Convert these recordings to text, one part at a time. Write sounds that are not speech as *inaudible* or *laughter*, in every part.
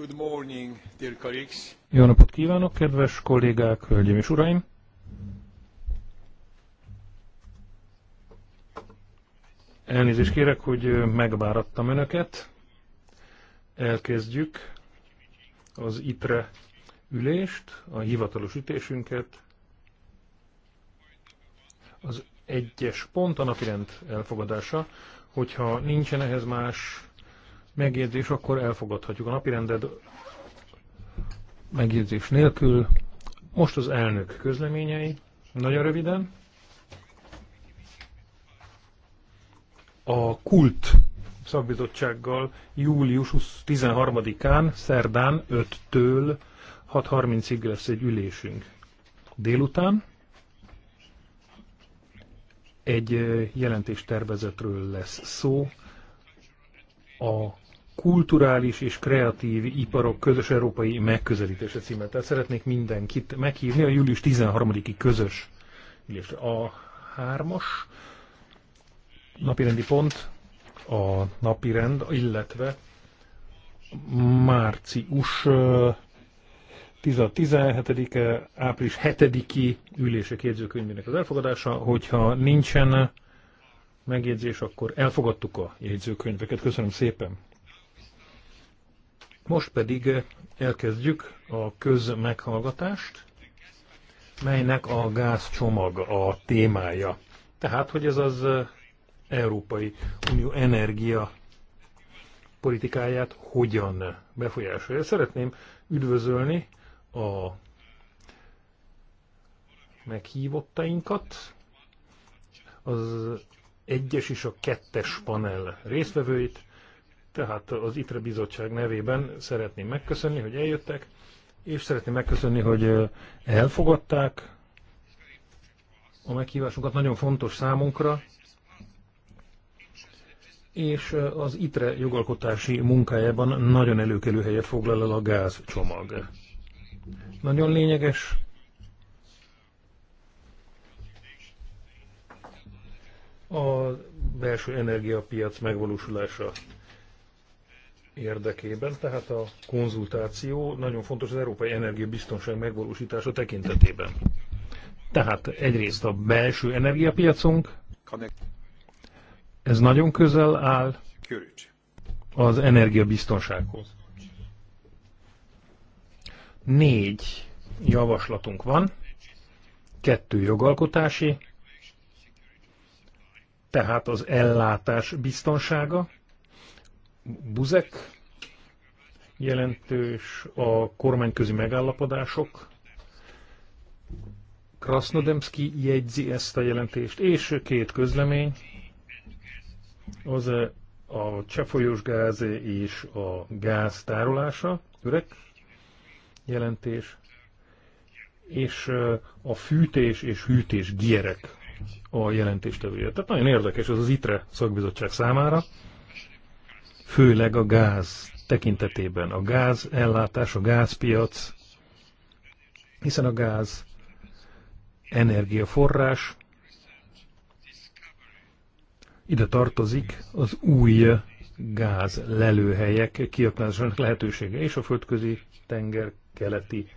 Good morning, dear colleagues. Jó napot kívánok, kedves kollégák, hölgyeim és uraim! Elnézést kérek, hogy megvárattam önöket. Elkezdjük az ITRE ülést, a hivatalos ütésünket. Az egyes pont a napirend elfogadása, hogyha nincsen ehhez más megjegyzés, akkor elfogadhatjuk a napirendet megjegyzés nélkül. Most az elnök közleményei, nagyon röviden. A kult szakbizottsággal július 13-án, szerdán 5-től 6.30-ig lesz egy ülésünk. Délután egy jelentéstervezetről lesz szó a kulturális és kreatív iparok közös európai megközelítése címet. Tehát szeretnék mindenkit meghívni a július 13-i közös ülésre. A hármas napirendi pont, a napirend, illetve március 17-e, április 7-i ülések jegyzőkönyvének az elfogadása, hogyha nincsen megjegyzés, akkor elfogadtuk a jegyzőkönyveket. Köszönöm szépen! Most pedig eh, elkezdjük a közmeghallgatást, melynek a gázcsomag a témája. Tehát, hogy ez az eh, Európai Unió energia politikáját hogyan befolyásolja. Szeretném üdvözölni a meghívottainkat, az egyes és a kettes panel résztvevőit, tehát az ITRE bizottság nevében szeretném megköszönni, hogy eljöttek, és szeretném megköszönni, hogy elfogadták a meghívásunkat. Nagyon fontos számunkra, és az ITRE jogalkotási munkájában nagyon előkelő helyet foglal el a gázcsomag. Nagyon lényeges. A belső energiapiac megvalósulása érdekében, tehát a konzultáció nagyon fontos az európai energiabiztonság megvalósítása tekintetében. Tehát egyrészt a belső energiapiacunk, ez nagyon közel áll az energiabiztonsághoz. Négy javaslatunk van, kettő jogalkotási, tehát az ellátás biztonsága, Buzek, jelentős a kormányközi megállapodások, Krasnodemski jegyzi ezt a jelentést, és két közlemény, az e a csefolyós gáz és a gáz tárolása, öreg jelentés, és e a fűtés és hűtés gierek a jelentéstevője. Tehát nagyon érdekes ez az ITRE szakbizottság számára főleg a gáz tekintetében. A gáz ellátás, a gázpiac, hiszen a gáz energiaforrás, ide tartozik az új gáz lelőhelyek kiaknázásának lehetősége és a földközi tenger keleti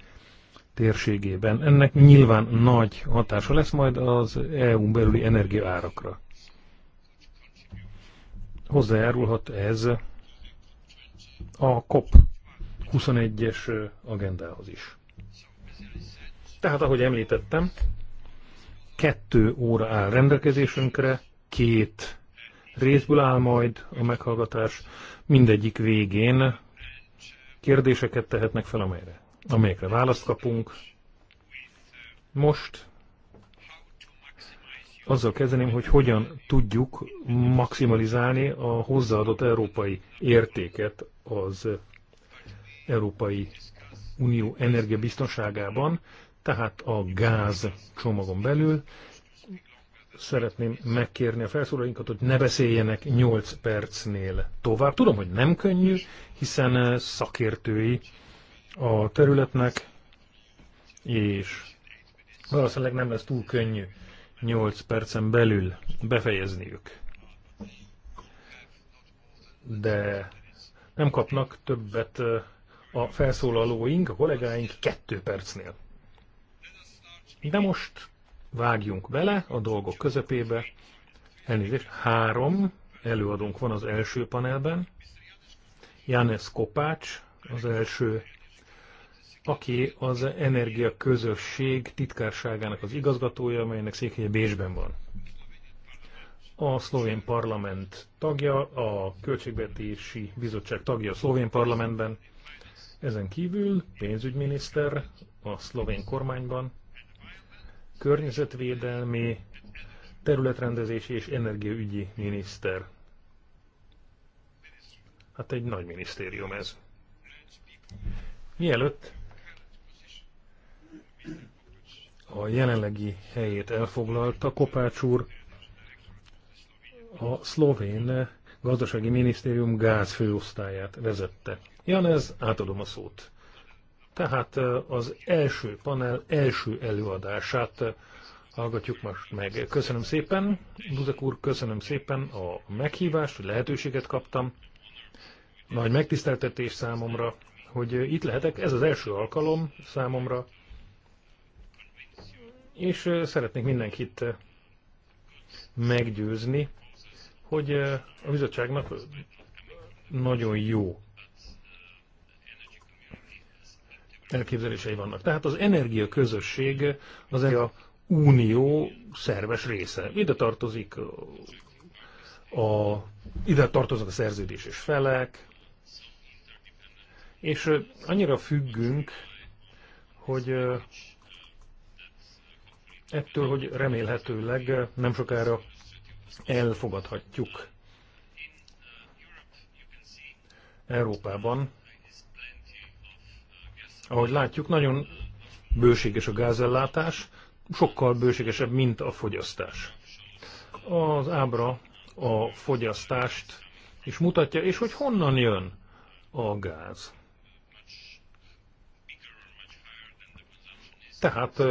térségében. Ennek nyilván nagy hatása lesz majd az EU-n belüli energiaárakra hozzájárulhat ez a COP21-es agendához is. Tehát, ahogy említettem, kettő óra áll rendelkezésünkre, két részből áll majd a meghallgatás, mindegyik végén kérdéseket tehetnek fel, amelyre, amelyekre választ kapunk. Most azzal kezdeném, hogy hogyan tudjuk maximalizálni a hozzáadott európai értéket az Európai Unió energiabiztonságában, tehát a gáz csomagon belül. Szeretném megkérni a felszólalóinkat, hogy ne beszéljenek 8 percnél tovább. Tudom, hogy nem könnyű, hiszen szakértői a területnek, és valószínűleg nem lesz túl könnyű 8 percen belül befejezniük. De nem kapnak többet a felszólalóink, a kollégáink 2 percnél. De most vágjunk bele a dolgok közepébe. Elnézést, három előadónk van az első panelben. János Kopács az első aki az Energia Közösség titkárságának az igazgatója, amelynek székhelye Bécsben van. A szlovén parlament tagja, a Költségvetési Bizottság tagja a szlovén parlamentben, ezen kívül pénzügyminiszter a szlovén kormányban, környezetvédelmi, területrendezési és energiaügyi miniszter. Hát egy nagy minisztérium ez. Mielőtt a jelenlegi helyét elfoglalta. Kopács úr a szlovén gazdasági minisztérium gázfőosztályát vezette. Janez, átadom a szót. Tehát az első panel első előadását hallgatjuk most meg. Köszönöm szépen, Buzek úr, köszönöm szépen a meghívást, hogy lehetőséget kaptam. Nagy megtiszteltetés számomra, hogy itt lehetek. Ez az első alkalom számomra, és szeretnék mindenkit meggyőzni, hogy a bizottságnak nagyon jó elképzelései vannak. Tehát az energiaközösség az a unió szerves része. Ide tartozik a, ide tartoznak a szerződéses felek, és annyira függünk, hogy ettől, hogy remélhetőleg nem sokára elfogadhatjuk. Európában, ahogy látjuk, nagyon bőséges a gázellátás, sokkal bőségesebb, mint a fogyasztás. Az ábra a fogyasztást is mutatja, és hogy honnan jön a gáz. Tehát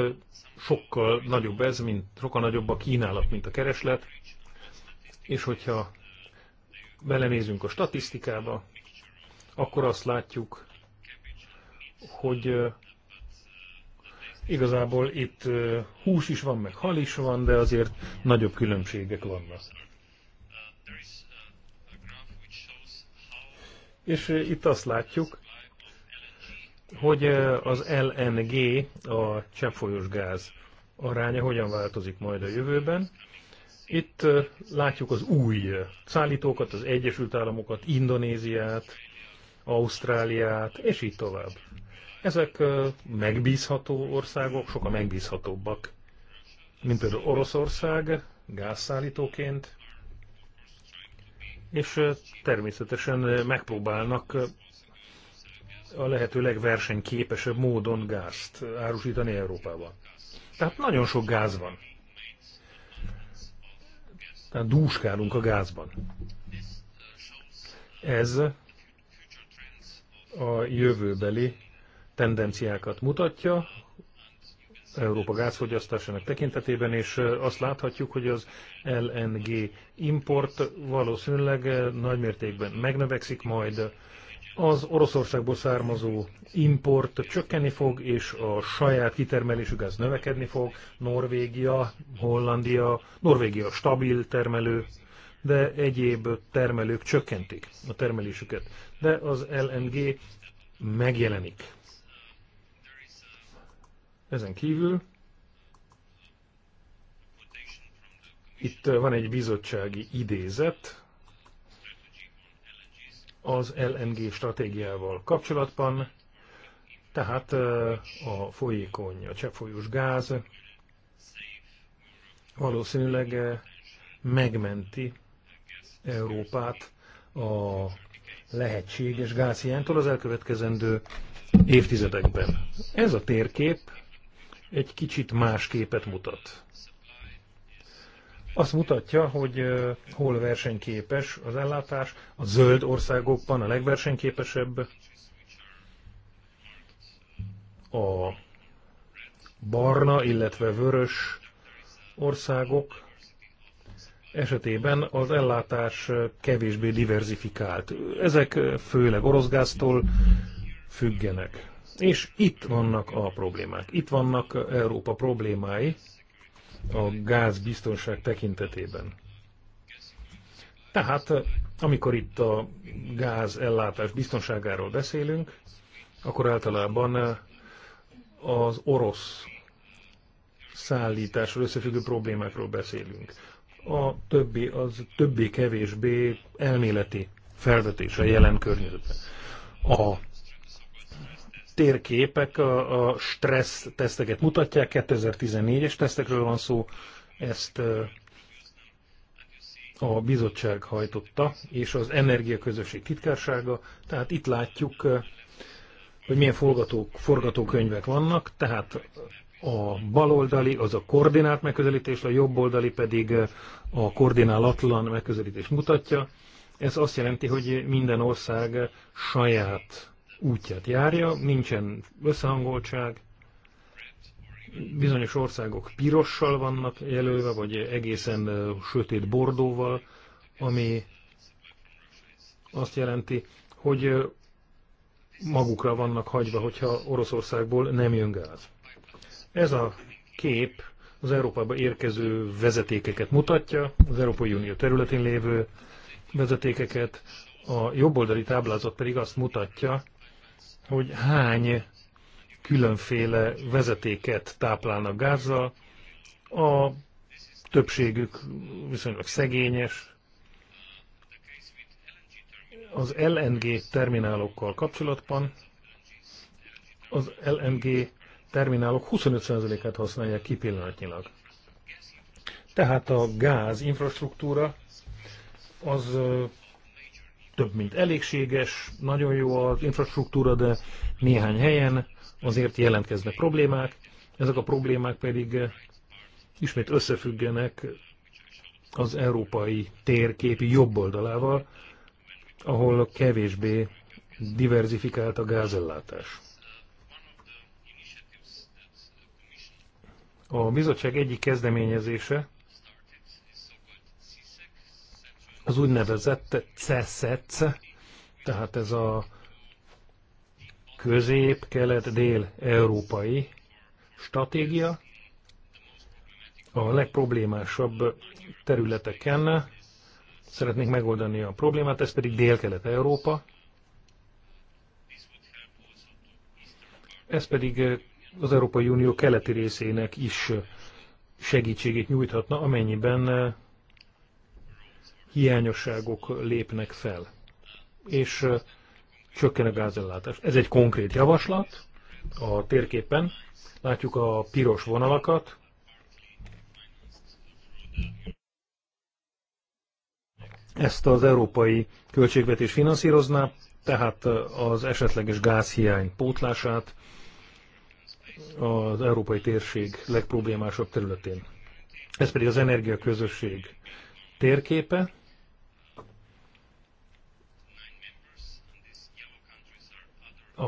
sokkal nagyobb ez, mint sokkal nagyobb a kínálat, mint a kereslet, és hogyha belenézünk a statisztikába, akkor azt látjuk, hogy igazából itt hús is van, meg hal is van, de azért nagyobb különbségek vannak. És itt azt látjuk, hogy az LNG, a cseppfolyós gáz aránya hogyan változik majd a jövőben. Itt látjuk az új szállítókat, az Egyesült Államokat, Indonéziát, Ausztráliát, és így tovább. Ezek megbízható országok, sokkal megbízhatóbbak, mint például Oroszország gázszállítóként, és természetesen megpróbálnak a lehető legversenyképesebb módon gázt árusítani Európában. Tehát nagyon sok gáz van. Tehát dúskálunk a gázban. Ez a jövőbeli tendenciákat mutatja Európa gázfogyasztásának tekintetében, és azt láthatjuk, hogy az LNG import valószínűleg nagymértékben megnövekszik majd az Oroszországból származó import csökkenni fog, és a saját kitermelésük az növekedni fog. Norvégia, Hollandia, Norvégia stabil termelő, de egyéb termelők csökkentik a termelésüket. De az LNG megjelenik. Ezen kívül itt van egy bizottsági idézet, az LNG stratégiával kapcsolatban, tehát a folyékony, a cseppfolyós gáz valószínűleg megmenti Európát a lehetséges gázhiánytól az elkövetkezendő évtizedekben. Ez a térkép egy kicsit más képet mutat azt mutatja, hogy hol versenyképes az ellátás, a zöld országokban a legversenyképesebb, a barna, illetve vörös országok esetében az ellátás kevésbé diverzifikált. Ezek főleg oroszgáztól függenek. És itt vannak a problémák. Itt vannak Európa problémái, a gázbiztonság tekintetében. Tehát, amikor itt a gázellátás biztonságáról beszélünk, akkor általában az orosz szállításról összefüggő problémákról beszélünk. A többi az többé-kevésbé elméleti felvetése jelen környezetben. A térképek a, a stressz teszteket mutatják, 2014-es tesztekről van szó, ezt a bizottság hajtotta, és az energiaközösség titkársága, tehát itt látjuk, hogy milyen forgatók, forgatókönyvek vannak, tehát a baloldali az a koordinált megközelítés, a jobboldali pedig a koordinálatlan megközelítés mutatja. Ez azt jelenti, hogy minden ország saját útját járja, nincsen összehangoltság, bizonyos országok pirossal vannak jelölve, vagy egészen sötét bordóval, ami azt jelenti, hogy magukra vannak hagyva, hogyha Oroszországból nem jön gáz. Ez a kép az Európába érkező vezetékeket mutatja, az Európai Unió területén lévő vezetékeket, a jobboldali táblázat pedig azt mutatja, hogy hány különféle vezetéket táplálnak gázzal. A többségük viszonylag szegényes. Az LNG terminálokkal kapcsolatban az LNG terminálok 25%-át használják ki pillanatnyilag. Tehát a gáz infrastruktúra az több mint elégséges, nagyon jó az infrastruktúra, de néhány helyen azért jelentkeznek problémák. Ezek a problémák pedig ismét összefüggenek az európai térképi jobb oldalával, ahol kevésbé diverzifikált a gázellátás. A bizottság egyik kezdeményezése az úgynevezett CESEC, tehát ez a közép-kelet-dél-európai stratégia a legproblémásabb területeken szeretnék megoldani a problémát, ez pedig Dél-Kelet-Európa. Ez pedig az Európai Unió keleti részének is segítségét nyújthatna, amennyiben hiányosságok lépnek fel, és csökken a gázellátás. Ez egy konkrét javaslat a térképen. Látjuk a piros vonalakat. Ezt az európai költségvetés finanszírozná, tehát az esetleges gázhiány pótlását az európai térség legproblémásabb területén. Ez pedig az energiaközösség térképe.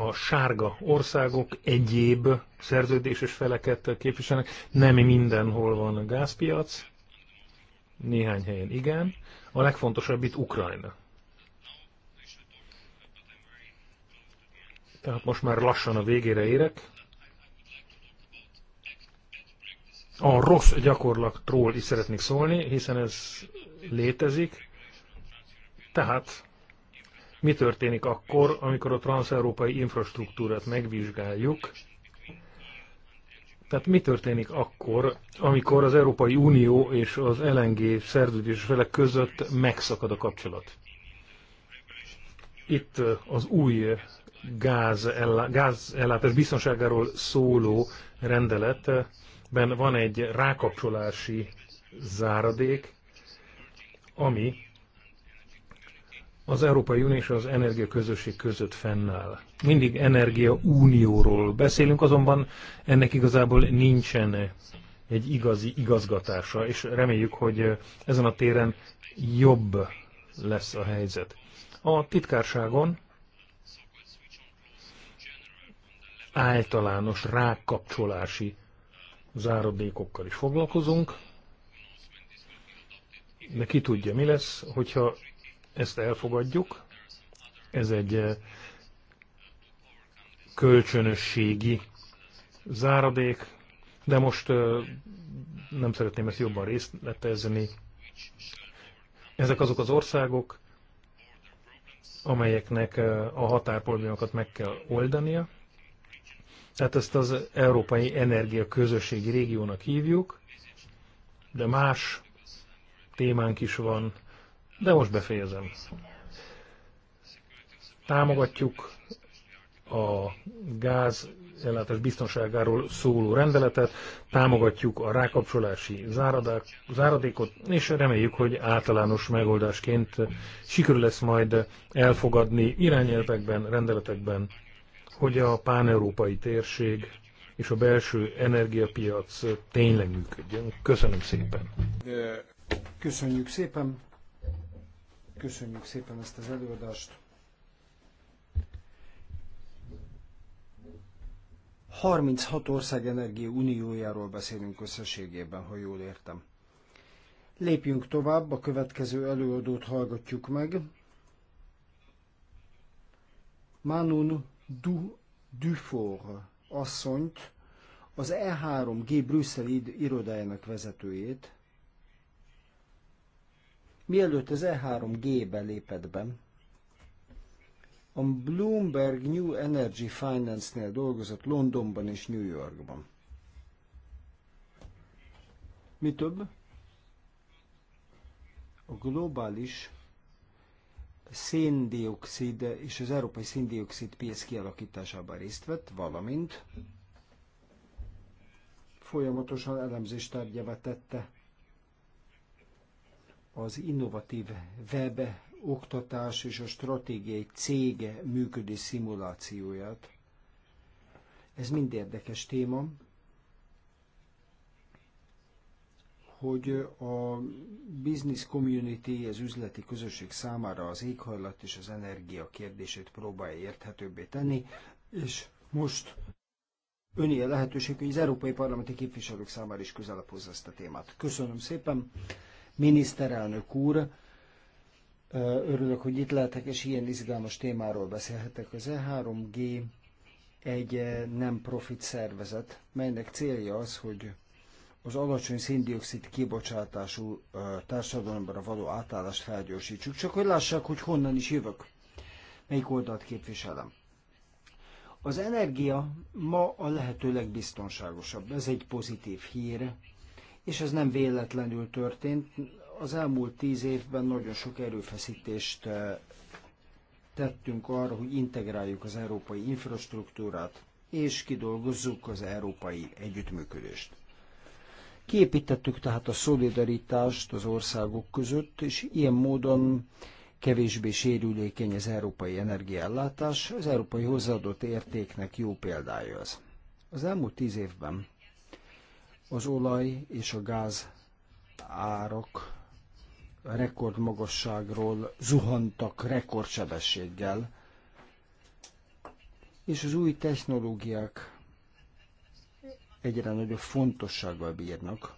a sárga országok egyéb szerződéses feleket képviselnek. Nem mindenhol van gázpiac, néhány helyen igen. A legfontosabb itt Ukrajna. Tehát most már lassan a végére érek. A rossz gyakorlatról is szeretnék szólni, hiszen ez létezik. Tehát mi történik akkor, amikor a transeurópai infrastruktúrát megvizsgáljuk, tehát mi történik akkor, amikor az Európai Unió és az LNG szerződés felek között megszakad a kapcsolat? Itt az új gáz, biztonságáról szóló rendeletben van egy rákapcsolási záradék, ami az Európai Unió és az energiaközösség között fennáll. Mindig energia unióról beszélünk, azonban ennek igazából nincsen egy igazi igazgatása, és reméljük, hogy ezen a téren jobb lesz a helyzet. A titkárságon általános rákapcsolási záradékokkal is foglalkozunk, de ki tudja, mi lesz, hogyha ezt elfogadjuk. Ez egy eh, kölcsönösségi záradék, de most eh, nem szeretném ezt jobban részletezni. Ezek azok az országok, amelyeknek eh, a határpolgányokat meg kell oldania. Tehát ezt az Európai Energia Közösségi Régiónak hívjuk, de más témánk is van, de most befejezem. Támogatjuk a gáz ellátás biztonságáról szóló rendeletet, támogatjuk a rákapcsolási záradák, záradékot, és reméljük, hogy általános megoldásként sikerül lesz majd elfogadni irányelvekben, rendeletekben, hogy a páneurópai térség és a belső energiapiac tényleg működjön. Köszönöm szépen! Köszönjük szépen! Köszönjük szépen ezt az előadást. 36 ország energia uniójáról beszélünk összességében, ha jól értem. Lépjünk tovább, a következő előadót hallgatjuk meg. Manon du Dufour asszonyt, az E3G Brüsszeli irodájának vezetőjét, Mielőtt az E3G-be lépett be, a Bloomberg New Energy Finance-nél dolgozott Londonban és New Yorkban. Mi több? A globális széndiokszid és az európai széndiokszid piac kialakításában részt vett, valamint folyamatosan elemzéstárgyává tette az innovatív web oktatás és a stratégiai cége működés szimulációját. Ez mind érdekes téma, hogy a business community, az üzleti közösség számára az éghajlat és az energia kérdését próbálja érthetőbbé tenni, és most öné a lehetőség, hogy az európai parlamenti képviselők számára is közelebb hozza ezt a témát. Köszönöm szépen! miniszterelnök úr, örülök, hogy itt lehetek, és ilyen izgalmas témáról beszélhetek. Az E3G egy nem profit szervezet, melynek célja az, hogy az alacsony széndiokszid kibocsátású társadalomra való átállást felgyorsítsuk, csak hogy lássák, hogy honnan is jövök, melyik oldalt képviselem. Az energia ma a lehető legbiztonságosabb, ez egy pozitív hír, és ez nem véletlenül történt. Az elmúlt tíz évben nagyon sok erőfeszítést eh, tettünk arra, hogy integráljuk az európai infrastruktúrát, és kidolgozzuk az európai együttműködést. Kiépítettük tehát a szolidaritást az országok között, és ilyen módon kevésbé sérülékeny az európai energiállátás, az európai hozzáadott értéknek jó példája az. Az elmúlt tíz évben az olaj és a gáz árak rekordmagasságról zuhantak rekordsebességgel, és az új technológiák egyre nagyobb fontossággal bírnak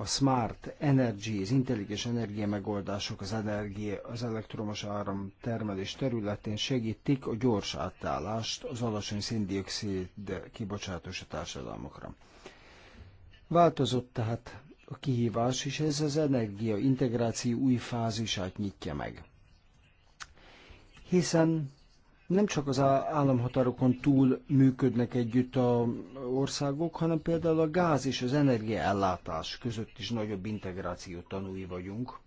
a smart energy, az intelligens energia megoldások az, energia, az elektromos áram termelés területén segítik a gyors átállást az alacsony széndiokszid kibocsátós a társadalmakra. Változott tehát a kihívás, és ez az energia integráció új fázisát nyitja meg. Hiszen nem csak az államhatárokon túl működnek együtt a országok, hanem például a gáz és az energiaellátás között is nagyobb integráció tanúi vagyunk.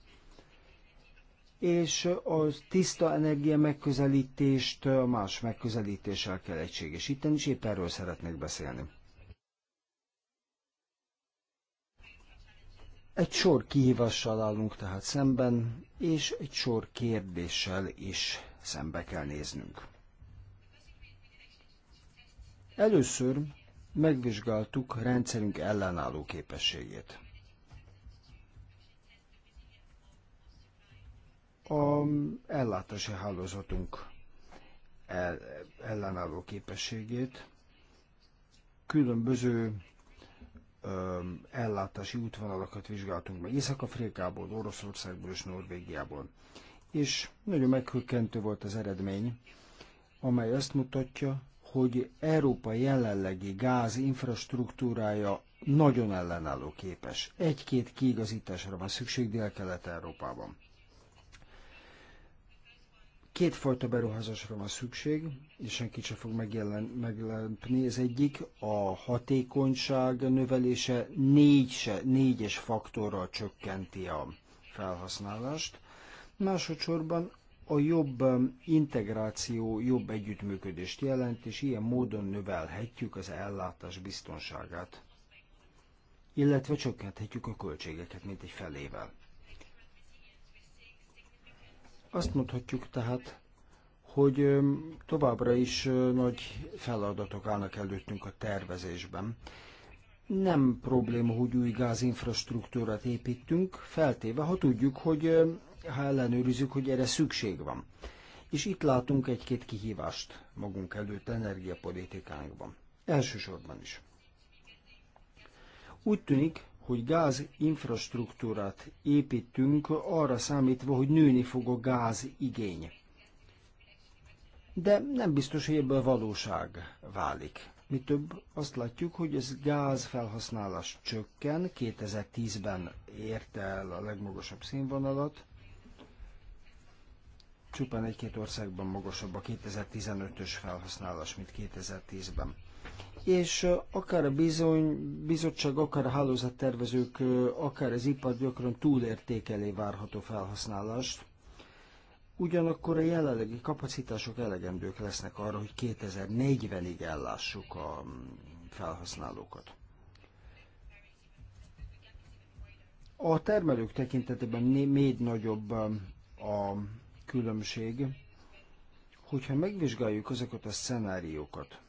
És a tiszta energia megközelítést más megközelítéssel kell egységesíteni, és épp erről szeretnék beszélni. Egy sor kihívással állunk tehát szemben, és egy sor kérdéssel is szembe kell néznünk. Először megvizsgáltuk rendszerünk ellenálló képességét. A ellátási hálózatunk ellenálló képességét, különböző ellátási útvonalakat vizsgáltunk meg Észak-Afrikából, Oroszországból és Norvégiából. És nagyon meghökkentő volt az eredmény, amely azt mutatja, hogy Európa jelenlegi gáz infrastruktúrája nagyon ellenálló képes. Egy-két kiigazításra van szükség Dél-Kelet-Európában. Kétfajta beruházásra van szükség, és senki sem fog megjelen, meglepni. Ez egyik a hatékonyság növelése négy se, négyes faktorral csökkenti a felhasználást. Másodszorban a jobb um, integráció jobb együttműködést jelent, és ilyen módon növelhetjük az ellátás biztonságát, illetve csökkenthetjük a költségeket, mint egy felével. Azt mondhatjuk tehát, hogy um, továbbra is uh, nagy feladatok állnak előttünk a tervezésben. Nem probléma, hogy új gázinfrastruktúrát építünk, feltéve, ha tudjuk, hogy um, ha ellenőrizzük, hogy erre szükség van. És itt látunk egy-két kihívást magunk előtt energiapolitikánkban. Elsősorban is. Úgy tűnik, hogy gáz infrastruktúrát építünk arra számítva, hogy nőni fog a gáz igény. De nem biztos, hogy ebből valóság válik. Mi több azt látjuk, hogy ez gáz felhasználás csökken, 2010-ben érte el a legmagasabb színvonalat, Csupán egy-két országban magasabb a 2015-ös felhasználás, mint 2010-ben. És akár a bizony, bizottság, akár a hálózattervezők, akár az ipar gyakran túlértékelé várható felhasználást. Ugyanakkor a jelenlegi kapacitások elegendők lesznek arra, hogy 2040-ig ellássuk a felhasználókat. A termelők tekintetében még nagyobb a különbség, hogyha megvizsgáljuk azokat a szenáriókat,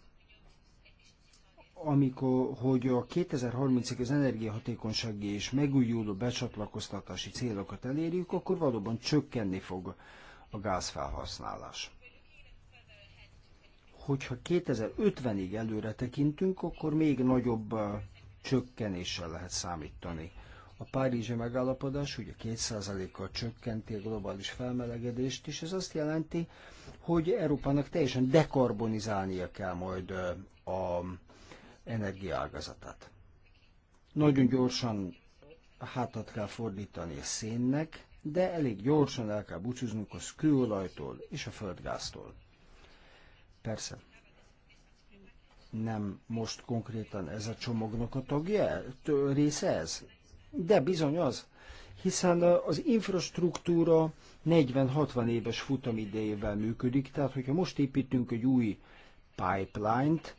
amikor, hogy a 2030-ig az energiahatékonysági és megújuló becsatlakoztatási célokat elérjük, akkor valóban csökkenni fog a gázfelhasználás. Hogyha 2050-ig előre tekintünk, akkor még nagyobb csökkenéssel lehet számítani a párizsi megállapodás ugye 2%-kal csökkenti a globális felmelegedést, és ez azt jelenti, hogy Európának teljesen dekarbonizálnia kell majd a energiaágazatát. Nagyon gyorsan hátat kell fordítani a szénnek, de elég gyorsan el kell búcsúznunk a kőolajtól és a földgáztól. Persze, nem most konkrétan ez a csomagnak a tagja, része ez, de bizony az, hiszen az infrastruktúra 40-60 éves futamidejével működik, tehát hogyha most építünk egy új pipeline-t,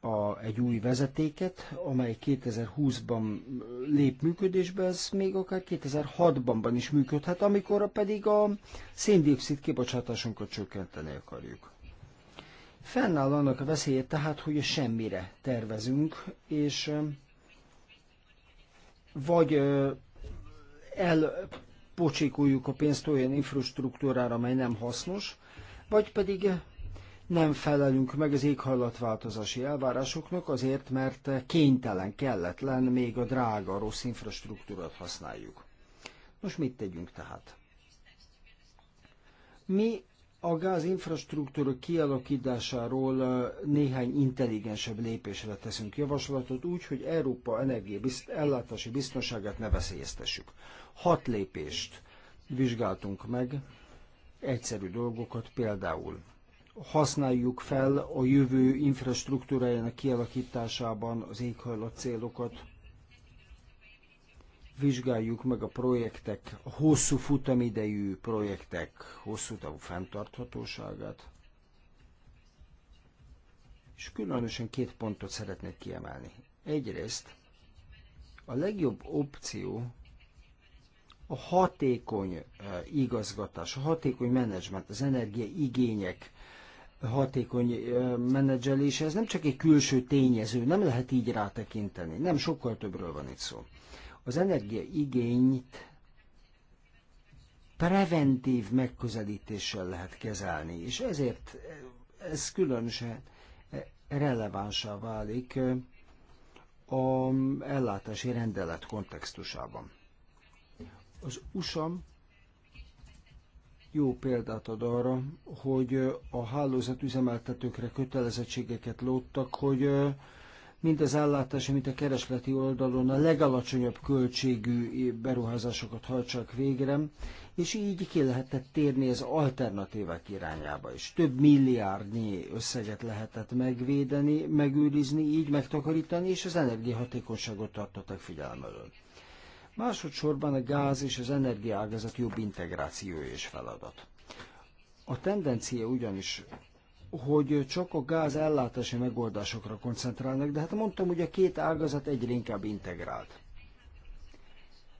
a, egy új vezetéket, amely 2020-ban lép működésbe, ez még akár 2006-ban is működhet, amikor pedig a széndiokszid kibocsátásunkat csökkenteni akarjuk. Fennáll annak a veszélye tehát, hogy a semmire tervezünk, és vagy elpocsékoljuk a pénzt olyan infrastruktúrára, amely nem hasznos, vagy pedig nem felelünk meg az éghajlatváltozási elvárásoknak azért, mert kénytelen, kelletlen, még a drága, rossz infrastruktúrát használjuk. Most mit tegyünk tehát? Mi a gázinfrastruktúra kialakításáról néhány intelligensebb lépésre teszünk javaslatot úgy, hogy Európa energia bizt, ellátási biztonságát ne veszélyeztessük. Hat lépést vizsgáltunk meg, egyszerű dolgokat például. Használjuk fel a jövő infrastruktúrájának kialakításában az éghajlat célokat, vizsgáljuk meg a projektek, a hosszú futamidejű projektek hosszú távú fenntarthatóságát. És különösen két pontot szeretnék kiemelni. Egyrészt a legjobb opció a hatékony eh, igazgatás, a hatékony menedzsment, az energiaigények hatékony eh, menedzselése, ez nem csak egy külső tényező, nem lehet így rátekinteni, nem sokkal többről van itt szó az energiaigényt preventív megközelítéssel lehet kezelni, és ezért ez különösen relevánsá válik a ellátási rendelet kontextusában. Az USA jó példát ad arra, hogy a üzemeltetőkre kötelezettségeket lóttak, hogy mind az ellátás, mint a keresleti oldalon a legalacsonyabb költségű beruházásokat hajtsák végre, és így ki lehetett térni az alternatívák irányába is. Több milliárdnyi összeget lehetett megvédeni, megőrizni, így megtakarítani, és az energiahatékonyságot tartották figyelem elől. Másodszorban a gáz és az energiaágazat jobb integráció és feladat. A tendencia ugyanis hogy csak a gáz ellátási megoldásokra koncentrálnak, de hát mondtam, hogy a két ágazat egyre inkább integrált.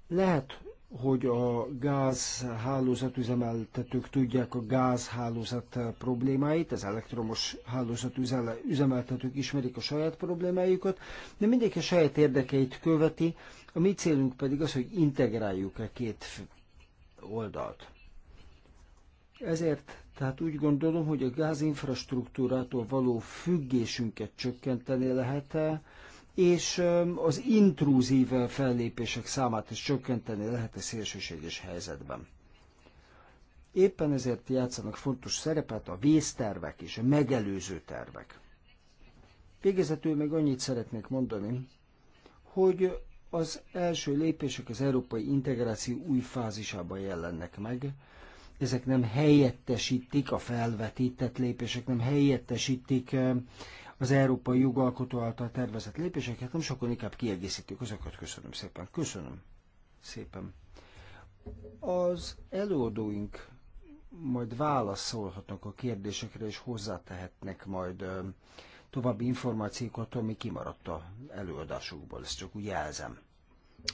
Lehet, hogy a gázhálózatüzemeltetők tudják a gázhálózat problémáit, az elektromos hálózatüzemeltetők ismerik a saját problémájukat, de mindenki a saját érdekeit követi, a mi célunk pedig az, hogy integráljuk a e két oldalt. Ezért tehát úgy gondolom, hogy a gázinfrastruktúrától való függésünket csökkenteni lehet -e, és az intrúzív fellépések számát is csökkenteni lehet a szélsőséges helyzetben. Éppen ezért játszanak fontos szerepet a vésztervek és a megelőző tervek. Végezetül meg annyit szeretnék mondani, hogy az első lépések az európai integráció új fázisában jelennek meg, ezek nem helyettesítik, a felvetített lépések nem helyettesítik az európai jogalkotó által tervezett lépéseket, nem sokkal inkább kiegészítik azokat. Köszönöm szépen. Köszönöm szépen. Az előadóink majd válaszolhatnak a kérdésekre, és hozzátehetnek majd további információkat, ami kimaradt a előadásokból, ezt csak úgy jelzem.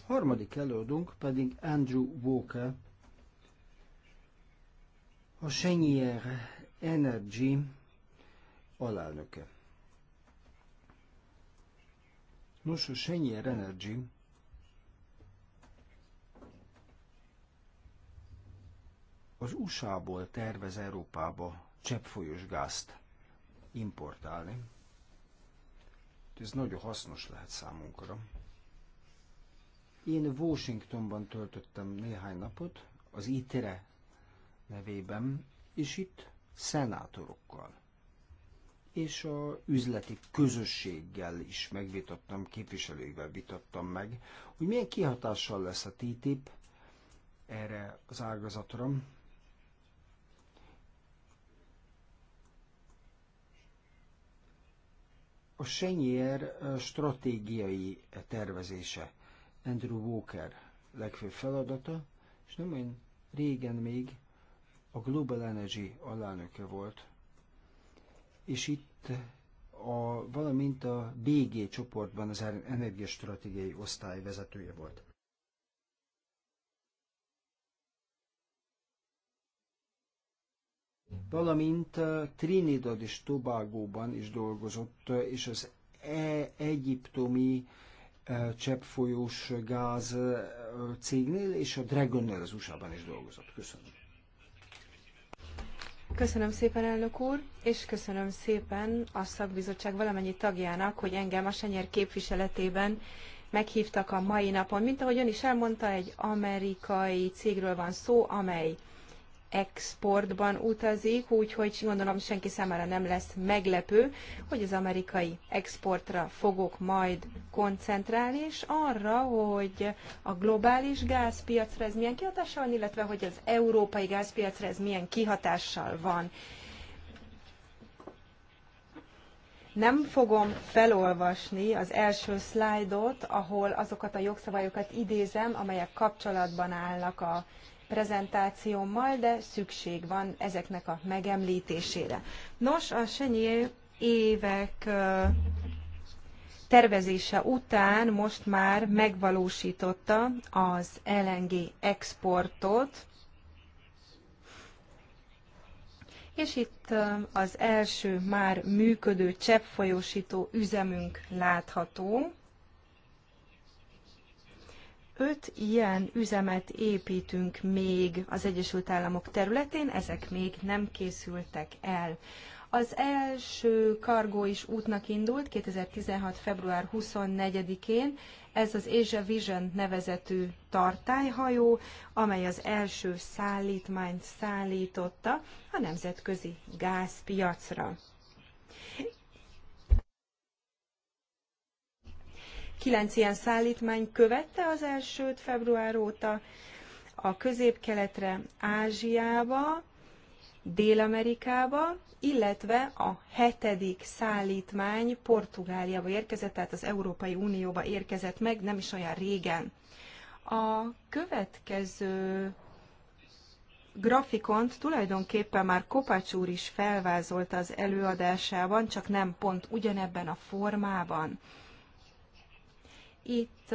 Harmadik előadónk pedig Andrew Walker, a Senyier Energy alelnöke. Nos, a Senyier Energy az USA-ból tervez Európába cseppfolyós gázt importálni. Ez nagyon hasznos lehet számunkra. Én Washingtonban töltöttem néhány napot, az ITRE nevében, és itt szenátorokkal és a üzleti közösséggel is megvitattam, képviselőivel vitattam meg, hogy milyen kihatással lesz a TTIP erre az ágazatra. A Senyér eh, stratégiai tervezése Andrew Walker legfőbb feladata, és nem olyan régen még a Global Energy alelnöke volt, és itt a, valamint a BG csoportban az energiastratégiai osztály vezetője volt. Valamint uh, Trinidad és Tobágóban is dolgozott, uh, és az e egyiptomi uh, cseppfolyós gáz cégnél, és a Dragonnel az USA-ban is dolgozott. Köszönöm. Köszönöm szépen, elnök úr, és köszönöm szépen a szakbizottság valamennyi tagjának, hogy engem a Senyer képviseletében meghívtak a mai napon. Mint ahogy ön is elmondta, egy amerikai cégről van szó, amely exportban utazik, úgyhogy gondolom senki számára nem lesz meglepő, hogy az amerikai exportra fogok majd koncentrálni, és arra, hogy a globális gázpiacra ez milyen kihatással van, illetve hogy az európai gázpiacra ez milyen kihatással van. Nem fogom felolvasni az első szlájdot, ahol azokat a jogszabályokat idézem, amelyek kapcsolatban állnak a prezentációmmal, de szükség van ezeknek a megemlítésére. Nos, a Senyi évek tervezése után most már megvalósította az LNG exportot, és itt az első már működő cseppfolyósító üzemünk látható öt ilyen üzemet építünk még az Egyesült Államok területén, ezek még nem készültek el. Az első kargó is útnak indult 2016. február 24-én. Ez az Asia Vision nevezetű tartályhajó, amely az első szállítmányt szállította a nemzetközi gázpiacra. Kilenc ilyen szállítmány követte az elsőt február óta a közép-keletre, Ázsiába, Dél-Amerikába, illetve a hetedik szállítmány Portugáliába érkezett, tehát az Európai Unióba érkezett meg, nem is olyan régen. A következő grafikont tulajdonképpen már Kopács úr is felvázolta az előadásában, csak nem pont ugyanebben a formában. Itt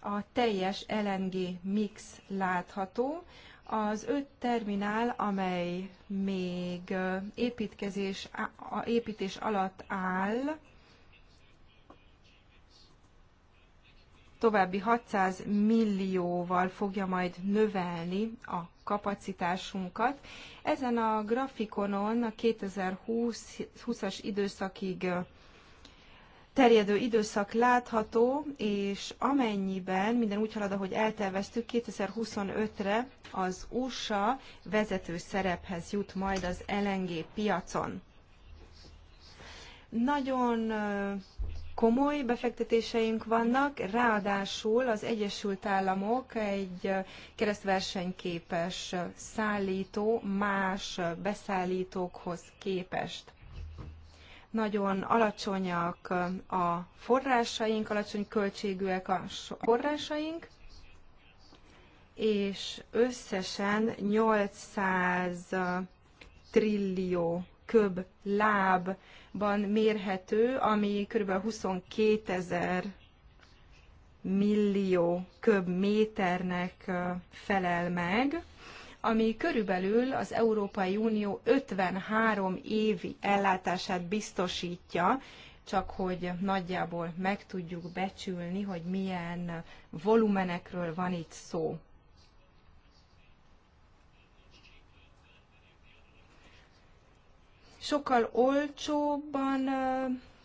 a teljes LNG mix látható. Az öt terminál, amely még építkezés, építés alatt áll, további 600 millióval fogja majd növelni a kapacitásunkat. Ezen a grafikonon a 2020-as időszakig terjedő időszak látható, és amennyiben minden úgy halad, ahogy elterveztük, 2025-re az USA vezető szerephez jut majd az LNG piacon. Nagyon komoly befektetéseink vannak, ráadásul az Egyesült Államok egy keresztversenyképes szállító más beszállítókhoz képest nagyon alacsonyak a forrásaink, alacsony költségűek a forrásaink, és összesen 800 trillió köb lábban mérhető, ami kb. 22 ezer millió köb méternek felel meg ami körülbelül az Európai Unió 53 évi ellátását biztosítja, csak hogy nagyjából meg tudjuk becsülni, hogy milyen volumenekről van itt szó. Sokkal olcsóbban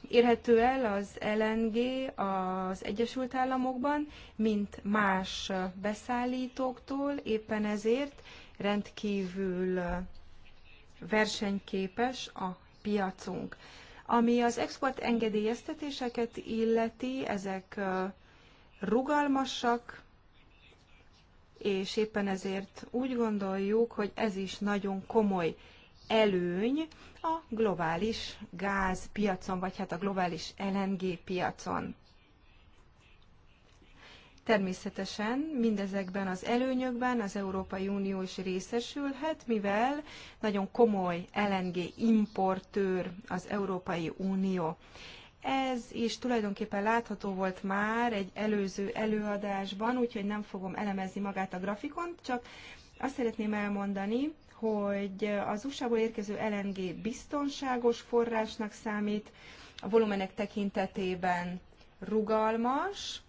érhető el az LNG az Egyesült Államokban, mint más beszállítóktól, éppen ezért rendkívül versenyképes a piacunk. Ami az export engedélyeztetéseket illeti, ezek rugalmasak, és éppen ezért úgy gondoljuk, hogy ez is nagyon komoly előny a globális gázpiacon, vagy hát a globális LNG piacon. Természetesen mindezekben az előnyökben az Európai Unió is részesülhet, mivel nagyon komoly LNG importőr az Európai Unió. Ez is tulajdonképpen látható volt már egy előző előadásban, úgyhogy nem fogom elemezni magát a grafikont, csak azt szeretném elmondani, hogy az USA-ból érkező LNG biztonságos forrásnak számít, a volumenek tekintetében rugalmas,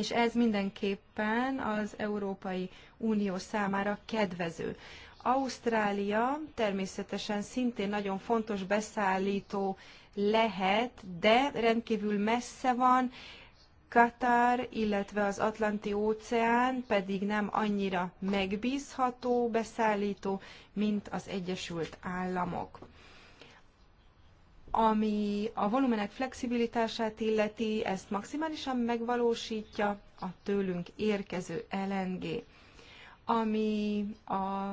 és ez mindenképpen az Európai Unió számára kedvező. Ausztrália természetesen szintén nagyon fontos beszállító lehet, de rendkívül messze van, Katar, illetve az Atlanti óceán pedig nem annyira megbízható beszállító, mint az Egyesült Államok ami a volumenek flexibilitását illeti, ezt maximálisan megvalósítja a tőlünk érkező LNG, ami a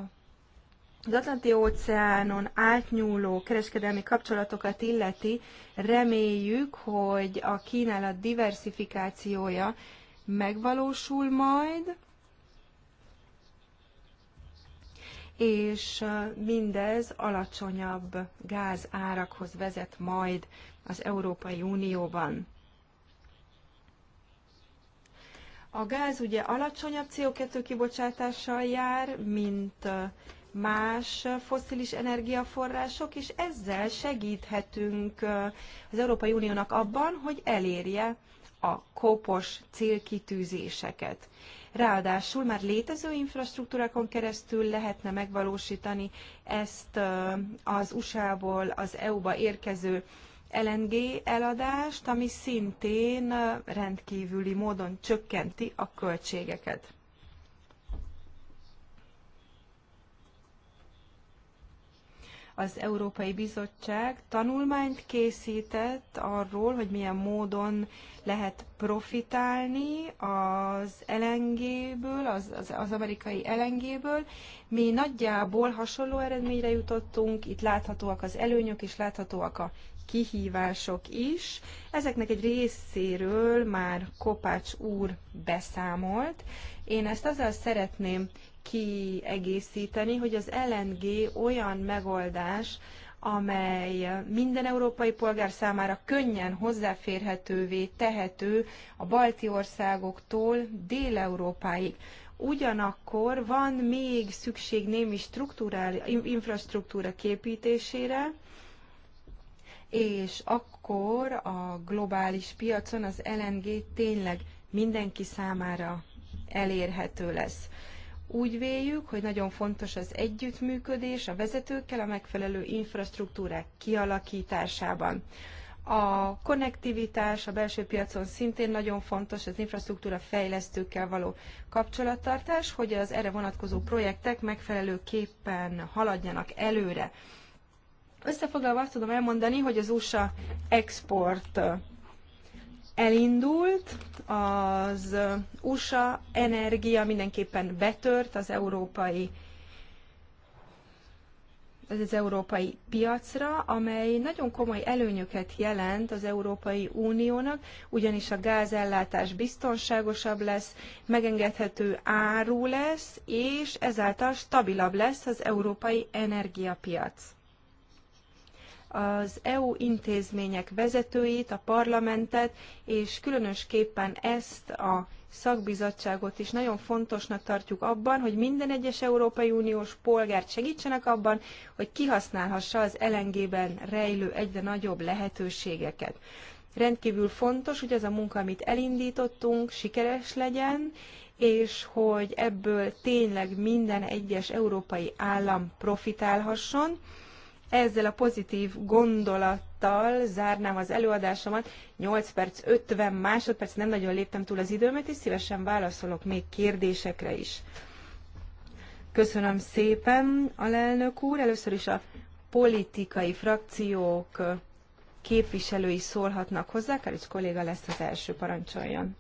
az Atlanti óceánon átnyúló kereskedelmi kapcsolatokat illeti, reméljük, hogy a kínálat diversifikációja megvalósul majd, és mindez alacsonyabb gázárakhoz vezet majd az Európai Unióban. A gáz ugye alacsonyabb CO2 kibocsátással jár, mint más foszilis energiaforrások, és ezzel segíthetünk az Európai Uniónak abban, hogy elérje a kópos célkitűzéseket. Ráadásul már létező infrastruktúrákon keresztül lehetne megvalósítani ezt az USA-ból az EU-ba érkező LNG eladást, ami szintén rendkívüli módon csökkenti a költségeket. Az Európai Bizottság tanulmányt készített arról, hogy milyen módon lehet profitálni az LNG-ből, az, az, az amerikai LNG-ből. Mi nagyjából hasonló eredményre jutottunk, itt láthatóak az előnyök és láthatóak a kihívások is. Ezeknek egy részéről már Kopács úr beszámolt. Én ezt azzal szeretném kiegészíteni, hogy az LNG olyan megoldás, amely minden európai polgár számára könnyen hozzáférhetővé tehető a balti országoktól Dél-Európáig. Ugyanakkor van még szükség némi infrastruktúra képítésére, és akkor a globális piacon az LNG tényleg mindenki számára elérhető lesz. Úgy véljük, hogy nagyon fontos az együttműködés a vezetőkkel a megfelelő infrastruktúrák kialakításában. A konnektivitás a belső piacon szintén nagyon fontos, az infrastruktúra fejlesztőkkel való kapcsolattartás, hogy az erre vonatkozó projektek megfelelőképpen haladjanak előre. Összefoglalva azt tudom elmondani, hogy az USA export elindult, az USA energia mindenképpen betört az európai ez az európai piacra, amely nagyon komoly előnyöket jelent az Európai Uniónak, ugyanis a gázellátás biztonságosabb lesz, megengedhető áru lesz, és ezáltal stabilabb lesz az európai energiapiac az EU intézmények vezetőit, a parlamentet, és különösképpen ezt a szakbizottságot is nagyon fontosnak tartjuk abban, hogy minden egyes Európai Uniós polgárt segítsenek abban, hogy kihasználhassa az LNG-ben rejlő egyre nagyobb lehetőségeket. Rendkívül fontos, hogy ez a munka, amit elindítottunk, sikeres legyen, és hogy ebből tényleg minden egyes európai állam profitálhasson ezzel a pozitív gondolattal zárnám az előadásomat. 8 perc, 50 másodperc, nem nagyon léptem túl az időmet, és szívesen válaszolok még kérdésekre is. Köszönöm szépen, alelnök úr. Először is a politikai frakciók képviselői szólhatnak hozzá. Karics kolléga lesz az első, parancsoljon.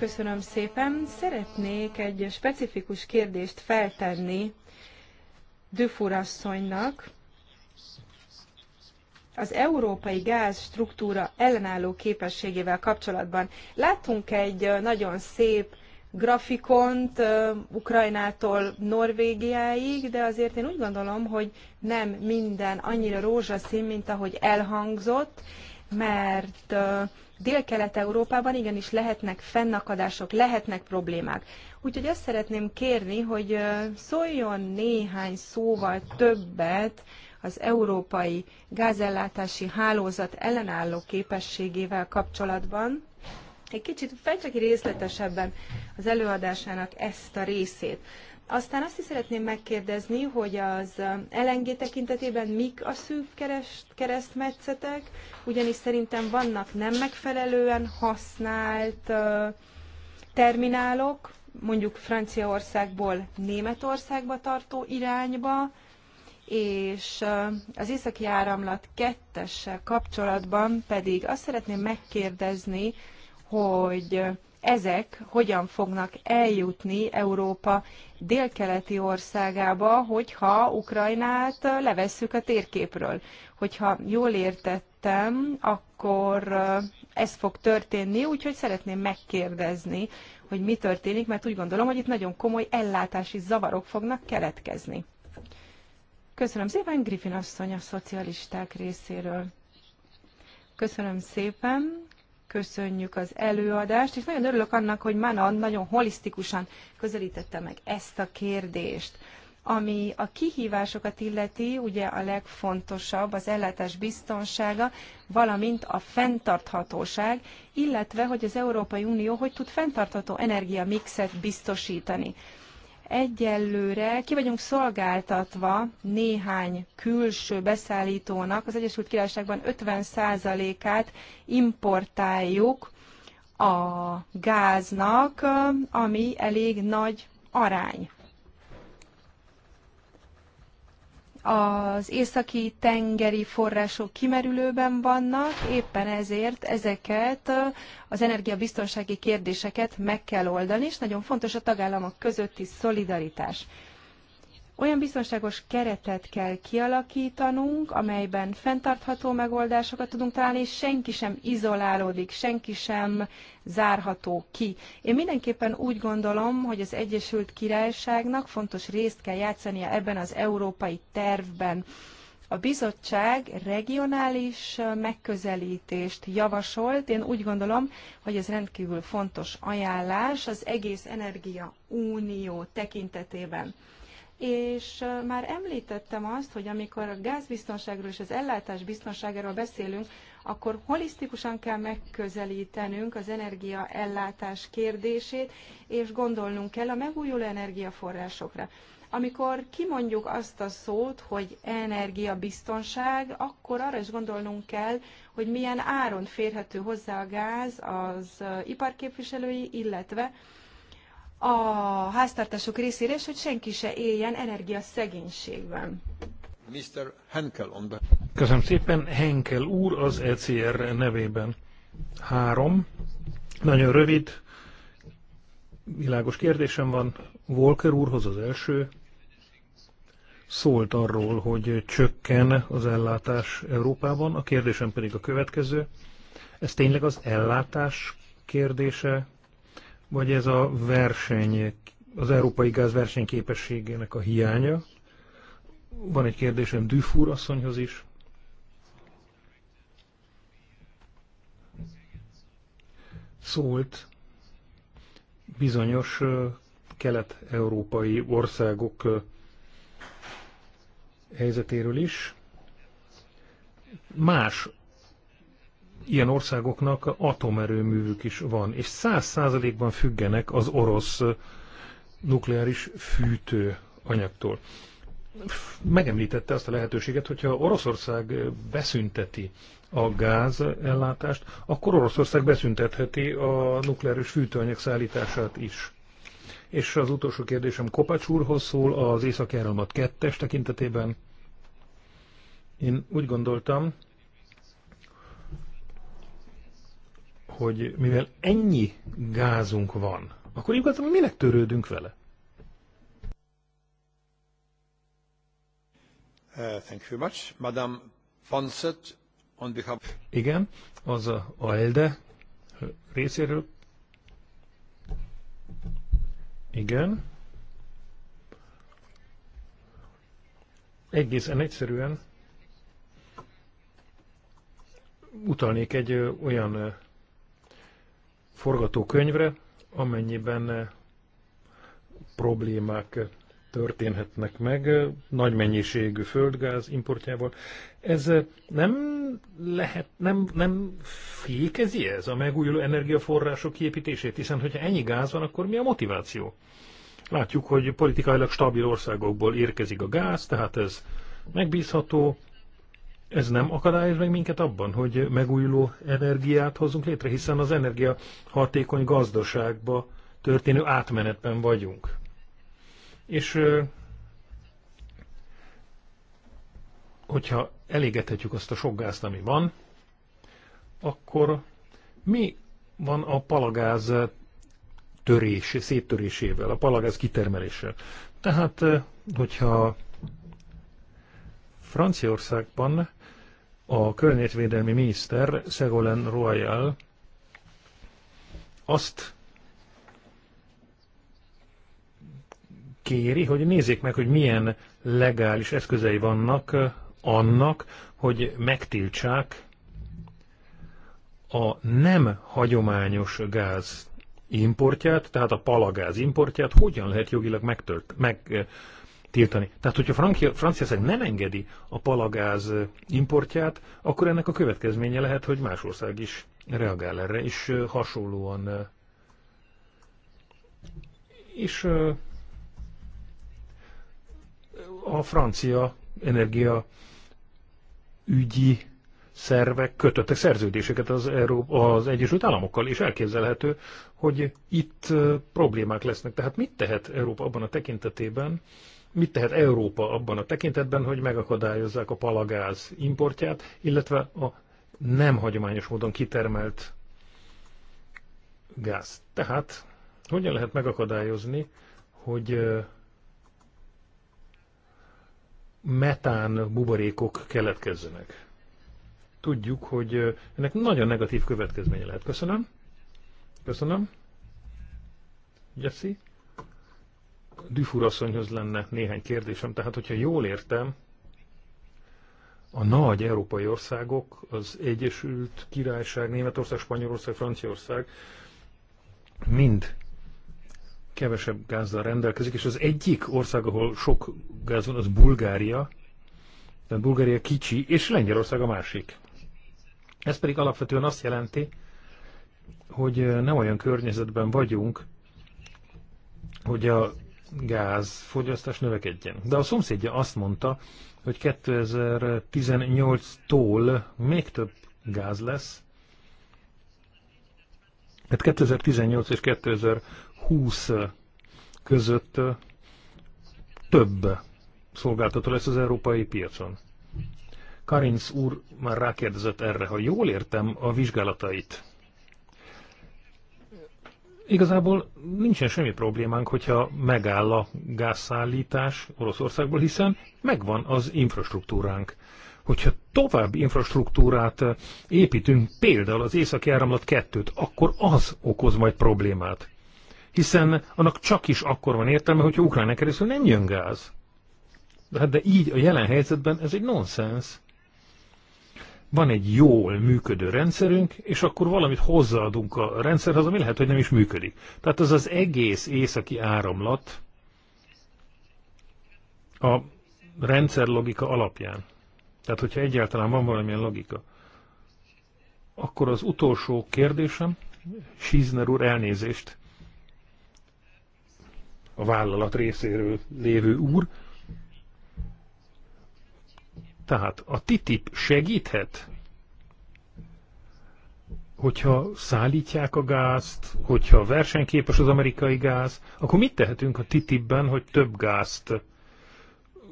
Köszönöm szépen. Szeretnék egy specifikus kérdést feltenni Dufour asszonynak. Az európai gáz struktúra ellenálló képességével kapcsolatban láttunk egy nagyon szép grafikont Ukrajnától Norvégiáig, de azért én úgy gondolom, hogy nem minden annyira rózsaszín, mint ahogy elhangzott, mert Dél-Kelet-Európában igenis lehetnek fennakadások, lehetnek problémák. Úgyhogy azt szeretném kérni, hogy szóljon néhány szóval többet az európai gázellátási hálózat ellenálló képességével kapcsolatban. Egy kicsit fejtse ki részletesebben az előadásának ezt a részét. Aztán azt is szeretném megkérdezni, hogy az LNG tekintetében mik a szűk kereszt, keresztmetszetek, ugyanis szerintem vannak nem megfelelően használt terminálok, mondjuk Franciaországból Németországba tartó irányba, és az északi áramlat kettessel kapcsolatban pedig azt szeretném megkérdezni, hogy ezek hogyan fognak eljutni Európa délkeleti országába, hogyha Ukrajnát levesszük a térképről. Hogyha jól értettem, akkor ez fog történni, úgyhogy szeretném megkérdezni, hogy mi történik, mert úgy gondolom, hogy itt nagyon komoly ellátási zavarok fognak keletkezni. Köszönöm szépen, Griffin asszony a szocialisták részéről. Köszönöm szépen köszönjük az előadást, és nagyon örülök annak, hogy Manon nagyon holisztikusan közelítette meg ezt a kérdést. Ami a kihívásokat illeti, ugye a legfontosabb az ellátás biztonsága, valamint a fenntarthatóság, illetve hogy az Európai Unió hogy tud fenntartható energiamixet biztosítani. Egyelőre ki vagyunk szolgáltatva néhány külső beszállítónak, az Egyesült Királyságban 50%-át importáljuk a gáznak, ami elég nagy arány. az északi tengeri források kimerülőben vannak, éppen ezért ezeket az energiabiztonsági kérdéseket meg kell oldani, és nagyon fontos a tagállamok közötti szolidaritás. Olyan biztonságos keretet kell kialakítanunk, amelyben fenntartható megoldásokat tudunk találni, és senki sem izolálódik, senki sem zárható ki. Én mindenképpen úgy gondolom, hogy az Egyesült Királyságnak fontos részt kell játszania ebben az európai tervben. A bizottság regionális megközelítést javasolt. Én úgy gondolom, hogy ez rendkívül fontos ajánlás az egész Energia Unió tekintetében és már említettem azt, hogy amikor a gázbiztonságról és az ellátás biztonságáról beszélünk, akkor holisztikusan kell megközelítenünk az energiaellátás kérdését, és gondolnunk kell a megújuló energiaforrásokra. Amikor kimondjuk azt a szót, hogy energiabiztonság, akkor arra is gondolnunk kell, hogy milyen áron férhető hozzá a gáz az iparképviselői, illetve a háztartások részére, és hogy senki se éljen energiaszegénységben. Mr. Henkel on the... Köszönöm szépen, Henkel úr az ECR nevében. Három. Nagyon rövid, világos kérdésem van. Volker úrhoz az első szólt arról, hogy csökken az ellátás Európában, a kérdésem pedig a következő. Ez tényleg az ellátás kérdése, vagy ez a verseny, az európai gáz versenyképességének a hiánya. Van egy kérdésem Dufour asszonyhoz is. Szólt bizonyos kelet-európai országok helyzetéről is. Más ilyen országoknak atomerőművük is van, és száz százalékban függenek az orosz nukleáris fűtő anyagtól. Megemlítette azt a lehetőséget, hogyha Oroszország beszünteti a gáz ellátást, akkor Oroszország beszüntetheti a nukleáris fűtőanyag szállítását is. És az utolsó kérdésem Kopacs úrhoz szól az Észak-Áramlat tekintetében. Én úgy gondoltam, hogy mivel ennyi gázunk van, akkor igazából minek törődünk vele? Uh, thank you much. Madame Fonset, on behalf... Igen, az a ALDE részéről. Igen. Egészen egyszerűen utalnék egy olyan forgatókönyvre, amennyiben eh, problémák eh, történhetnek meg eh, nagy mennyiségű földgáz importjával. Ez nem lehet, nem, nem fékezi ez a megújuló energiaforrások kiépítését, hiszen hogyha ennyi gáz van, akkor mi a motiváció? Látjuk, hogy politikailag stabil országokból érkezik a gáz, tehát ez megbízható, ez nem akadályoz meg minket abban, hogy megújuló energiát hozzunk létre, hiszen az energia hatékony gazdaságba történő átmenetben vagyunk. És hogyha elégethetjük azt a sok gázt, ami van, akkor mi van a palagáz törés, széttörésével, a palagáz kitermeléssel? Tehát, hogyha Franciaországban a környezetvédelmi miniszter Szegolen Royal azt kéri, hogy nézzék meg, hogy milyen legális eszközei vannak eh, annak, hogy megtiltsák a nem hagyományos gáz importját, tehát a palagáz importját hogyan lehet jogilag megtört, meg, tiltani. Tehát, hogyha Franciaország nem engedi a palagáz importját, akkor ennek a következménye lehet, hogy más ország is reagál erre, és hasonlóan és a francia energia ügyi szervek kötöttek szerződéseket az, Európa, az Egyesült Államokkal, és elképzelhető, hogy itt problémák lesznek. Tehát mit tehet Európa abban a tekintetében, mit tehet Európa abban a tekintetben, hogy megakadályozzák a palagáz importját, illetve a nem hagyományos módon kitermelt gáz. Tehát hogyan lehet megakadályozni, hogy metán buborékok keletkezzenek? Tudjuk, hogy ennek nagyon negatív következménye lehet. Köszönöm. Köszönöm. Jesse? Düfurasszonyhoz lenne néhány kérdésem. Tehát, hogyha jól értem, a nagy európai országok, az Egyesült Királyság, Németország, Spanyolország, Franciaország mind kevesebb gázzal rendelkezik, és az egyik ország, ahol sok gáz van, az Bulgária, de Bulgária kicsi, és Lengyelország a másik. Ez pedig alapvetően azt jelenti, hogy nem olyan környezetben vagyunk, hogy a gázfogyasztás növekedjen. De a szomszédja azt mondta, hogy 2018-tól még több gáz lesz. Tehát 2018 és 2020 között több szolgáltató lesz az európai piacon. Karinz úr már rákérdezett erre, ha jól értem a vizsgálatait Igazából nincsen semmi problémánk, hogyha megáll a gázszállítás Oroszországból, hiszen megvan az infrastruktúránk. Hogyha további infrastruktúrát eh, építünk, például az északi áramlat 2 akkor az okoz majd problémát. Hiszen annak csak is akkor van értelme, hogyha Ukrajna keresztül nem jön gáz. De, hát de így a jelen helyzetben ez egy nonsens van egy jól működő rendszerünk, és akkor valamit hozzáadunk a rendszerhez, ami lehet, hogy nem is működik. Tehát az az egész északi áramlat a rendszer logika alapján. Tehát, hogyha egyáltalán van valamilyen logika. Akkor az utolsó kérdésem, Schizner úr, elnézést a vállalat részéről lévő úr, tehát a TTIP segíthet, hogyha szállítják a gázt, hogyha versenyképes az amerikai gáz, akkor mit tehetünk a TTIP-ben, hogy több gázt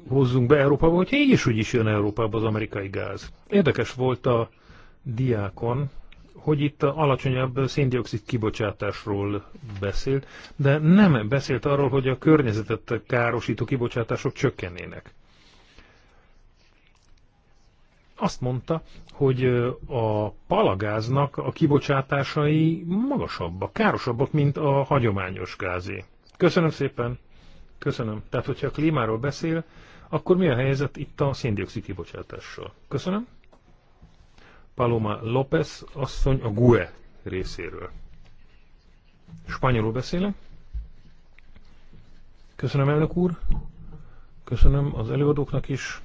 hozzunk be Európába, hogyha így is úgy is jön Európába az amerikai gáz. Érdekes volt a diákon, hogy itt a alacsonyabb széndiokszid kibocsátásról beszélt, de nem beszélt arról, hogy a környezetet károsító kibocsátások csökkennének azt mondta, hogy a palagáznak a kibocsátásai magasabbak, károsabbak, mint a hagyományos gázé. Köszönöm szépen. Köszönöm. Tehát, hogyha a klímáról beszél, akkor mi a helyzet itt a széndiokszid kibocsátással? Köszönöm. Paloma López asszony a GUE részéről. Spanyolul beszélek. Köszönöm, elnök úr. Köszönöm az előadóknak is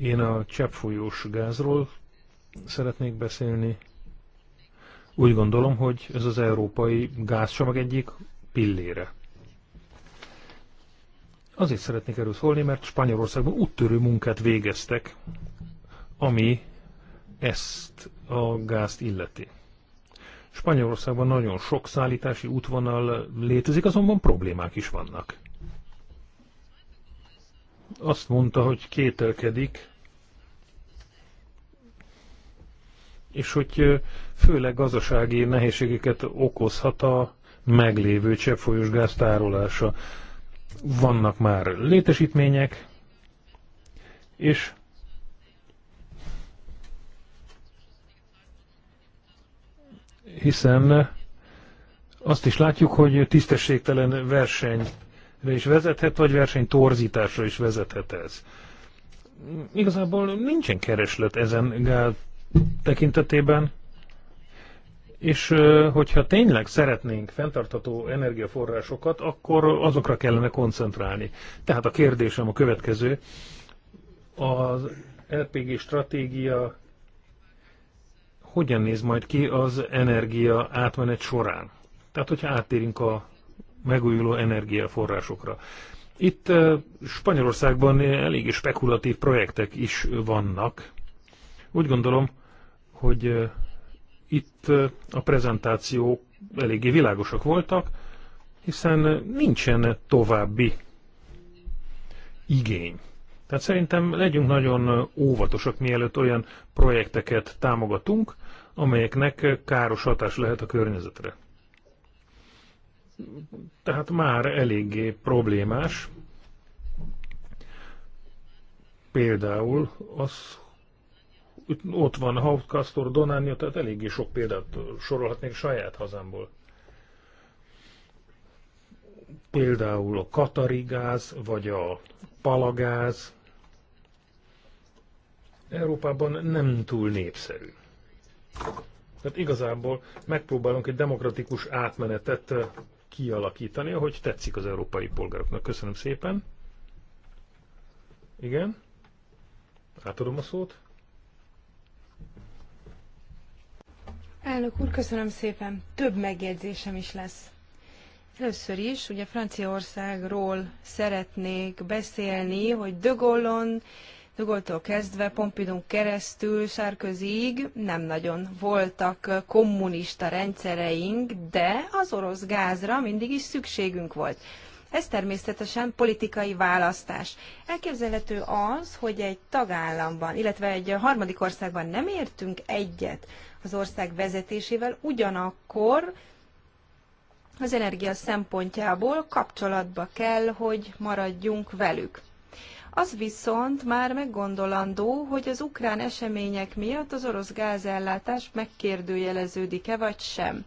Én a cseppfolyós gázról szeretnék beszélni. Úgy gondolom, hogy ez az európai gázcsomag egyik pillére. Azért szeretnék erről szólni, mert Spanyolországban úttörő munkát végeztek, ami ezt a gázt illeti. Spanyolországban nagyon sok szállítási útvonal létezik, azonban problémák is vannak azt mondta, hogy kételkedik, és hogy főleg gazdasági nehézségeket okozhat a meglévő cseppfolyós gáz tárolása. Vannak már létesítmények, és hiszen azt is látjuk, hogy tisztességtelen verseny is vezethet, vagy verseny torzításra is vezethet ez. Igazából nincsen kereslet ezen gál tekintetében, és hogyha tényleg szeretnénk fenntartható energiaforrásokat, akkor azokra kellene koncentrálni. Tehát a kérdésem a következő. Az LPG stratégia hogyan néz majd ki az energia átmenet során? Tehát, hogyha áttérünk a megújuló energiaforrásokra. Itt Spanyolországban eléggé spekulatív projektek is vannak. Úgy gondolom, hogy itt a prezentációk eléggé világosak voltak, hiszen nincsen további igény. Tehát szerintem legyünk nagyon óvatosak, mielőtt olyan projekteket támogatunk, amelyeknek káros hatás lehet a környezetre tehát már eléggé problémás. Például az, ott van Hautkastor Donánia, tehát eléggé sok példát sorolhatnék saját hazámból. Például a katarigáz, vagy a palagáz. Európában nem túl népszerű. Tehát igazából megpróbálunk egy demokratikus átmenetet kialakítani, ahogy tetszik az európai polgároknak. Köszönöm szépen. Igen. Átadom a szót. Elnök úr, köszönöm szépen. Több megjegyzésem is lesz. Először is, ugye Franciaországról szeretnék beszélni, hogy de Gaulle-on Dugoltól kezdve, Pompidon keresztül, Sárközig nem nagyon voltak kommunista rendszereink, de az orosz gázra mindig is szükségünk volt. Ez természetesen politikai választás. Elképzelhető az, hogy egy tagállamban, illetve egy harmadik országban nem értünk egyet az ország vezetésével, ugyanakkor az energia szempontjából kapcsolatba kell, hogy maradjunk velük. Az viszont már meggondolandó, hogy az ukrán események miatt az orosz gázellátás megkérdőjeleződik-e vagy sem.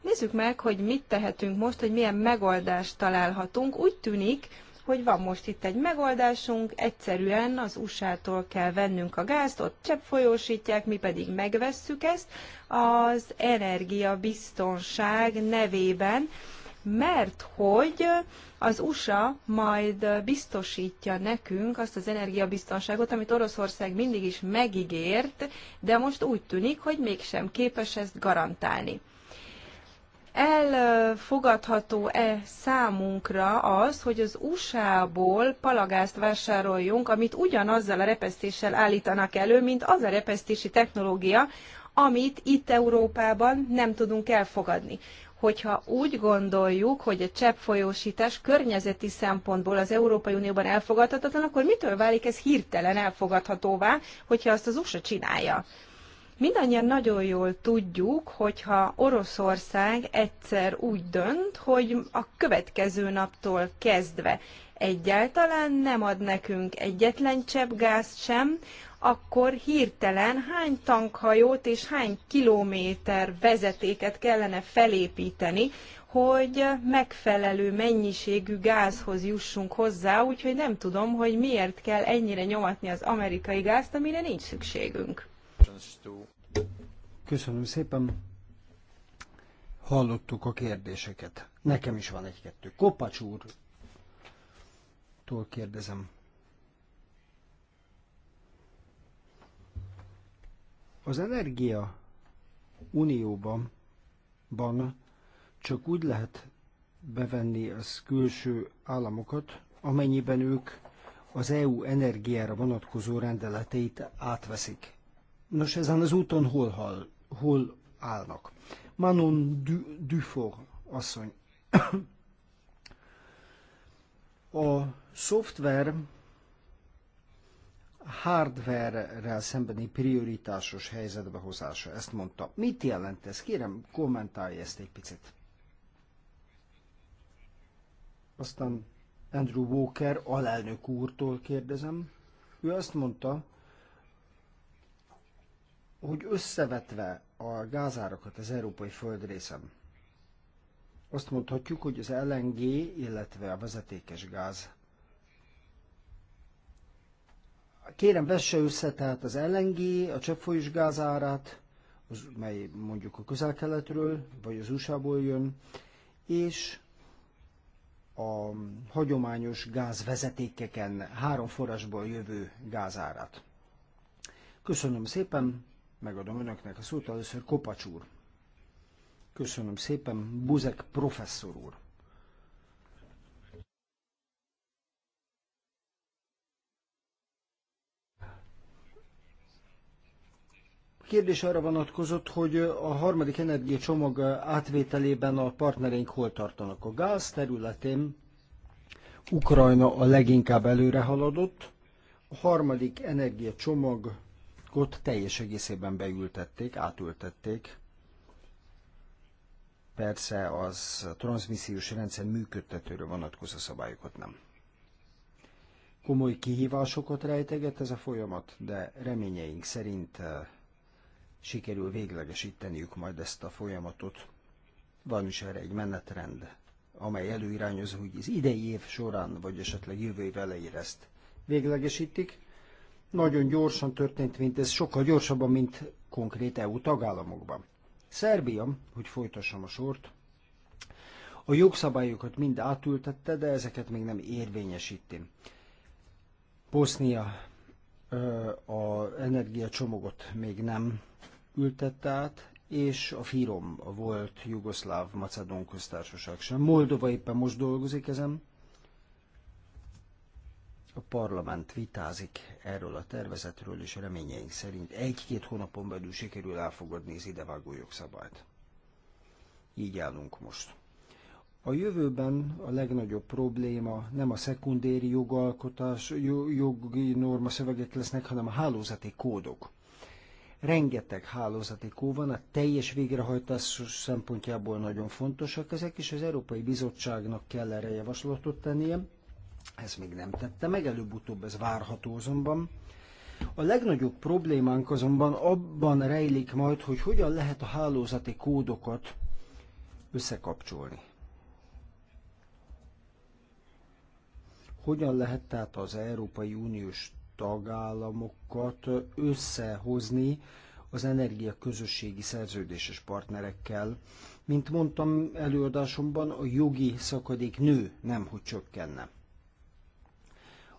Nézzük meg, hogy mit tehetünk most, hogy milyen megoldást találhatunk. Úgy tűnik, hogy van most itt egy megoldásunk, egyszerűen az USA-tól kell vennünk a gázt, ott csepp folyósítják, mi pedig megvesszük ezt az energiabiztonság nevében mert hogy az USA majd biztosítja nekünk azt az energiabiztonságot, amit Oroszország mindig is megígért, de most úgy tűnik, hogy mégsem képes ezt garantálni elfogadható-e számunkra az, hogy az USA-ból palagázt vásároljunk, amit ugyanazzal a repesztéssel állítanak elő, mint az a repesztési technológia, amit itt Európában nem tudunk elfogadni hogyha úgy gondoljuk, hogy a cseppfolyósítás környezeti szempontból az Európai Unióban elfogadhatatlan, akkor mitől válik ez hirtelen elfogadhatóvá, hogyha azt az USA csinálja? Mindannyian nagyon jól tudjuk, hogyha Oroszország egyszer úgy dönt, hogy a következő naptól kezdve egyáltalán nem ad nekünk egyetlen csepp gázt sem, akkor hirtelen hány tankhajót és hány kilométer vezetéket kellene felépíteni, hogy megfelelő mennyiségű gázhoz jussunk hozzá, úgyhogy nem tudom, hogy miért kell ennyire nyomatni az amerikai gázt, amire nincs szükségünk. Köszönöm szépen. Hallottuk a kérdéseket. Nekem is van egy-kettő. Kopacs úr, tól kérdezem. Az energia unióban ban csak úgy lehet bevenni az külső államokat, amennyiben ők az EU energiára vonatkozó rendeleteit átveszik. Nos, ezen az úton hol, hal, hol állnak? Manon du, Dufour asszony. *coughs* A szoftver hardware-rel szembeni prioritásos helyzetbe hozása, ezt mondta. Mit jelent ez? Kérem, kommentálj ezt egy picit. Aztán Andrew Walker alelnök úrtól kérdezem. Ő azt mondta, hogy összevetve a gázárakat az európai földrészen, azt mondhatjuk, hogy az LNG, illetve a vezetékes gáz Kérem, vesse össze tehát az LNG, a cseppfolyós gázárát, az, mely mondjuk a közel-keletről, vagy az USA-ból jön, és a hagyományos gázvezetékeken, három forrásból jövő gázárat. Köszönöm szépen, megadom önöknek a szót először Kopacs úr. Köszönöm szépen, Buzek professzor úr. kérdés arra vonatkozott, hogy a harmadik energiacsomag átvételében a partnereink hol tartanak. A gáz területén Ukrajna a leginkább előre haladott, a harmadik energiacsomagot teljes egészében beültették, átültették. Persze az transmissziós rendszer működtetőre vonatkozó szabályokat nem. Komoly kihívásokat rejteget ez a folyamat, de reményeink szerint eh, sikerül véglegesíteniük majd ezt a folyamatot. Van is erre egy menetrend, amely előirányozza, hogy az idei év során, vagy esetleg jövő év elejére ezt véglegesítik. Nagyon gyorsan történt, mint ez, sokkal gyorsabban, mint konkrét EU tagállamokban. Szerbia, hogy folytassam a sort, a jogszabályokat mind átültette, de ezeket még nem érvényesíti. Bosznia a energiacsomagot még nem ültette át, és a FIROM a volt Jugoszláv Macedón köztársaság sem. Moldova éppen most dolgozik ezen. A parlament vitázik erről a tervezetről, és reményeink szerint egy-két hónapon belül sikerül elfogadni az idevágó jogszabályt. Így állunk most. A jövőben a legnagyobb probléma nem a szekundéri jogalkotás, jogi norma szövegek lesznek, hanem a hálózati kódok. Rengeteg hálózati kód van, a teljes végrehajtás szempontjából nagyon fontosak ezek, és az Európai Bizottságnak kell erre javaslatot tennie. Ez még nem tette meg, előbb-utóbb ez várható azonban. A legnagyobb problémánk azonban abban rejlik majd, hogy hogyan lehet a hálózati kódokat összekapcsolni Hogyan lehet tehát az Európai Uniós tagállamokat összehozni az energiaközösségi szerződéses partnerekkel? Mint mondtam előadásomban, a jogi szakadék nő, nem hogy csökkenne.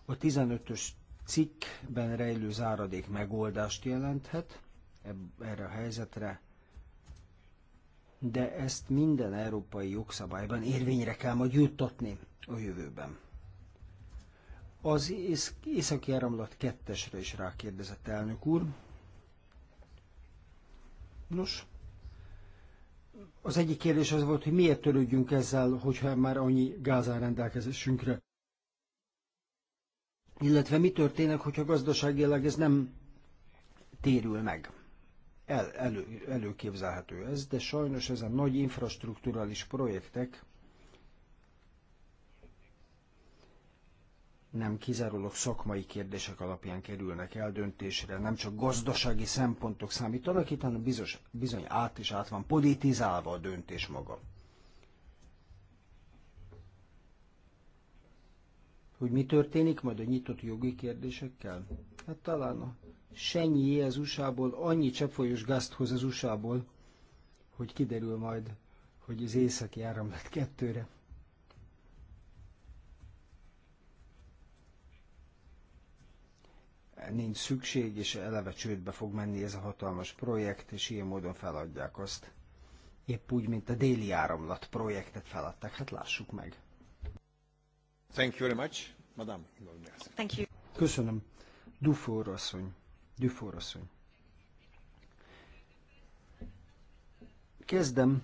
A 15-ös cikkben rejlő záradék megoldást jelenthet erre a helyzetre, de ezt minden európai jogszabályban érvényre kell majd juttatni a jövőben. Az északi áramlat kettesre is rákérdezett elnök úr. Nos, az egyik kérdés az volt, hogy miért törődjünk ezzel, hogyha már annyi gázán rendelkezésünkre. Illetve mi történik, hogyha gazdaságilag ez nem térül meg. El, elő, előképzelhető ez, de sajnos ez a nagy infrastruktúrális projektek nem kizárólag szakmai kérdések alapján kerülnek eldöntésre, nem csak gazdasági szempontok számítanak itt, hanem bizos, bizony át és át van politizálva a döntés maga. Hogy mi történik majd a nyitott jogi kérdésekkel? Hát talán a sennyi az USA-ból, annyi cseppfolyós gázt hoz az USA-ból, hogy kiderül majd, hogy az északi áramlat kettőre nincs szükség, és eleve csődbe fog menni ez a hatalmas projekt, és ilyen módon feladják azt. Épp úgy, mint a déli áramlat projektet feladták. Hát lássuk meg. Thank you very much, madam. Thank you. Köszönöm. Dufour asszony. Dufour asszony. Kezdem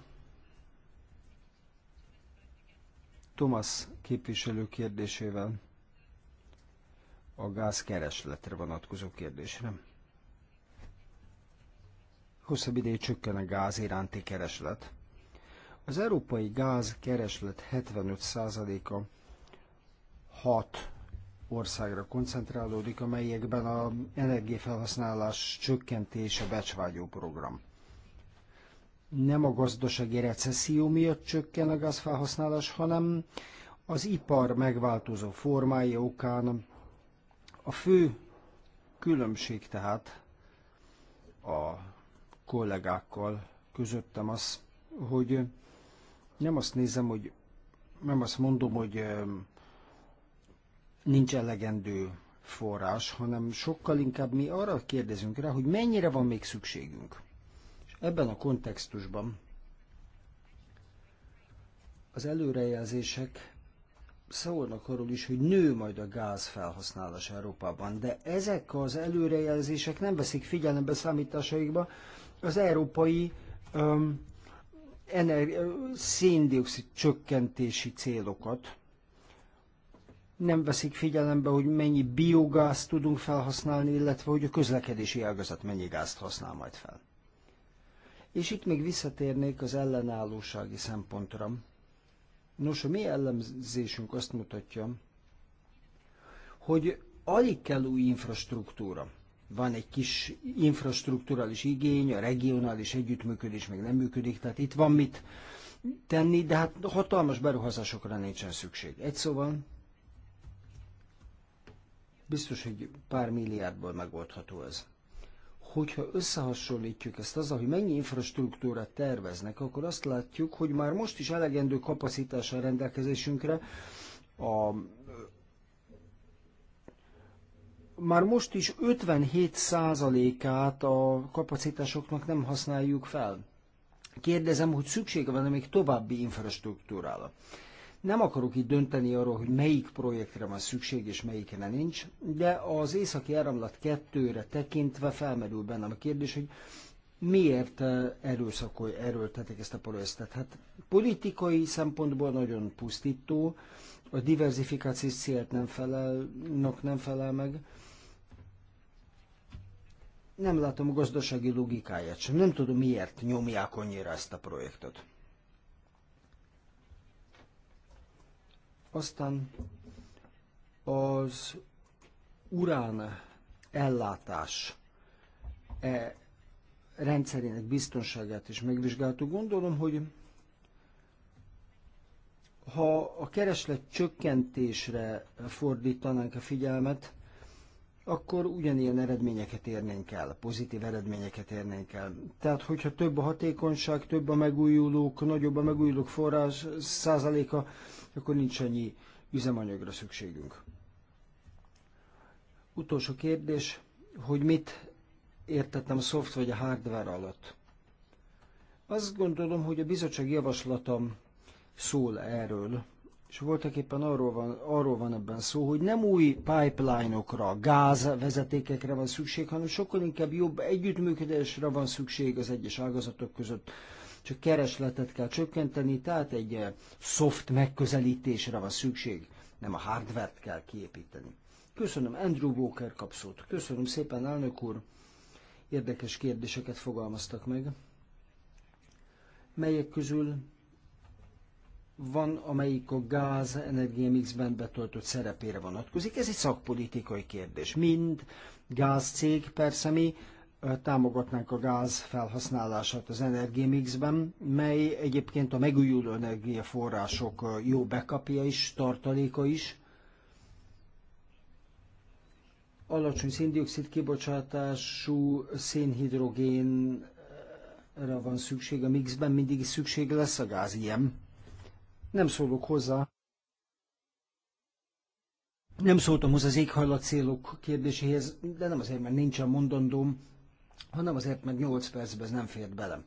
Thomas képviselő kérdésével a gázkeresletre vonatkozó kérdésre. Hosszabb ideig csökken a gáz iránti kereslet. Az európai gáz kereslet 75%-a 6 országra koncentrálódik, amelyekben a energiafelhasználás csökkentése becsvágyó program. Nem a gazdasági recesszió miatt csökken a gázfelhasználás, hanem az ipar megváltozó formája okán a fő különbség tehát a kollégákkal közöttem az, hogy nem azt nézem, hogy nem azt mondom, hogy nincs elegendő forrás, hanem sokkal inkább mi arra kérdezünk rá, hogy mennyire van még szükségünk. És ebben a kontextusban az előrejelzések szólnak arról is, hogy nő majd a gáz felhasználás Európában, de ezek az előrejelzések nem veszik figyelembe számításaikba az európai um, energi- széndiokszid csökkentési célokat. Nem veszik figyelembe, hogy mennyi biogázt tudunk felhasználni, illetve hogy a közlekedési ágazat mennyi gázt használ majd fel. És itt még visszatérnék az ellenállósági szempontra Nos, a mi ellenzésünk azt mutatja, hogy alig kell új infrastruktúra. Van egy kis infrastruktúrális igény, a regionális együttműködés még nem működik, tehát itt van mit tenni, de hát hatalmas beruházásokra nincsen szükség. Egy szóval biztos, hogy pár milliárdból megoldható ez hogyha összehasonlítjuk ezt azzal, hogy mennyi infrastruktúrát terveznek, akkor azt látjuk, hogy már most is elegendő a rendelkezésünkre a már most is 57%-át a kapacitásoknak nem használjuk fel. Kérdezem, hogy szüksége van-e még további infrastruktúrára. Nem akarok itt dönteni arról, hogy melyik projektre van szükség és melyikre nincs, de az északi áramlat kettőre tekintve felmerül bennem a kérdés, hogy miért eh, erőszakolj, erőltetik ezt a projektet? Hát politikai szempontból nagyon pusztító, a diversifikációs célt nem felelnek, nem felel meg. Nem látom a gazdasági logikáját sem, nem tudom miért nyomják annyira ezt a projektet. Aztán az urán ellátás e rendszerének biztonságát is megvizsgáltuk. Gondolom, hogy ha a kereslet csökkentésre fordítanánk a figyelmet, akkor ugyanilyen eredményeket érnénk el, pozitív eredményeket érnénk el. Tehát, hogyha több a hatékonyság, több a megújulók, nagyobb a megújulók forrás százaléka, akkor nincs annyi üzemanyagra szükségünk. Utolsó kérdés, hogy mit értettem a szoft vagy a hardware alatt. Azt gondolom, hogy a bizottság javaslatom szól erről, és voltak éppen arról van, arról van ebben szó, hogy nem új pipeline-okra, gázvezetékekre van szükség, hanem sokkal inkább jobb együttműködésre van szükség az egyes ágazatok között. Csak keresletet kell csökkenteni, tehát egy eh, soft megközelítésre van szükség, nem a hardvert kell kiépíteni. Köszönöm, Andrew Walker kapszót. Köszönöm szépen, elnök úr. Érdekes kérdéseket fogalmaztak meg, melyek közül van, amelyik a gáz mixben betöltött szerepére vonatkozik. Ez egy szakpolitikai kérdés. Mind gázcég, persze mi támogatnánk a gáz felhasználását az energiamixben, mely egyébként a megújuló energiaforrások jó bekapja is, tartaléka is. Alacsony széndiokszid kibocsátású szénhidrogénra van szükség a mixben, mindig is szükség lesz a gáz ilyen nem szólok hozzá. Nem szóltam hozzá az éghajlat célok kérdéséhez, de nem azért, mert nincsen mondandóm, hanem azért, mert 8 percben ez nem fért belem.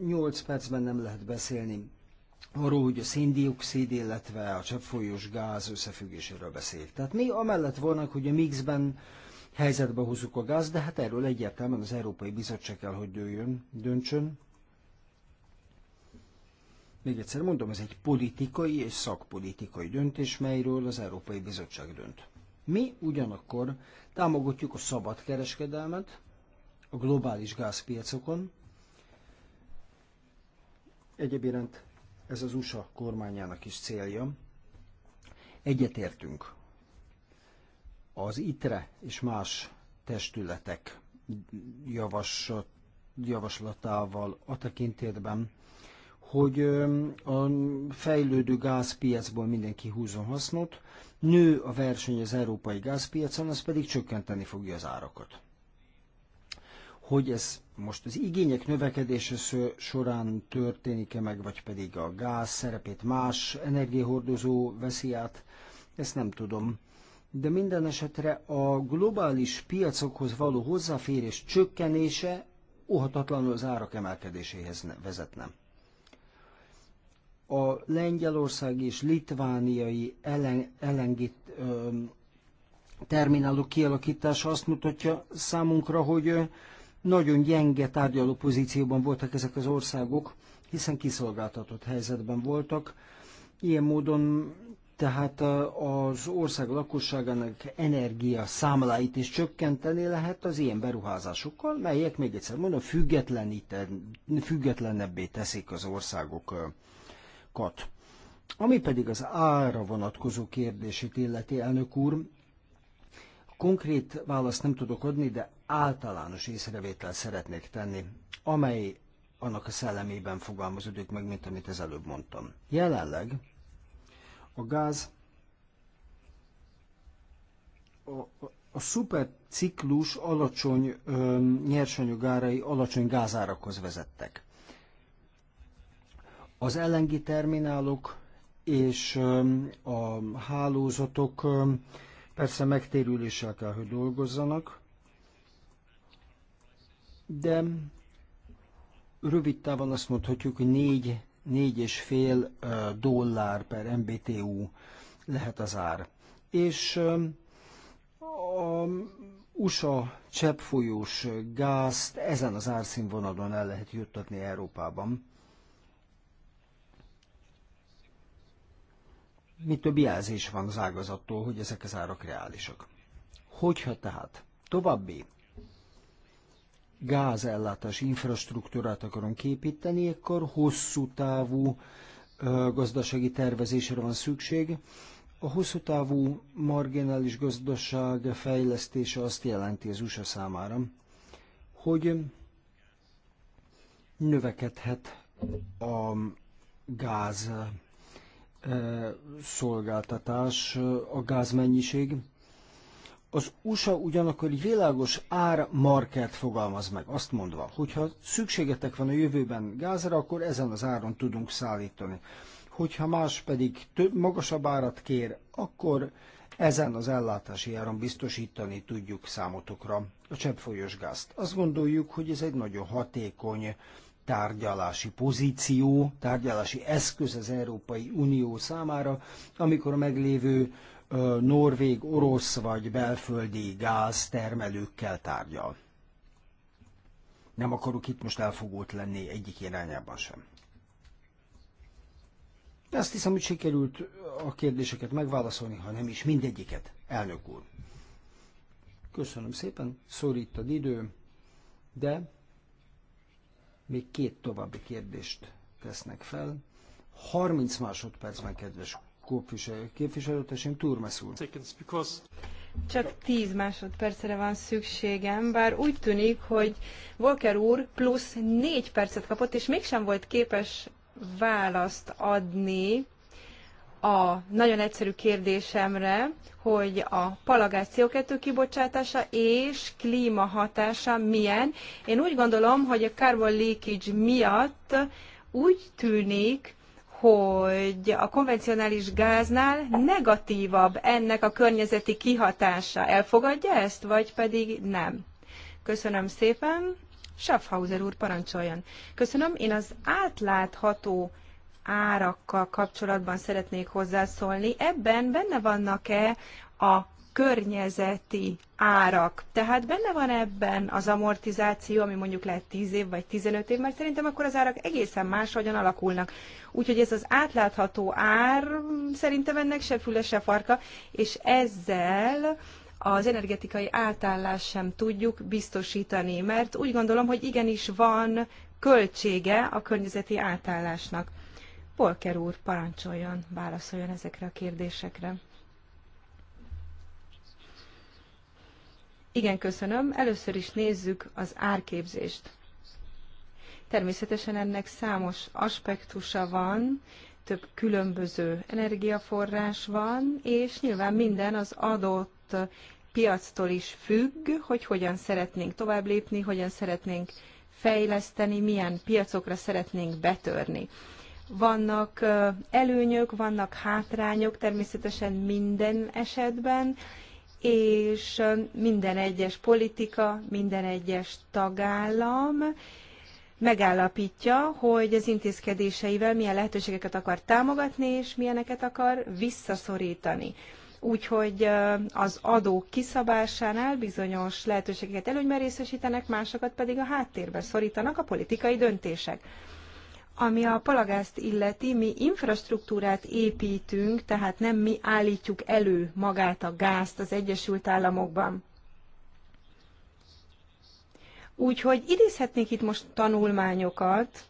8 percben nem lehet beszélni arról, hogy a széndiokszid, illetve a cseppfolyós gáz összefüggéséről beszél. Tehát mi amellett vannak, hogy a mixben helyzetbe hozzuk a gáz, de hát erről egyértelműen az Európai Bizottság kell, hogy dőljön, döntsön. Még egyszer mondom, ez egy politikai és szakpolitikai döntés, melyről az Európai Bizottság dönt. Mi ugyanakkor támogatjuk a szabad kereskedelmet a globális gázpiacokon. Egyébként ez az USA kormányának is célja. Egyetértünk az ITRE és más testületek javaslat, javaslatával a tekintetben, hogy a fejlődő gázpiacból mindenki húzon hasznot, nő a verseny az európai gázpiacon, az pedig csökkenteni fogja az árakat. Hogy ez most az igények növekedése során történik-e meg, vagy pedig a gáz szerepét más energiahordozó veszi át, ezt nem tudom de minden esetre a globális piacokhoz való hozzáférés csökkenése óhatatlanul az árak emelkedéséhez vezetne. A lengyelországi és litvániai ellen, terminálok kialakítása azt mutatja számunkra, hogy nagyon gyenge tárgyaló pozícióban voltak ezek az országok, hiszen kiszolgáltatott helyzetben voltak. Ilyen módon tehát az ország lakosságának energia számláit is csökkenteni lehet az ilyen beruházásokkal, melyek, még egyszer mondom, függetlenebbé teszik az országokat. Ami pedig az ára vonatkozó kérdését illeti, elnök úr, konkrét választ nem tudok adni, de általános észrevétel szeretnék tenni, amely annak a szellemében fogalmazódik meg, mint amit az előbb mondtam. Jelenleg a gáz a, a szuperciklus alacsony ö, nyersanyagárai alacsony gázárakhoz vezettek. Az LNG terminálok és ö, a hálózatok ö, persze megtérüléssel kell, hogy dolgozzanak, de rövid távon azt mondhatjuk, hogy négy 4,5 dollár per MBTU lehet az ár. És a USA cseppfolyós gázt ezen az árszínvonalon el lehet juttatni Európában. Mi több jelzés van az ágazattól, hogy ezek az árak reálisak. Hogyha tehát további gázellátási infrastruktúrát akarunk építeni, akkor hosszú távú gazdasági tervezésre van szükség. A hosszú távú marginális gazdaság fejlesztése azt jelenti az USA számára, hogy növekedhet a gáz szolgáltatás, a gázmennyiség, az USA ugyanakkor egy világos ármarket fogalmaz meg, azt mondva, hogyha szükségetek van a jövőben gázra, akkor ezen az áron tudunk szállítani. Hogyha más pedig több, magasabb árat kér, akkor ezen az ellátási áron biztosítani tudjuk számotokra a cseppfolyós gázt. Azt gondoljuk, hogy ez egy nagyon hatékony tárgyalási pozíció, tárgyalási eszköz az Európai Unió számára, amikor a meglévő norvég, orosz vagy belföldi gáztermelőkkel tárgyal. Nem akarok itt most elfogult lenni egyik irányában sem. Azt hiszem, hogy sikerült a kérdéseket megválaszolni, ha nem is mindegyiket, elnök úr. Köszönöm szépen, szorít az idő, de még két további kérdést tesznek fel. 30 másodpercben, kedves képviselő, képviselőtesünk Turmes úr. Csak tíz másodpercre van szükségem, bár úgy tűnik, hogy Volker úr plusz 4 percet kapott, és mégsem volt képes választ adni a nagyon egyszerű kérdésemre, hogy a palagás CO2 kibocsátása és klíma hatása milyen. Én úgy gondolom, hogy a carbon leakage miatt úgy tűnik, hogy a konvencionális gáznál negatívabb ennek a környezeti kihatása. Elfogadja ezt, vagy pedig nem? Köszönöm szépen. Schaffhauser úr, parancsoljon. Köszönöm. Én az átlátható árakkal kapcsolatban szeretnék hozzászólni. Ebben benne vannak-e a környezeti árak. Tehát benne van ebben az amortizáció, ami mondjuk lehet 10 év vagy 15 év, mert szerintem akkor az árak egészen máshogyan alakulnak. Úgyhogy ez az átlátható ár szerintem ennek se füle, se farka, és ezzel az energetikai átállás sem tudjuk biztosítani, mert úgy gondolom, hogy igenis van költsége a környezeti átállásnak. Polker úr, parancsoljon, válaszoljon ezekre a kérdésekre. Igen, köszönöm. Először is nézzük az árképzést. Természetesen ennek számos aspektusa van, több különböző energiaforrás van, és nyilván minden az adott piactól is függ, hogy hogyan szeretnénk tovább lépni, hogyan szeretnénk fejleszteni, milyen piacokra szeretnénk betörni. Vannak előnyök, vannak hátrányok természetesen minden esetben, és minden egyes politika, minden egyes tagállam megállapítja, hogy az intézkedéseivel milyen lehetőségeket akar támogatni, és milyeneket akar visszaszorítani. Úgyhogy az adók kiszabásánál bizonyos lehetőségeket előnyben részesítenek, másokat pedig a háttérbe szorítanak a politikai döntések. Ami a palagázt illeti, mi infrastruktúrát építünk, tehát nem mi állítjuk elő magát a gázt az Egyesült Államokban. Úgyhogy idézhetnék itt most tanulmányokat,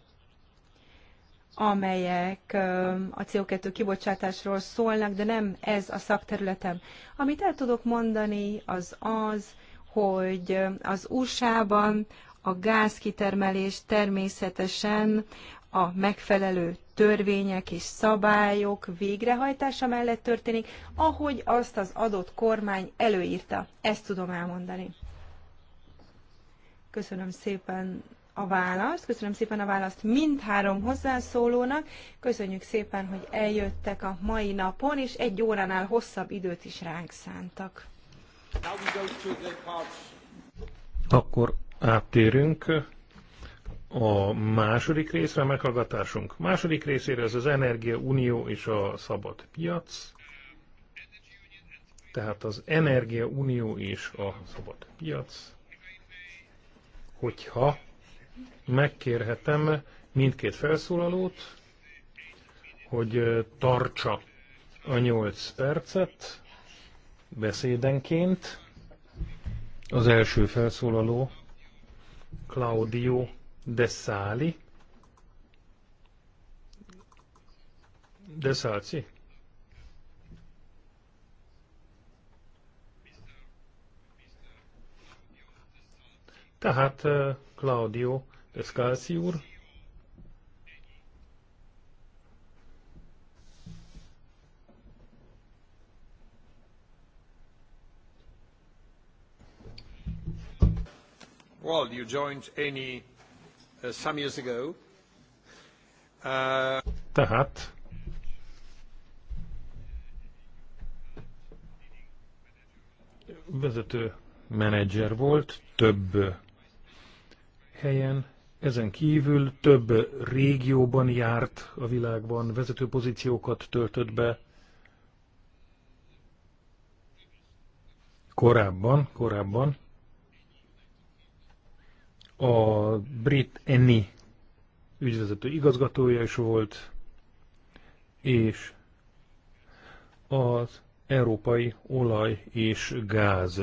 amelyek a CO2 kibocsátásról szólnak, de nem ez a szakterületem. Amit el tudok mondani, az az, hogy az USA-ban a gázkitermelés természetesen a megfelelő törvények és szabályok végrehajtása mellett történik, ahogy azt az adott kormány előírta. Ezt tudom elmondani. Köszönöm szépen a választ, köszönöm szépen a választ mindhárom hozzászólónak, köszönjük szépen, hogy eljöttek a mai napon, és egy óránál hosszabb időt is ránk szántak. Akkor áttérünk a második részre meghallgatásunk. Második részére ez az Energia Unió és a szabad piac. Tehát az Energia Unió és a szabad piac. Hogyha megkérhetem mindkét felszólalót, hogy tartsa a 8 percet beszédenként. Az első felszólaló Claudio de Száli. De Szálci. Tehát Claudio De Scalzi úr. Well, you joined any Uh, some years ago. Uh... Tehát vezető menedzser volt több helyen, ezen kívül több régióban járt a világban, vezető pozíciókat töltött be. Korábban, korábban a brit ENI ügyvezető igazgatója is volt, és az európai olaj és gáz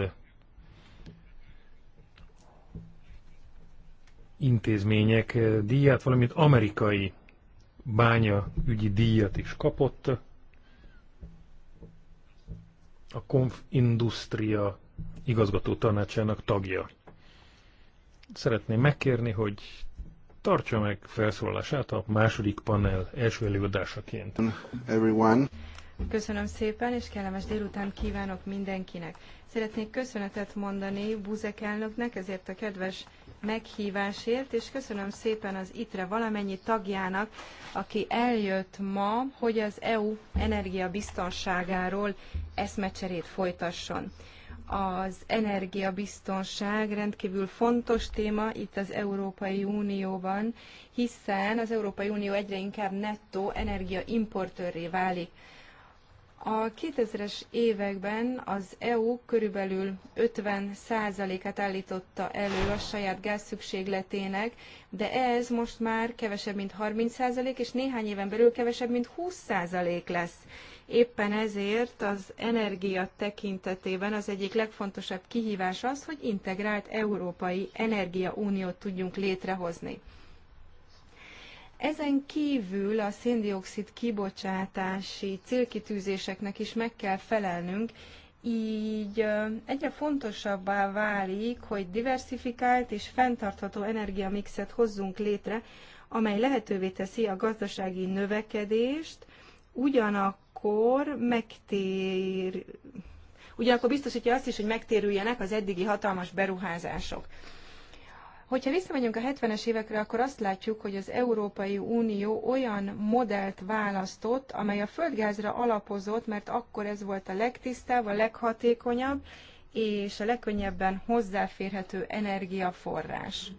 intézmények díját, valamint amerikai bánya ügyi díjat is kapott. A Konf Industria igazgató tanácsának tagja szeretném megkérni, hogy tartsa meg felszólását a második panel első előadásaként. Everyone. Köszönöm szépen, és kellemes délután kívánok mindenkinek. Szeretnék köszönetet mondani Buzek elnöknek ezért a kedves meghívásért, és köszönöm szépen az ITRE valamennyi tagjának, aki eljött ma, hogy az EU energiabiztonságáról eszmecserét folytasson az energiabiztonság rendkívül fontos téma itt az Európai Unióban, hiszen az Európai Unió egyre inkább nettó energiaimportőrré válik. A 2000-es években az EU körülbelül 50%-át állította elő a saját gázszükségletének, de ez most már kevesebb, mint 30% és néhány éven belül kevesebb, mint 20% lesz. Éppen ezért az energia tekintetében az egyik legfontosabb kihívás az, hogy integrált európai energiauniót tudjunk létrehozni. Ezen kívül a széndiokszid kibocsátási célkitűzéseknek is meg kell felelnünk, így egyre fontosabbá válik, hogy diversifikált és fenntartható energiamixet hozzunk létre, amely lehetővé teszi a gazdasági növekedést, ugyanakkor megtér, ugyanakkor biztosítja azt is, hogy megtérüljenek az eddigi hatalmas beruházások. Hogyha visszamegyünk a 70-es évekre, akkor azt látjuk, hogy az Európai Unió olyan modellt választott, amely a földgázra alapozott, mert akkor ez volt a legtisztább, a leghatékonyabb és a legkönnyebben hozzáférhető energiaforrás.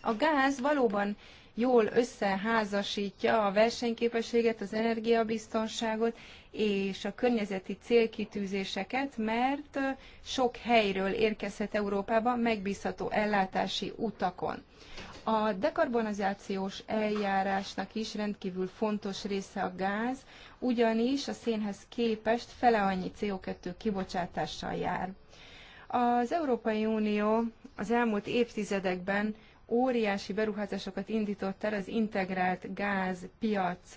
A gáz valóban jól összeházasítja a versenyképességet, az energiabiztonságot és a környezeti célkitűzéseket, mert sok helyről érkezhet Európába megbízható ellátási utakon. A dekarbonizációs eljárásnak is rendkívül fontos része a gáz, ugyanis a szénhez képest fele annyi CO2 kibocsátással jár. Az Európai Unió az elmúlt évtizedekben óriási beruházásokat indított el az integrált gázpiac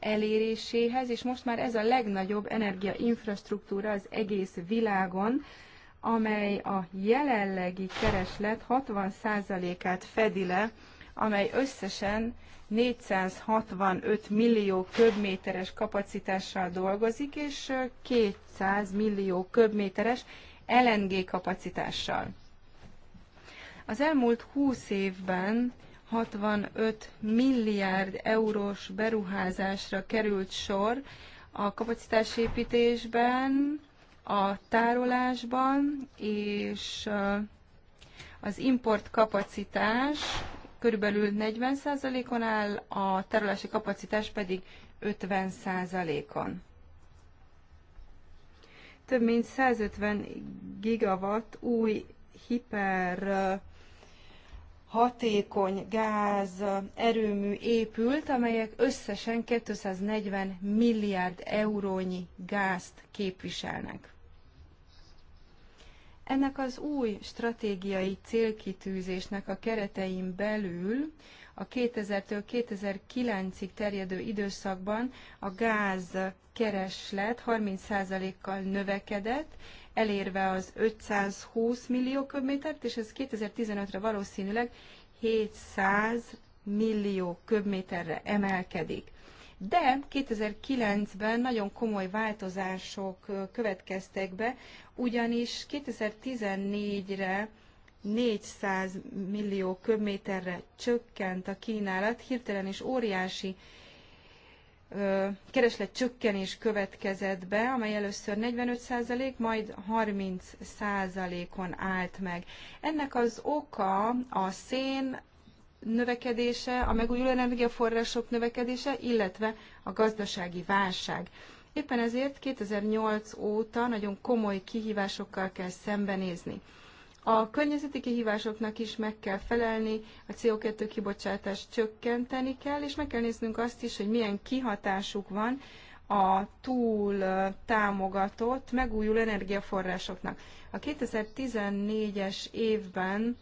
eléréséhez, és most már ez a legnagyobb energiainfrastruktúra az egész világon, amely a jelenlegi kereslet 60%-át fedi le, amely összesen 465 millió köbméteres kapacitással dolgozik, és 200 millió köbméteres LNG kapacitással. Az elmúlt 20 évben 65 milliárd eurós beruházásra került sor a kapacitásépítésben, a tárolásban, és az importkapacitás körülbelül 40%-on áll, a tárolási kapacitás pedig 50%-on. Több mint 150 gigawatt új hiper hatékony gáz erőmű épült, amelyek összesen 240 milliárd eurónyi gázt képviselnek. Ennek az új stratégiai célkitűzésnek a keretein belül a 2000-től 2009-ig terjedő időszakban a gáz kereslet 30%-kal növekedett, elérve az 520 millió köbmétert, és ez 2015-re valószínűleg 700 millió köbméterre emelkedik. De 2009-ben nagyon komoly változások következtek be, ugyanis 2014-re 400 millió köbméterre csökkent a kínálat, hirtelen és óriási kereslet csökkenés következett be, amely először 45%, majd 30%-on állt meg. Ennek az oka a szén növekedése, a megújuló energiaforrások növekedése, illetve a gazdasági válság. Éppen ezért 2008 óta nagyon komoly kihívásokkal kell szembenézni. A környezeti kihívásoknak is meg kell felelni, a CO2 kibocsátást csökkenteni kell, és meg kell néznünk azt is, hogy milyen kihatásuk van a túl támogatott megújuló energiaforrásoknak. A 2014-es évben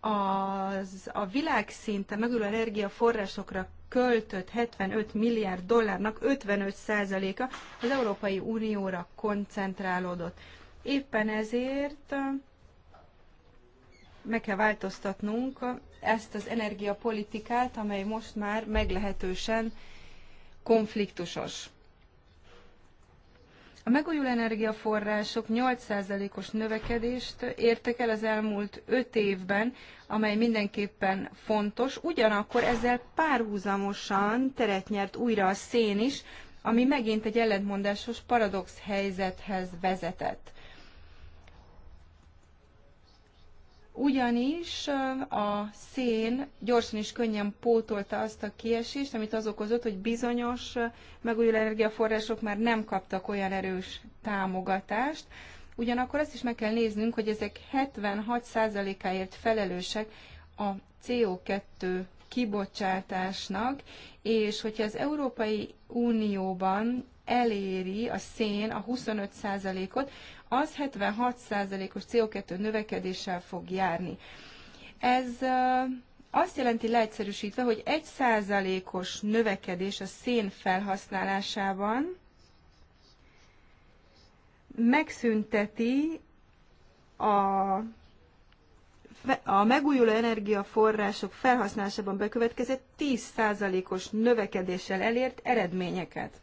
az, a világszinte megújuló energiaforrásokra költött 75 milliárd dollárnak 55%-a az Európai Unióra koncentrálódott. Éppen ezért meg kell változtatnunk ezt az energiapolitikát, amely most már meglehetősen konfliktusos. A megújuló energiaforrások 8%-os növekedést értek el az elmúlt 5 évben, amely mindenképpen fontos, ugyanakkor ezzel párhuzamosan teret nyert újra a szén is, ami megint egy ellentmondásos paradox helyzethez vezetett. ugyanis a szén gyorsan és könnyen pótolta azt a kiesést, amit az okozott, hogy bizonyos megújuló energiaforrások már nem kaptak olyan erős támogatást. Ugyanakkor azt is meg kell néznünk, hogy ezek 76%-áért felelősek a CO2 kibocsátásnak, és hogyha az Európai Unióban eléri a szén a 25%-ot, az 76%-os CO2 növekedéssel fog járni. Ez azt jelenti leegyszerűsítve, hogy 1%-os növekedés a szén felhasználásában megszünteti a a megújuló energiaforrások felhasználásában bekövetkezett 10%-os növekedéssel elért eredményeket.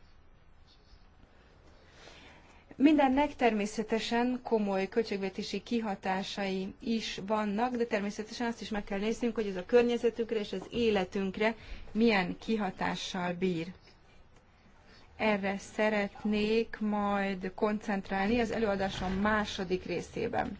Mindennek természetesen komoly költségvetési kihatásai is vannak, de természetesen azt is meg kell néznünk, hogy ez a környezetünkre és az életünkre milyen kihatással bír. Erre szeretnék majd koncentrálni az előadásom második részében.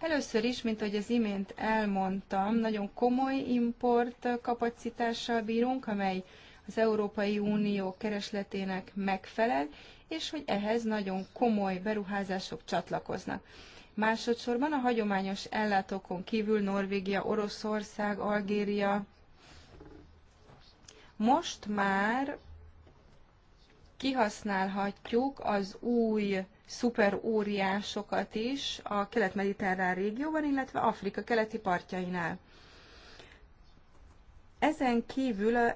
Először is, mint ahogy az imént elmondtam, nagyon komoly import kapacitással bírunk, amely az Európai Unió keresletének megfelel, és hogy ehhez nagyon komoly beruházások csatlakoznak. Másodszorban a hagyományos ellátókon kívül Norvégia, Oroszország, Algéria. Most már kihasználhatjuk az új szuperóriásokat is a kelet-mediterrán régióban, illetve Afrika keleti partjainál. Ezen kívül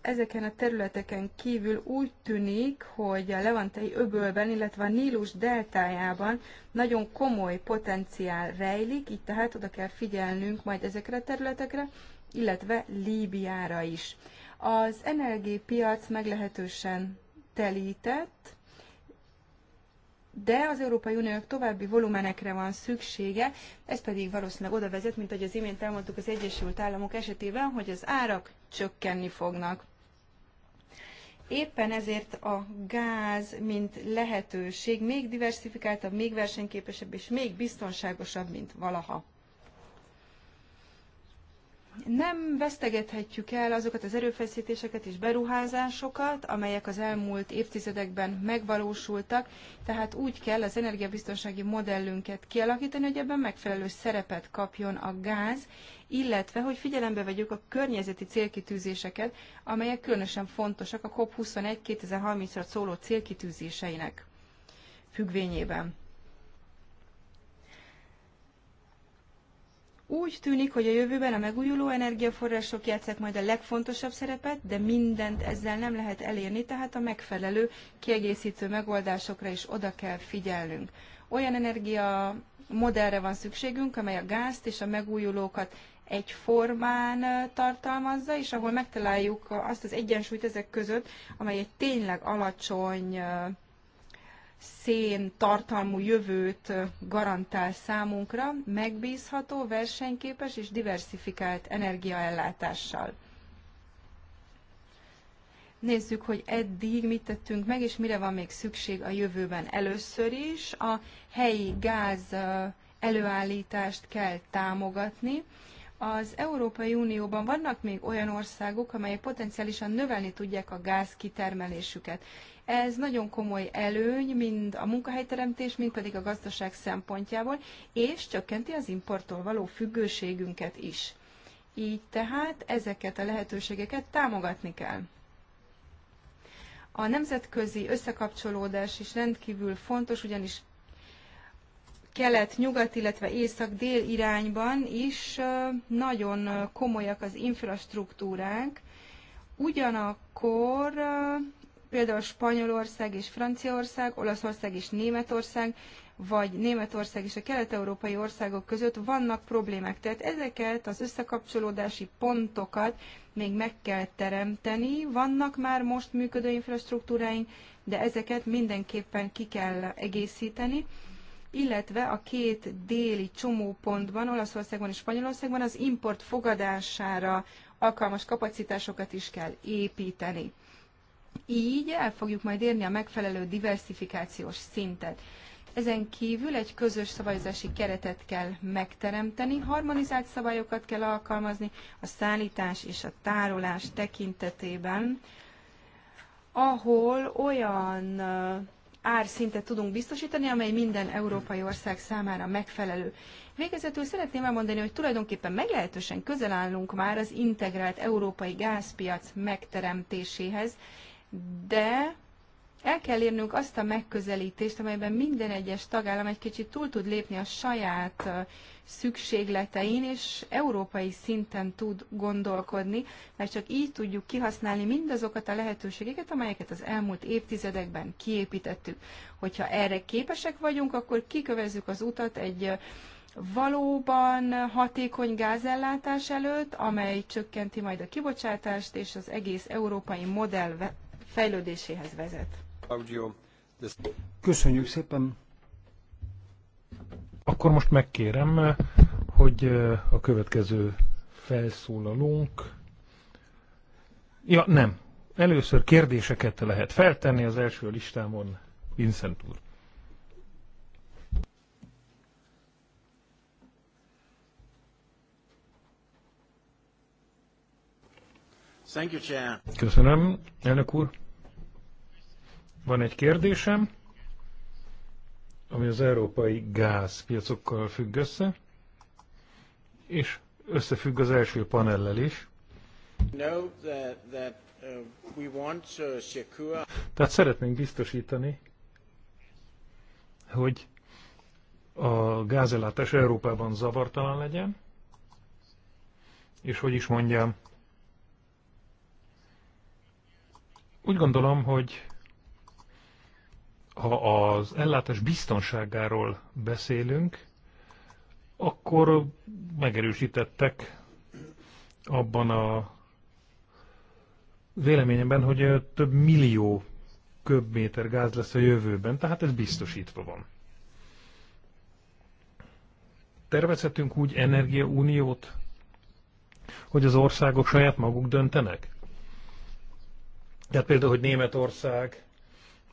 ezeken a területeken kívül úgy tűnik, hogy a Levantei öbölben, illetve a Nílus deltájában nagyon komoly potenciál rejlik, így tehát oda kell figyelnünk majd ezekre a területekre, illetve Líbiára is. Az energiapiac meglehetősen telített, de az Európai Uniónak további volumenekre van szüksége, ez pedig valószínűleg oda vezet, mint ahogy az imént elmondtuk az Egyesült Államok esetében, hogy az árak csökkenni fognak. Éppen ezért a gáz, mint lehetőség még diversifikáltabb, még versenyképesebb és még biztonságosabb, mint valaha nem vesztegethetjük el azokat az erőfeszítéseket és beruházásokat, amelyek az elmúlt évtizedekben megvalósultak, tehát úgy kell az energiabiztonsági modellünket kialakítani, hogy ebben megfelelő szerepet kapjon a gáz, illetve hogy figyelembe vegyük a környezeti célkitűzéseket, amelyek különösen fontosak a COP21 2030-ra szóló célkitűzéseinek függvényében. Úgy tűnik, hogy a jövőben a megújuló energiaforrások játszák majd a legfontosabb szerepet, de mindent ezzel nem lehet elérni, tehát a megfelelő kiegészítő megoldásokra is oda kell figyelnünk. Olyan energia modellre van szükségünk, amely a gázt és a megújulókat egyformán tartalmazza, és ahol megtaláljuk azt az egyensúlyt ezek között, amely egy tényleg alacsony szén tartalmú jövőt garantál számunkra megbízható, versenyképes és diversifikált energiaellátással. Nézzük, hogy eddig mit tettünk meg, és mire van még szükség a jövőben. Először is a helyi gáz előállítást kell támogatni. Az Európai Unióban vannak még olyan országok, amelyek potenciálisan növelni tudják a gáz kitermelésüket. Ez nagyon komoly előny, mind a munkahelyteremtés, mind pedig a gazdaság szempontjából, és csökkenti az importtól való függőségünket is. Így tehát ezeket a lehetőségeket támogatni kell. A nemzetközi összekapcsolódás is rendkívül fontos, ugyanis kelet-nyugat, illetve észak-dél irányban is nagyon komolyak az infrastruktúránk, ugyanakkor például Spanyolország és Franciaország, Olaszország és Németország, vagy Németország és a kelet-európai országok között vannak problémák. Tehát ezeket az összekapcsolódási pontokat még meg kell teremteni. Vannak már most működő infrastruktúráink, de ezeket mindenképpen ki kell egészíteni illetve a két déli csomópontban, Olaszországban és Spanyolországban az import fogadására alkalmas kapacitásokat is kell építeni. Így el fogjuk majd érni a megfelelő diversifikációs szintet. Ezen kívül egy közös szabályozási keretet kell megteremteni, harmonizált szabályokat kell alkalmazni a szállítás és a tárolás tekintetében, ahol olyan árszintet tudunk biztosítani, amely minden európai ország számára megfelelő. Végezetül szeretném elmondani, hogy tulajdonképpen meglehetősen közel állunk már az integrált európai gázpiac megteremtéséhez, de el kell érnünk azt a megközelítést, amelyben minden egyes tagállam egy kicsit túl tud lépni a saját szükségletein, és európai szinten tud gondolkodni, mert csak így tudjuk kihasználni mindazokat a lehetőségeket, amelyeket az elmúlt évtizedekben kiépítettük. Hogyha erre képesek vagyunk, akkor kikövezzük az utat egy valóban hatékony gázellátás előtt, amely csökkenti majd a kibocsátást, és az egész európai modell fejlődéséhez vezet. Köszönjük szépen! Akkor most megkérem, hogy a következő felszólalónk... Ja, nem. Először kérdéseket lehet feltenni, az első listámon Vincent úr. Köszönöm, elnök úr. Van egy kérdésem, ami az európai gázpiacokkal függ össze, és összefügg az első panellel is. Uh, Tehát szeretnénk biztosítani, hogy a gázellátás Európában zavartalan legyen, és hogy is mondjam, Úgy gondolom, hogy ha az ellátás biztonságáról beszélünk, akkor megerősítettek abban a véleményemben, hogy több millió köbméter gáz lesz a jövőben, tehát ez biztosítva van. Tervezhetünk úgy energiauniót, hogy az országok saját maguk döntenek? Tehát például, hogy Németország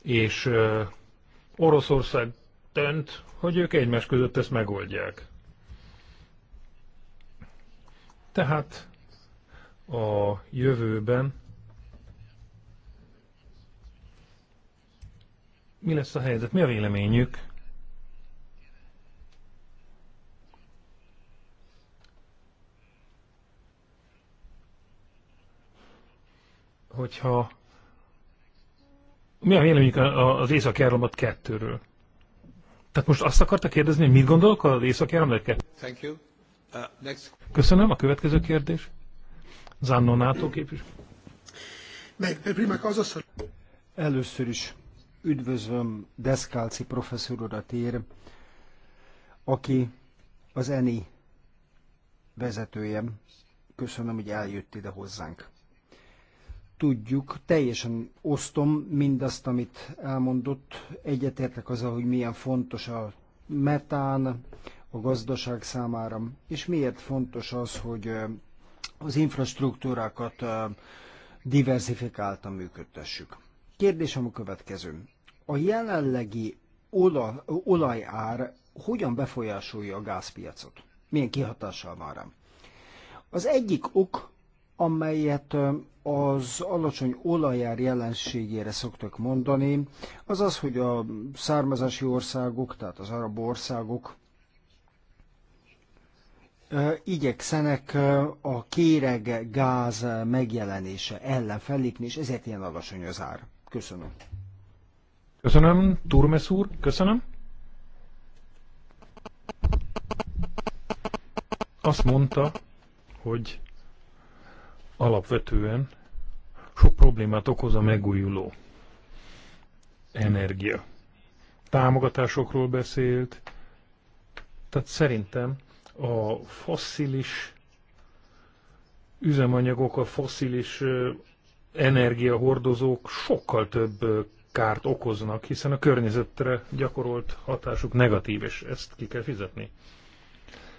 és Oroszország dönt, hogy ők egymás között ezt megoldják. Tehát a jövőben mi lesz a helyzet, mi a véleményük? Hogyha mi a véleményük az Észak-Áramlat 2-ről? Tehát most azt akarta kérdezni, hogy mit gondolok az Észak-Áramlat 2 uh, Köszönöm, a következő kérdés. Zanno NATO képviselő. Először is üdvözlöm Deszkálci professzor urat ér, aki az ENI vezetője. Köszönöm, hogy eljött ide hozzánk tudjuk, teljesen osztom mindazt, amit elmondott, egyetértek azzal, hogy milyen fontos a metán a gazdaság számára, és miért fontos az, hogy az infrastruktúrákat diversifikáltan működtessük. Kérdésem a következő. A jelenlegi olajár hogyan befolyásolja a gázpiacot? Milyen kihatással van rám? Az egyik ok amelyet az alacsony olajár jelenségére szoktak mondani, az az, hogy a származási országok, tehát az arab országok igyekszenek a kéreg gáz megjelenése ellen fellépni, és ezért ilyen alacsony az ár. Köszönöm. Köszönöm, Turmes úr, köszönöm. Azt mondta, hogy alapvetően sok problémát okoz a megújuló energia. Támogatásokról beszélt, tehát szerintem a fosszilis üzemanyagok, a fosszilis energiahordozók sokkal több kárt okoznak, hiszen a környezetre gyakorolt hatásuk negatív, és ezt ki kell fizetni.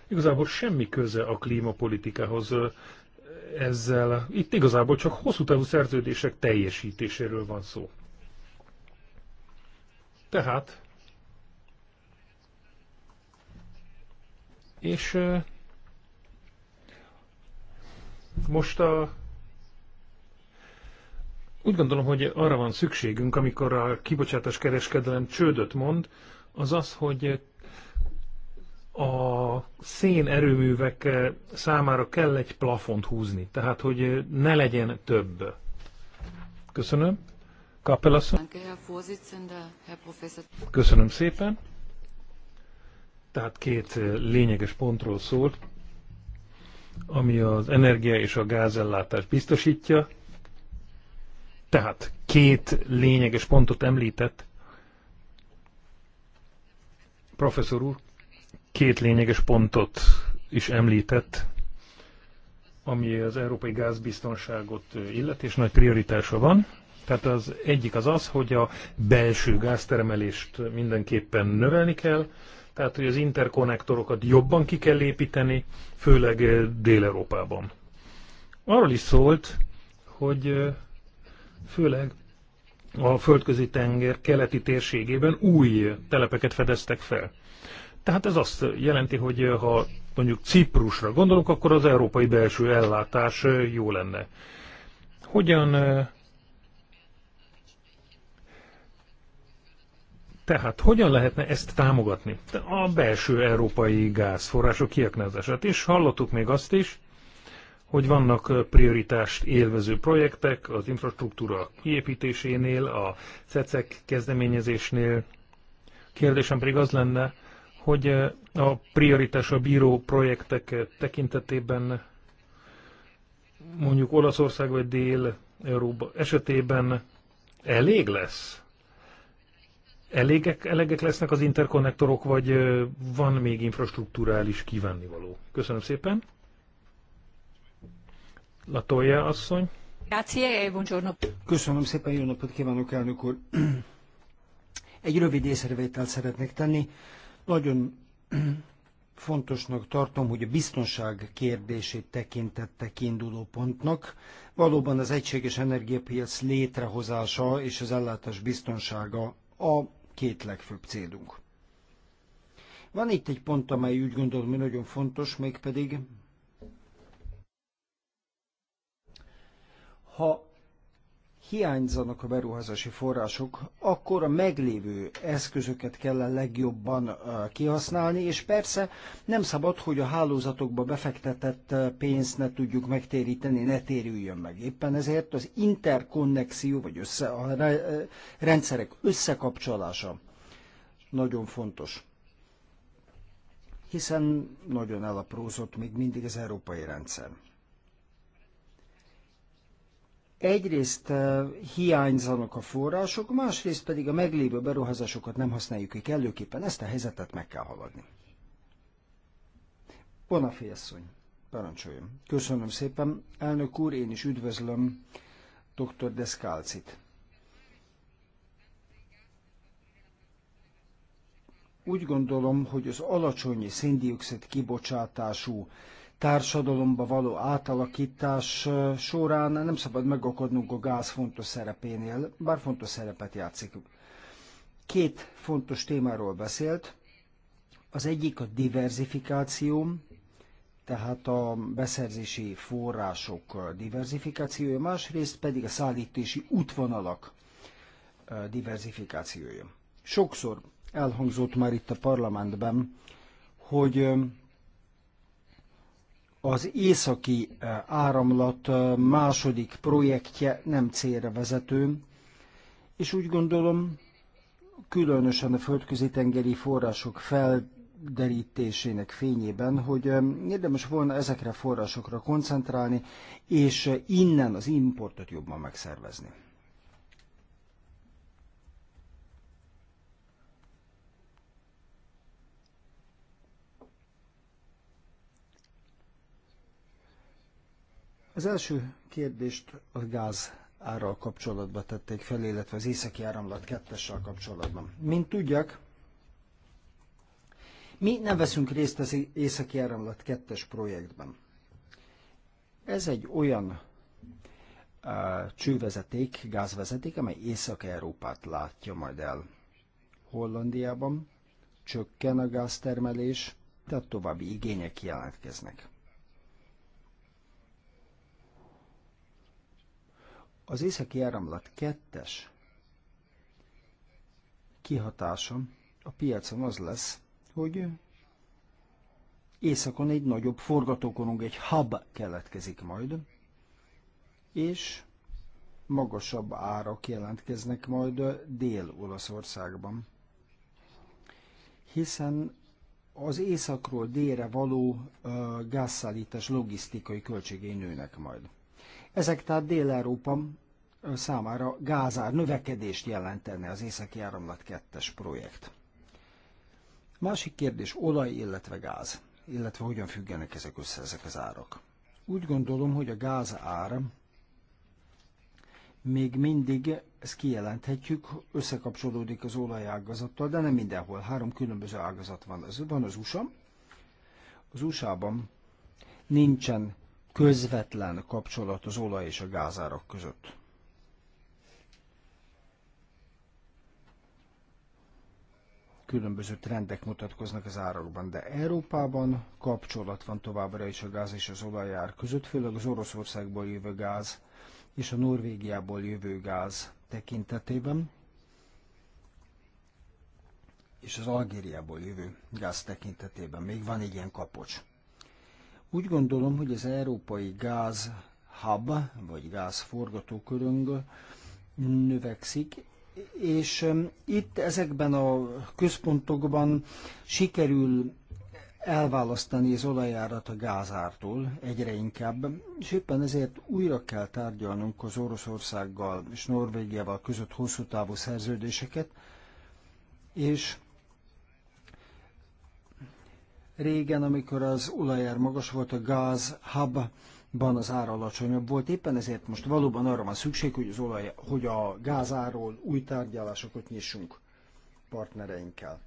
Igazából semmi köze a klímapolitikához, ezzel. Itt igazából csak hosszú távú szerződések teljesítéséről van szó. Tehát, és most a úgy gondolom, hogy arra van szükségünk, amikor a kibocsátás kereskedelem csődöt mond, az az, hogy a szén erőművek eh, számára kell egy plafont húzni, tehát hogy eh, ne legyen több. Köszönöm. Köszönöm szépen. Tehát két eh, lényeges pontról szólt, ami az energia és a gázellátást biztosítja. Tehát két lényeges pontot említett professzor úr, két lényeges pontot is említett, ami az európai gázbiztonságot illet, és nagy prioritása van. Tehát az egyik az az, hogy a belső gáztermelést mindenképpen növelni kell, tehát hogy az interkonnektorokat jobban ki kell építeni, főleg Dél-Európában. Arról is szólt, hogy főleg a földközi tenger keleti térségében új telepeket fedeztek fel. Tehát ez azt jelenti, hogy eh, ha mondjuk Ciprusra gondolok, akkor az európai belső ellátás eh, jó lenne. Hogyan eh, Tehát hogyan lehetne ezt támogatni? A belső európai gázforrások kiaknázását. És hallottuk még azt is, hogy vannak prioritást élvező projektek az infrastruktúra kiépítésénél, a CECEK kezdeményezésnél. Kérdésem pedig az lenne, hogy a prioritás a bíró projektek tekintetében mondjuk Olaszország vagy Dél-Európa esetében elég lesz? Elégek, elegek lesznek az interkonnektorok, vagy van még infrastruktúrális kívánnivaló? Köszönöm szépen. Latolja asszony. Grazie, eh, buongiorno. Köszönöm szépen, jó napot kívánok, elnök úr. *clears throat* Egy rövid észrevételt szeretnék tenni. Nagyon *clears throat* fontosnak tartom, hogy a biztonság kérdését tekintette kiinduló pontnak. Valóban az egységes energiapiac létrehozása és az ellátás biztonsága a két legfőbb célunk. Van itt egy pont, amely úgy gondolom, hogy nagyon fontos, mégpedig ha hiányzanak a beruházási források, akkor a meglévő eszközöket kell legjobban uh, kihasználni, és persze nem szabad, hogy a hálózatokba befektetett uh, pénzt ne tudjuk megtéríteni, ne térüljön meg. Éppen ezért az interkonnexió, vagy össze, a uh, rendszerek összekapcsolása nagyon fontos hiszen nagyon elaprózott még mindig az európai rendszer egyrészt hiányzanak a források, másrészt pedig a meglévő beruházásokat nem használjuk ki kellőképpen. Ezt a helyzetet meg kell haladni. Bonafé asszony, parancsoljon. Köszönöm szépen. Elnök úr, én is üdvözlöm dr. Deszkálcit. Úgy gondolom, hogy az alacsony széndiokszid kibocsátású társadalomba való átalakítás során nem szabad megakadnunk a gáz fontos szerepénél, bár fontos szerepet játszik. Két fontos témáról beszélt. Az egyik a diversifikáció, tehát a beszerzési források diversifikációja, másrészt pedig a szállítási útvonalak diversifikációja. Sokszor elhangzott már itt a parlamentben, hogy az északi eh, áramlat eh, második projektje nem célra vezető, és úgy gondolom, különösen a földközi tengeri források felderítésének fényében, hogy eh, érdemes volna ezekre a forrásokra koncentrálni, és innen az importot jobban megszervezni. Az első kérdést a gáz árral kapcsolatban tették fel, illetve az északi áramlat kettessel kapcsolatban. Mint tudják, mi nem veszünk részt az északi áramlat kettes projektben. Ez egy olyan uh, csővezeték, gázvezeték, amely Észak-Európát látja majd el. Hollandiában csökken a gáztermelés, tehát további igények jelentkeznek. Az északi áramlat kettes kihatása a piacon az lesz, hogy északon egy nagyobb forgatókorong, egy hub keletkezik majd, és magasabb árak jelentkeznek majd Dél-Olaszországban. Hiszen az északról délre való gázszállítás logisztikai költségei nőnek majd. Ezek tehát Dél-Európa számára gázár növekedést jelentene az északi áramlat 2-es projekt. Másik kérdés olaj, illetve gáz, illetve hogyan függenek ezek össze ezek az árak. Úgy gondolom, hogy a gáz ár még mindig, ezt kijelenthetjük, összekapcsolódik az olajágazattal, de nem mindenhol. Három különböző ágazat van. Ez van az USA. Az USA-ban nincsen közvetlen kapcsolat az olaj és a gázárak között. Különböző trendek mutatkoznak az árakban, de Európában kapcsolat van továbbra is a gáz és az olajár között, főleg az Oroszországból jövő gáz és a Norvégiából jövő gáz tekintetében, és az Algériából jövő gáz tekintetében. Még van egy ilyen kapocs. Úgy gondolom, hogy az európai gáz hub, vagy gáz forgatóköröng növekszik, és um, itt ezekben a központokban sikerül elválasztani az olajárat a gázártól egyre inkább, és éppen ezért újra kell tárgyalnunk az Oroszországgal és Norvégiával között hosszú távú szerződéseket, és Régen, amikor az olajár magas volt, a gáz hubban az ár alacsonyabb volt, éppen ezért most valóban arra van szükség, hogy, az olaj, hogy a gázáról új tárgyalásokat nyissunk partnereinkkel.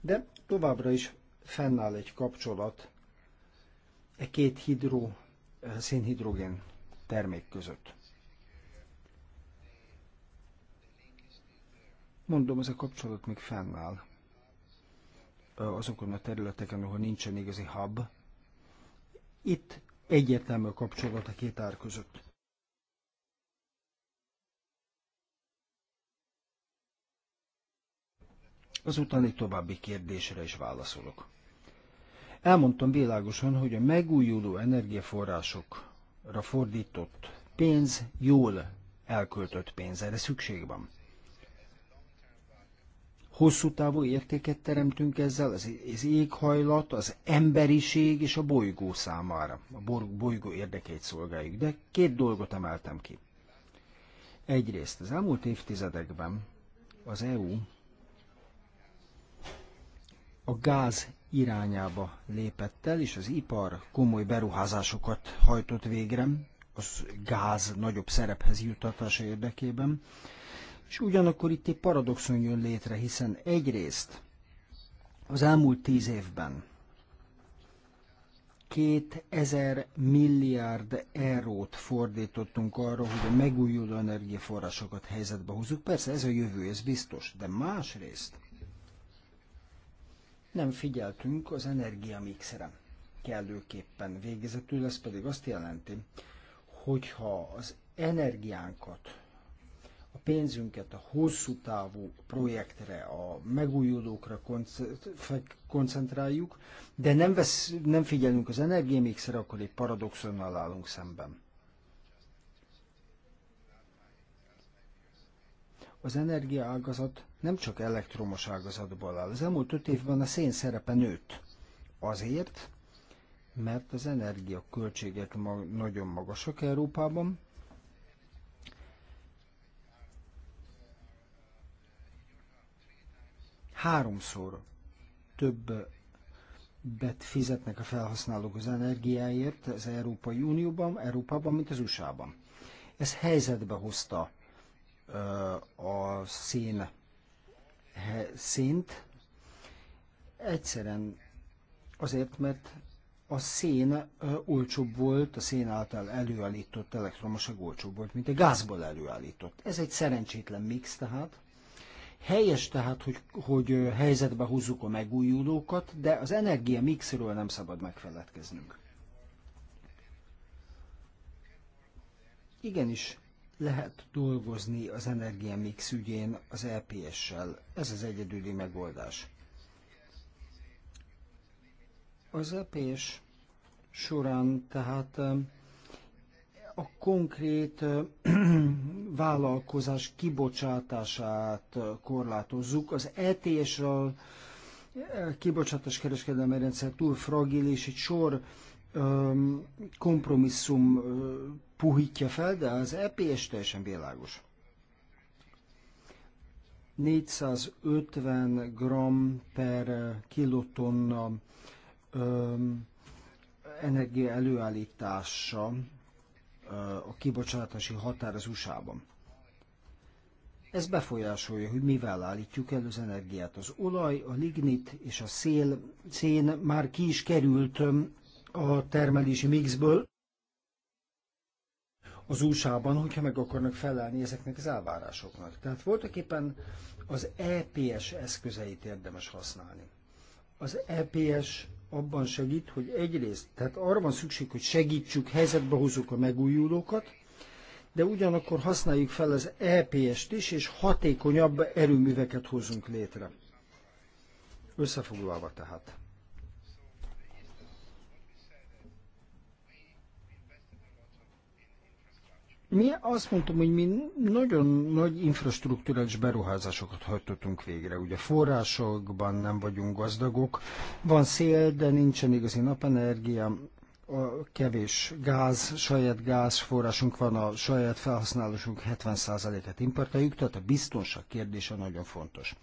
De továbbra is fennáll egy kapcsolat e két hidró, e, szénhidrogén termék között. Mondom, ez a kapcsolat még fennáll azokon a területeken, ahol nincsen igazi hub. Itt egyértelmű a kapcsolat a két ár között. Azután egy további kérdésre is válaszolok. Elmondtam világosan, hogy a megújuló energiaforrásokra fordított pénz jól elköltött pénz, erre szükség van. Hosszú távú értéket teremtünk ezzel az, az éghajlat, az emberiség és a bolygó számára. A bolygó érdekeit szolgáljuk. De két dolgot emeltem ki. Egyrészt az elmúlt évtizedekben az EU a gáz irányába lépett el, és az ipar komoly beruházásokat hajtott végre, az gáz nagyobb szerephez juttatása érdekében, és ugyanakkor itt egy paradoxon jön létre, hiszen egyrészt az elmúlt tíz évben 2000 milliárd eurót fordítottunk arra, hogy a megújuló energiaforrásokat helyzetbe hozzuk. Persze ez a jövő, ez biztos, de másrészt nem figyeltünk az energiamixre kellőképpen végezetül, ez pedig azt jelenti, hogyha az energiánkat a pénzünket a hosszú távú projektre, a megújulókra koncentráljuk, de nem, vesz, nem figyelünk az energiamixre, akkor egy paradoxonnal állunk szemben. Az energiaágazat nem csak elektromos ágazatból áll. Az elmúlt öt évben a szén szerepe nőtt. Azért, mert az energiaköltségek ma- nagyon magasak Európában, háromszor több bet fizetnek a felhasználók az energiáért az Európai Unióban, Európában, mint az USA-ban. Ez helyzetbe hozta a szén szint, egyszerűen azért, mert a szén olcsóbb volt, a szén által előállított elektromosság olcsóbb volt, mint a gázból előállított. Ez egy szerencsétlen mix tehát, Helyes tehát, hogy, hogy helyzetbe húzzuk a megújulókat, de az energia mixről nem szabad megfeledkeznünk. Igenis, lehet dolgozni az mix ügyén az LPS-sel. E Ez az egyedüli megoldás. Az LPS e során tehát a konkrét vállalkozás kibocsátását korlátozzuk. Az ets a e, kibocsátás kereskedelmi rendszer túl fragilis, egy sor um, kompromisszum uh, puhítja fel, de az EPS teljesen világos. 450 g per kilotonna um, energia előállítása a kibocsátási határ az USA-ban. Ez befolyásolja, hogy mivel állítjuk el az energiát. Az olaj, a lignit és a szél, szén már ki is került a termelési mixből az USA-ban, hogyha meg akarnak felelni ezeknek az elvárásoknak. Tehát voltak éppen az EPS eszközeit érdemes használni. Az EPS abban segít, hogy egyrészt, tehát arra van szükség, hogy segítsük, helyzetbe hozzuk a megújulókat, de ugyanakkor használjuk fel az EPS-t is, és hatékonyabb erőműveket hozunk létre. Összefoglalva tehát. Mi azt mondtam, hogy mi nagyon nagy infrastruktúrális beruházásokat hajtottunk végre. Ugye forrásokban nem vagyunk gazdagok, van szél, de nincsen igazi napenergia, kevés gáz, saját gázforrásunk van, a saját felhasználásunk 70%-át importáljuk, tehát a biztonság kérdése nagyon fontos.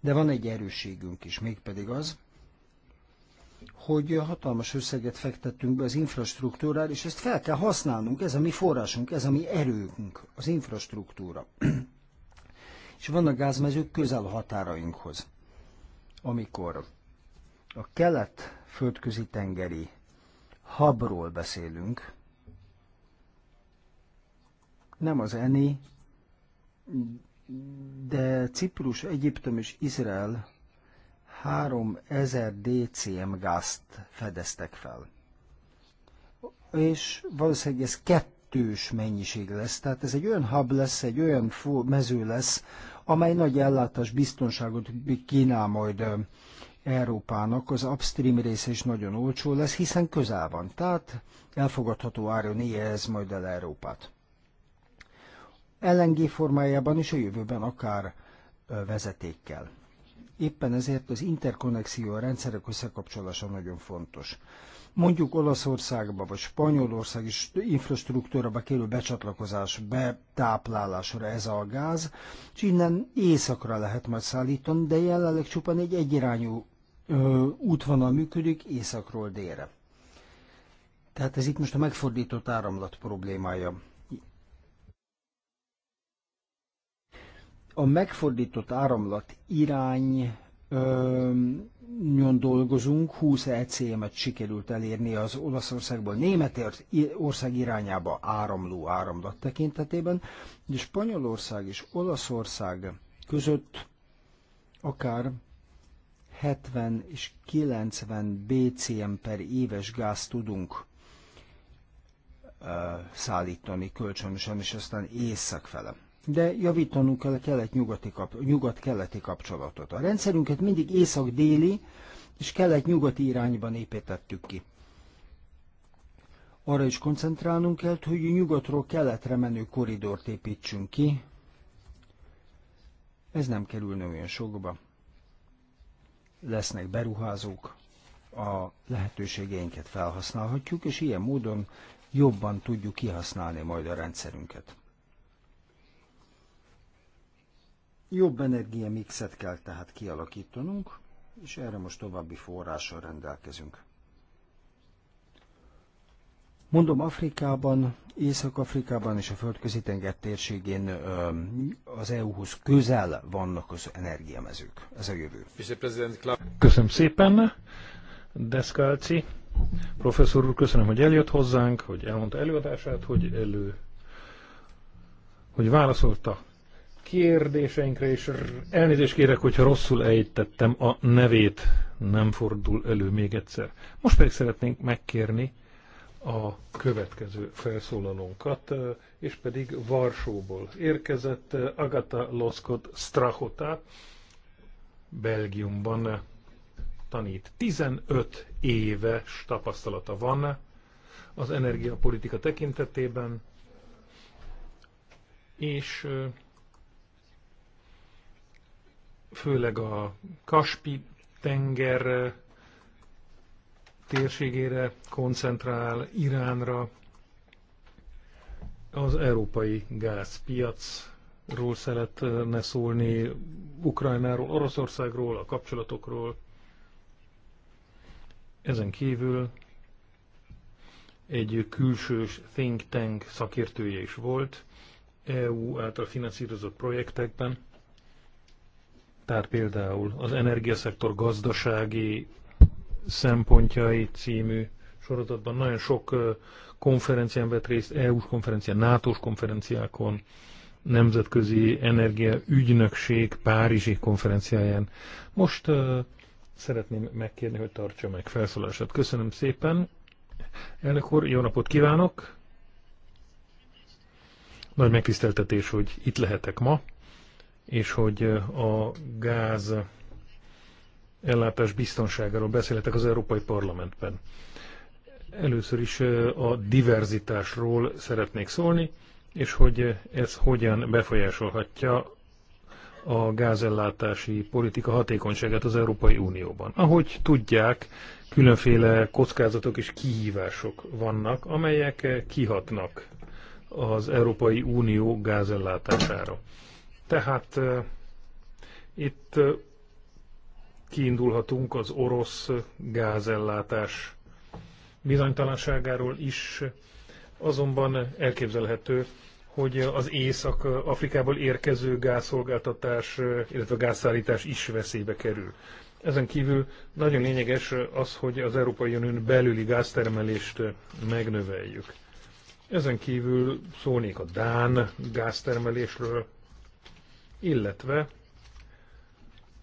De van egy erősségünk is, mégpedig az, hogy hatalmas összeget fektettünk be az infrastruktúrára, és ezt fel kell használnunk, ez a mi forrásunk, ez a mi erőnk, az infrastruktúra. *clears throat* és vannak gázmezők közel a határainkhoz. Amikor a kelet-földközi tengeri habról beszélünk, nem az ENI, de Ciprus, Egyiptom és Izrael 3000 DCM gázt fedeztek fel. És valószínűleg ez kettős mennyiség lesz, tehát ez egy olyan hub lesz, egy olyan mező lesz, amely nagy ellátás biztonságot kínál majd Európának az upstream része is nagyon olcsó lesz, hiszen közel van, tehát elfogadható áron ez majd el Európát. LNG formájában is a jövőben akár vezetékkel. Éppen ezért az interkonnexió a rendszerek összekapcsolása nagyon fontos. Mondjuk Olaszországba vagy Spanyolország is infrastruktúrába kerül becsatlakozás, betáplálásra ez a gáz, és innen éjszakra lehet majd szállítani, de jelenleg csupán egy egyirányú ö, útvonal működik északról délre. Tehát ez itt most a megfordított áramlat problémája. a megfordított áramlat irány nyon dolgozunk, 20 ECM-et sikerült elérni az Olaszországból Németország irányába áramló áramlat tekintetében, de Spanyolország és Olaszország között akár 70 és 90 BCM per éves gáz tudunk szállítani kölcsönösen, és aztán észak felem de javítanunk kell a kelet-nyugati kap, nyugat-keleti kapcsolatot. A rendszerünket mindig észak-déli és kelet-nyugati irányban építettük ki. Arra is koncentrálnunk kell, hogy nyugatról keletre menő koridort építsünk ki. Ez nem kerülne olyan sokba. Lesznek beruházók, a lehetőségeinket felhasználhatjuk, és ilyen módon jobban tudjuk kihasználni majd a rendszerünket. Jobb energiamixet kell tehát kialakítanunk, és erre most további forrással rendelkezünk. Mondom, Afrikában, Észak-Afrikában és a földközi tenger térségén az EU-hoz közel vannak az energiamezők. Ez a jövő. Köszönöm szépen, Deszkálci. Professzor úr, köszönöm, hogy eljött hozzánk, hogy elmondta előadását, hogy elő, hogy válaszolta kérdéseinkre, és elnézést kérek, hogyha rosszul ejtettem a nevét, nem fordul elő még egyszer. Most pedig szeretnénk megkérni a következő felszólalónkat, és pedig Varsóból érkezett Agata Loszkot Strahota, Belgiumban tanít. 15 éves tapasztalata van az energiapolitika tekintetében, és főleg a Kaspi tenger térségére koncentrál, Iránra, az európai gázpiacról szeretne szólni, Ukrajnáról, Oroszországról, a kapcsolatokról. Ezen kívül egy külsős think tank szakértője is volt EU által finanszírozott projektekben. Tehát például az energiaszektor gazdasági szempontjai című sorozatban nagyon sok konferencián vett részt, EU-s konferencián, NATO-s konferenciákon, Nemzetközi Energia Ügynökség Párizsi konferenciáján. Most uh, szeretném megkérni, hogy tartsa meg felszólását. Köszönöm szépen. Elnök úr, jó napot kívánok! Nagy megtiszteltetés, hogy itt lehetek ma és hogy a gáz ellátás biztonságáról beszéltek az Európai Parlamentben. Először is a diverzitásról szeretnék szólni, és hogy ez hogyan befolyásolhatja a gázellátási politika hatékonyságát az Európai Unióban. Ahogy tudják, különféle kockázatok és kihívások vannak, amelyek kihatnak az Európai Unió gázellátására. Tehát itt kiindulhatunk az orosz gázellátás bizonytalanságáról is, azonban elképzelhető, hogy az Észak-Afrikából érkező gázszolgáltatás, illetve gázszállítás is veszélybe kerül. Ezen kívül nagyon lényeges az, hogy az Európai Unión belüli gáztermelést megnöveljük. Ezen kívül szólnék a Dán gáztermelésről, illetve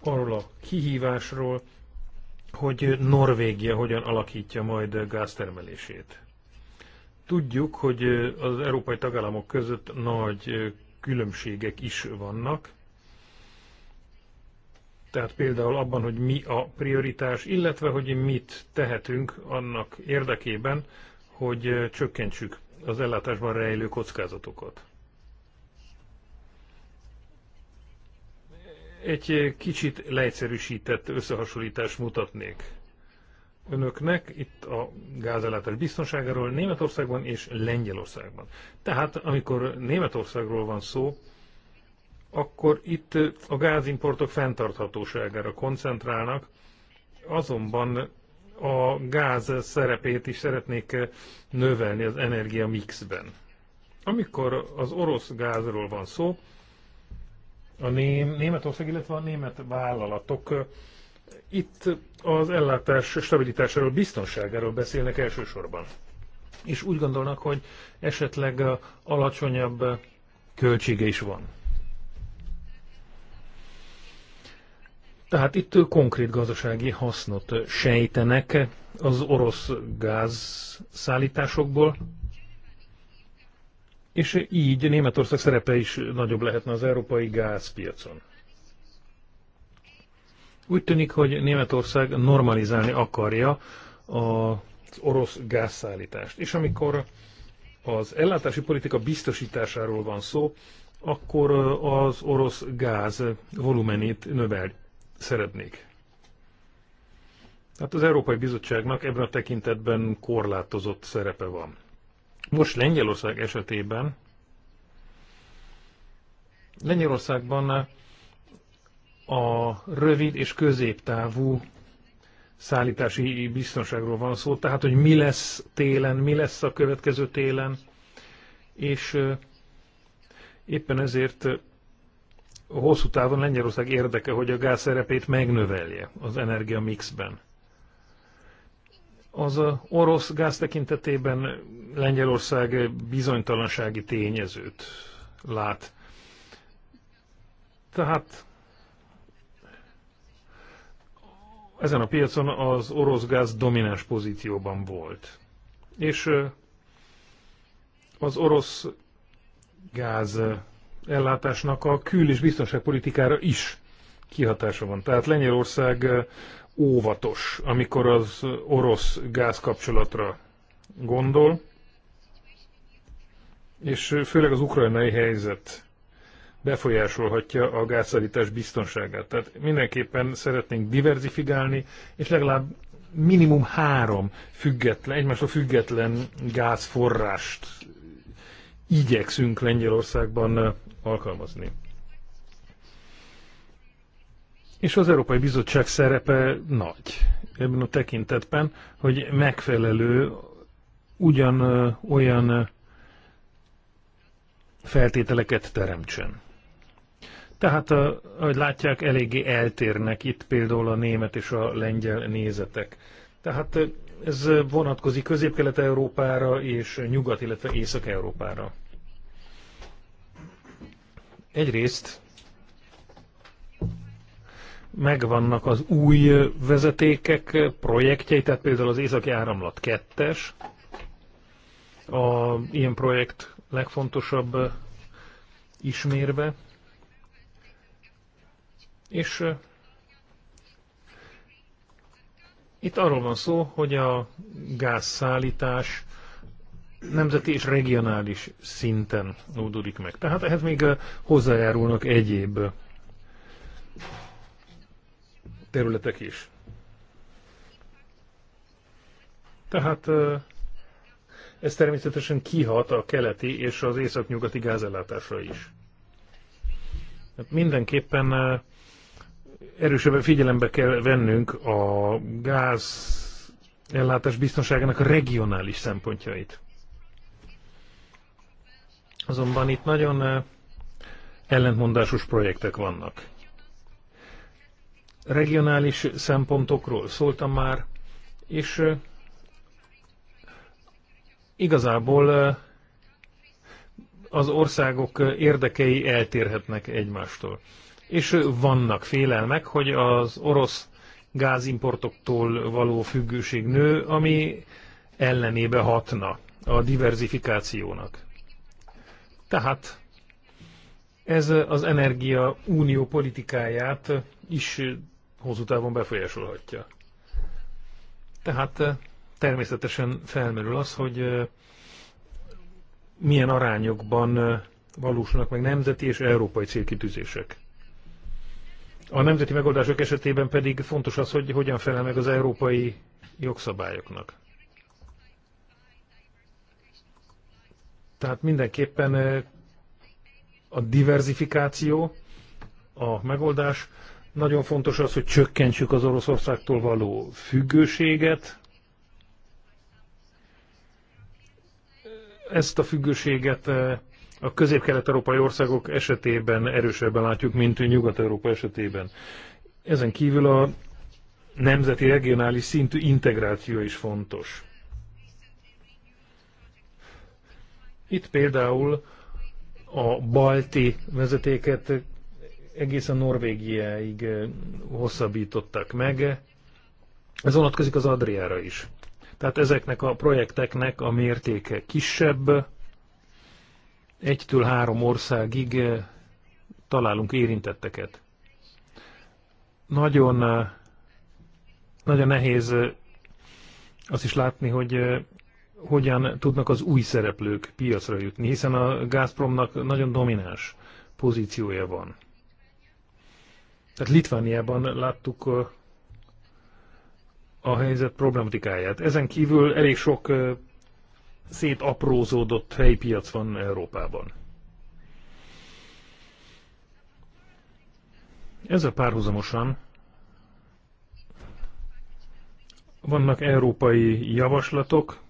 arról a kihívásról, hogy Norvégia hogyan alakítja majd gáztermelését. Tudjuk, hogy az európai tagállamok között nagy különbségek is vannak, tehát például abban, hogy mi a prioritás, illetve hogy mit tehetünk annak érdekében, hogy csökkentsük az ellátásban rejlő kockázatokat. egy kicsit leegyszerűsített összehasonlítást mutatnék önöknek itt a gázellátás biztonságáról Németországban és Lengyelországban. Tehát amikor Németországról van szó, akkor itt a gázimportok fenntarthatóságára koncentrálnak, azonban a gáz szerepét is szeretnék növelni az energia mixben. Amikor az orosz gázról van szó, a ném, Németország, illetve a német vállalatok itt az ellátás stabilitásáról, biztonságáról beszélnek elsősorban. És úgy gondolnak, hogy esetleg alacsonyabb költsége is van. Tehát itt konkrét gazdasági hasznot sejtenek az orosz gáz szállításokból, és így Németország szerepe is nagyobb lehetne az európai gázpiacon. Úgy tűnik, hogy Németország normalizálni akarja az orosz gázszállítást. És amikor az ellátási politika biztosításáról van szó, akkor az orosz gáz volumenét növel szeretnék. Tehát az Európai Bizottságnak ebben a tekintetben korlátozott szerepe van. Most Lengyelország esetében Lengyelországban a rövid és középtávú szállítási biztonságról van szó, tehát hogy mi lesz télen, mi lesz a következő télen, és éppen ezért hosszú távon Lengyelország érdeke, hogy a gáz szerepét megnövelje az energia mixben. Az orosz gáz tekintetében Lengyelország bizonytalansági tényezőt lát. Tehát ezen a piacon az orosz gáz domináns pozícióban volt. És az orosz gáz ellátásnak a kül- és biztonságpolitikára is kihatása van. Tehát Lengyelország óvatos, amikor az orosz gázkapcsolatra gondol, és főleg az ukrajnai helyzet befolyásolhatja a gázszállítás biztonságát. Tehát mindenképpen szeretnénk diversifikálni, és legalább minimum három független, egymástól független gázforrást igyekszünk Lengyelországban alkalmazni. És az Európai Bizottság szerepe nagy ebben a tekintetben, hogy megfelelő ugyan olyan feltételeket teremtsen. Tehát, ahogy látják, eléggé eltérnek itt például a német és a lengyel nézetek. Tehát ez vonatkozik Közép-Kelet-Európára és Nyugat, illetve Észak-Európára. Egyrészt megvannak az új vezetékek projektjei, tehát például az Északi Áramlat 2-es, a ilyen projekt legfontosabb ismérve, és itt arról van szó, hogy a gázszállítás nemzeti és regionális szinten oldódik meg. Tehát ehhez még hozzájárulnak egyéb területek is. Tehát ez természetesen kihat a keleti és az északnyugati gázellátásra is. Hát mindenképpen erősebben figyelembe kell vennünk a gáz ellátás biztonságának a regionális szempontjait. Azonban itt nagyon ellentmondásos projektek vannak regionális szempontokról szóltam már, és igazából az országok érdekei eltérhetnek egymástól. És vannak félelmek, hogy az orosz gázimportoktól való függőség nő, ami ellenébe hatna a diversifikációnak. Tehát ez az energia unió politikáját is hosszú távon befolyásolhatja. Tehát eh, természetesen felmerül az, hogy eh, milyen arányokban eh, valósulnak meg nemzeti és európai célkitűzések. A nemzeti megoldások esetében pedig fontos az, hogy hogyan felel meg az európai jogszabályoknak. Tehát mindenképpen a diversifikáció a megoldás, nagyon fontos az, hogy csökkentsük az Oroszországtól való függőséget. Ezt a függőséget eh, a közép-kelet-európai országok esetében erősebben látjuk, mint a Nyugat-Európa esetében. Ezen kívül a nemzeti regionális szintű integráció is fontos. Itt például a balti vezetéket egészen Norvégiáig eh, hosszabbítottak meg. Ez vonatkozik az Adriára is. Tehát ezeknek a projekteknek a mértéke kisebb, egytől három országig eh, találunk érintetteket. Nagyon, eh, nagyon nehéz azt is látni, hogy hogyan tudnak az új szereplők piacra jutni, hiszen a Gazpromnak nagyon domináns pozíciója van. Tehát Litvániában láttuk a, helyzet problematikáját. Ezen kívül elég sok szétaprózódott piac van Európában. Ezzel párhuzamosan vannak európai javaslatok,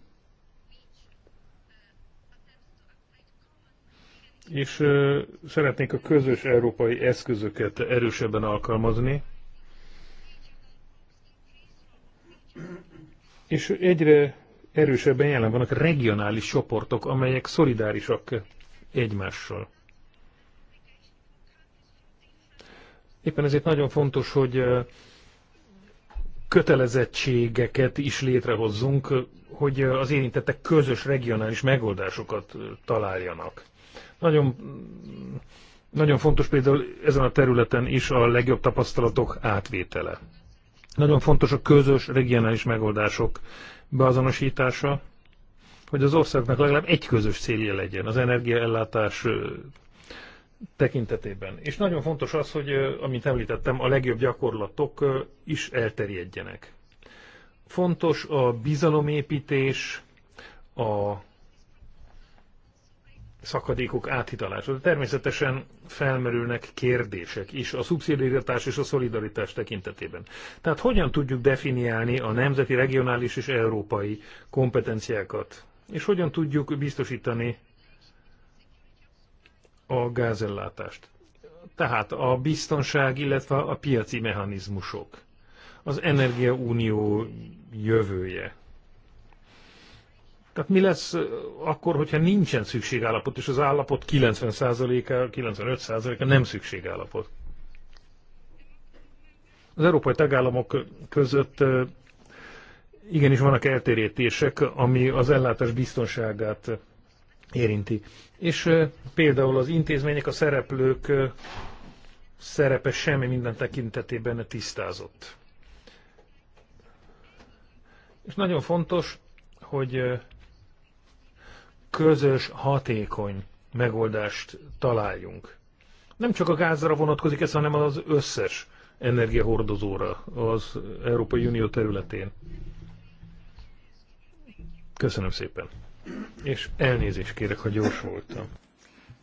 és ö, szeretnék a közös európai eszközöket erősebben alkalmazni, és egyre erősebben jelen vannak regionális csoportok, amelyek szolidárisak egymással. Éppen ezért nagyon fontos, hogy kötelezettségeket is létrehozzunk, hogy az érintettek közös regionális megoldásokat találjanak. Nagyon, nagyon fontos például ezen a területen is a legjobb tapasztalatok átvétele. Nagyon fontos a közös regionális megoldások beazonosítása, hogy az országnak legalább egy közös célja legyen az energiaellátás tekintetében. És nagyon fontos az, hogy, amit említettem, a legjobb gyakorlatok is elterjedjenek. Fontos a bizalomépítés, a szakadékok áthitalása. De természetesen felmerülnek kérdések is a szubszidiaritás és a szolidaritás tekintetében. Tehát hogyan tudjuk definiálni a nemzeti, regionális és európai kompetenciákat? És hogyan tudjuk biztosítani a gázellátást? Tehát a biztonság, illetve a piaci mechanizmusok. Az energiaunió jövője. Tehát mi lesz akkor, hogyha nincsen szükségállapot, és az állapot 90%-a, 95%-a nem szükségállapot? Az európai tagállamok között igenis vannak eltérítések, ami az ellátás biztonságát érinti. És például az intézmények, a szereplők szerepe semmi minden tekintetében tisztázott. És nagyon fontos, hogy közös, hatékony megoldást találjunk. Nem csak a gázra vonatkozik ez, hanem az összes energiahordozóra az Európai Unió területén. Köszönöm szépen. És elnézést kérek, ha gyors voltam.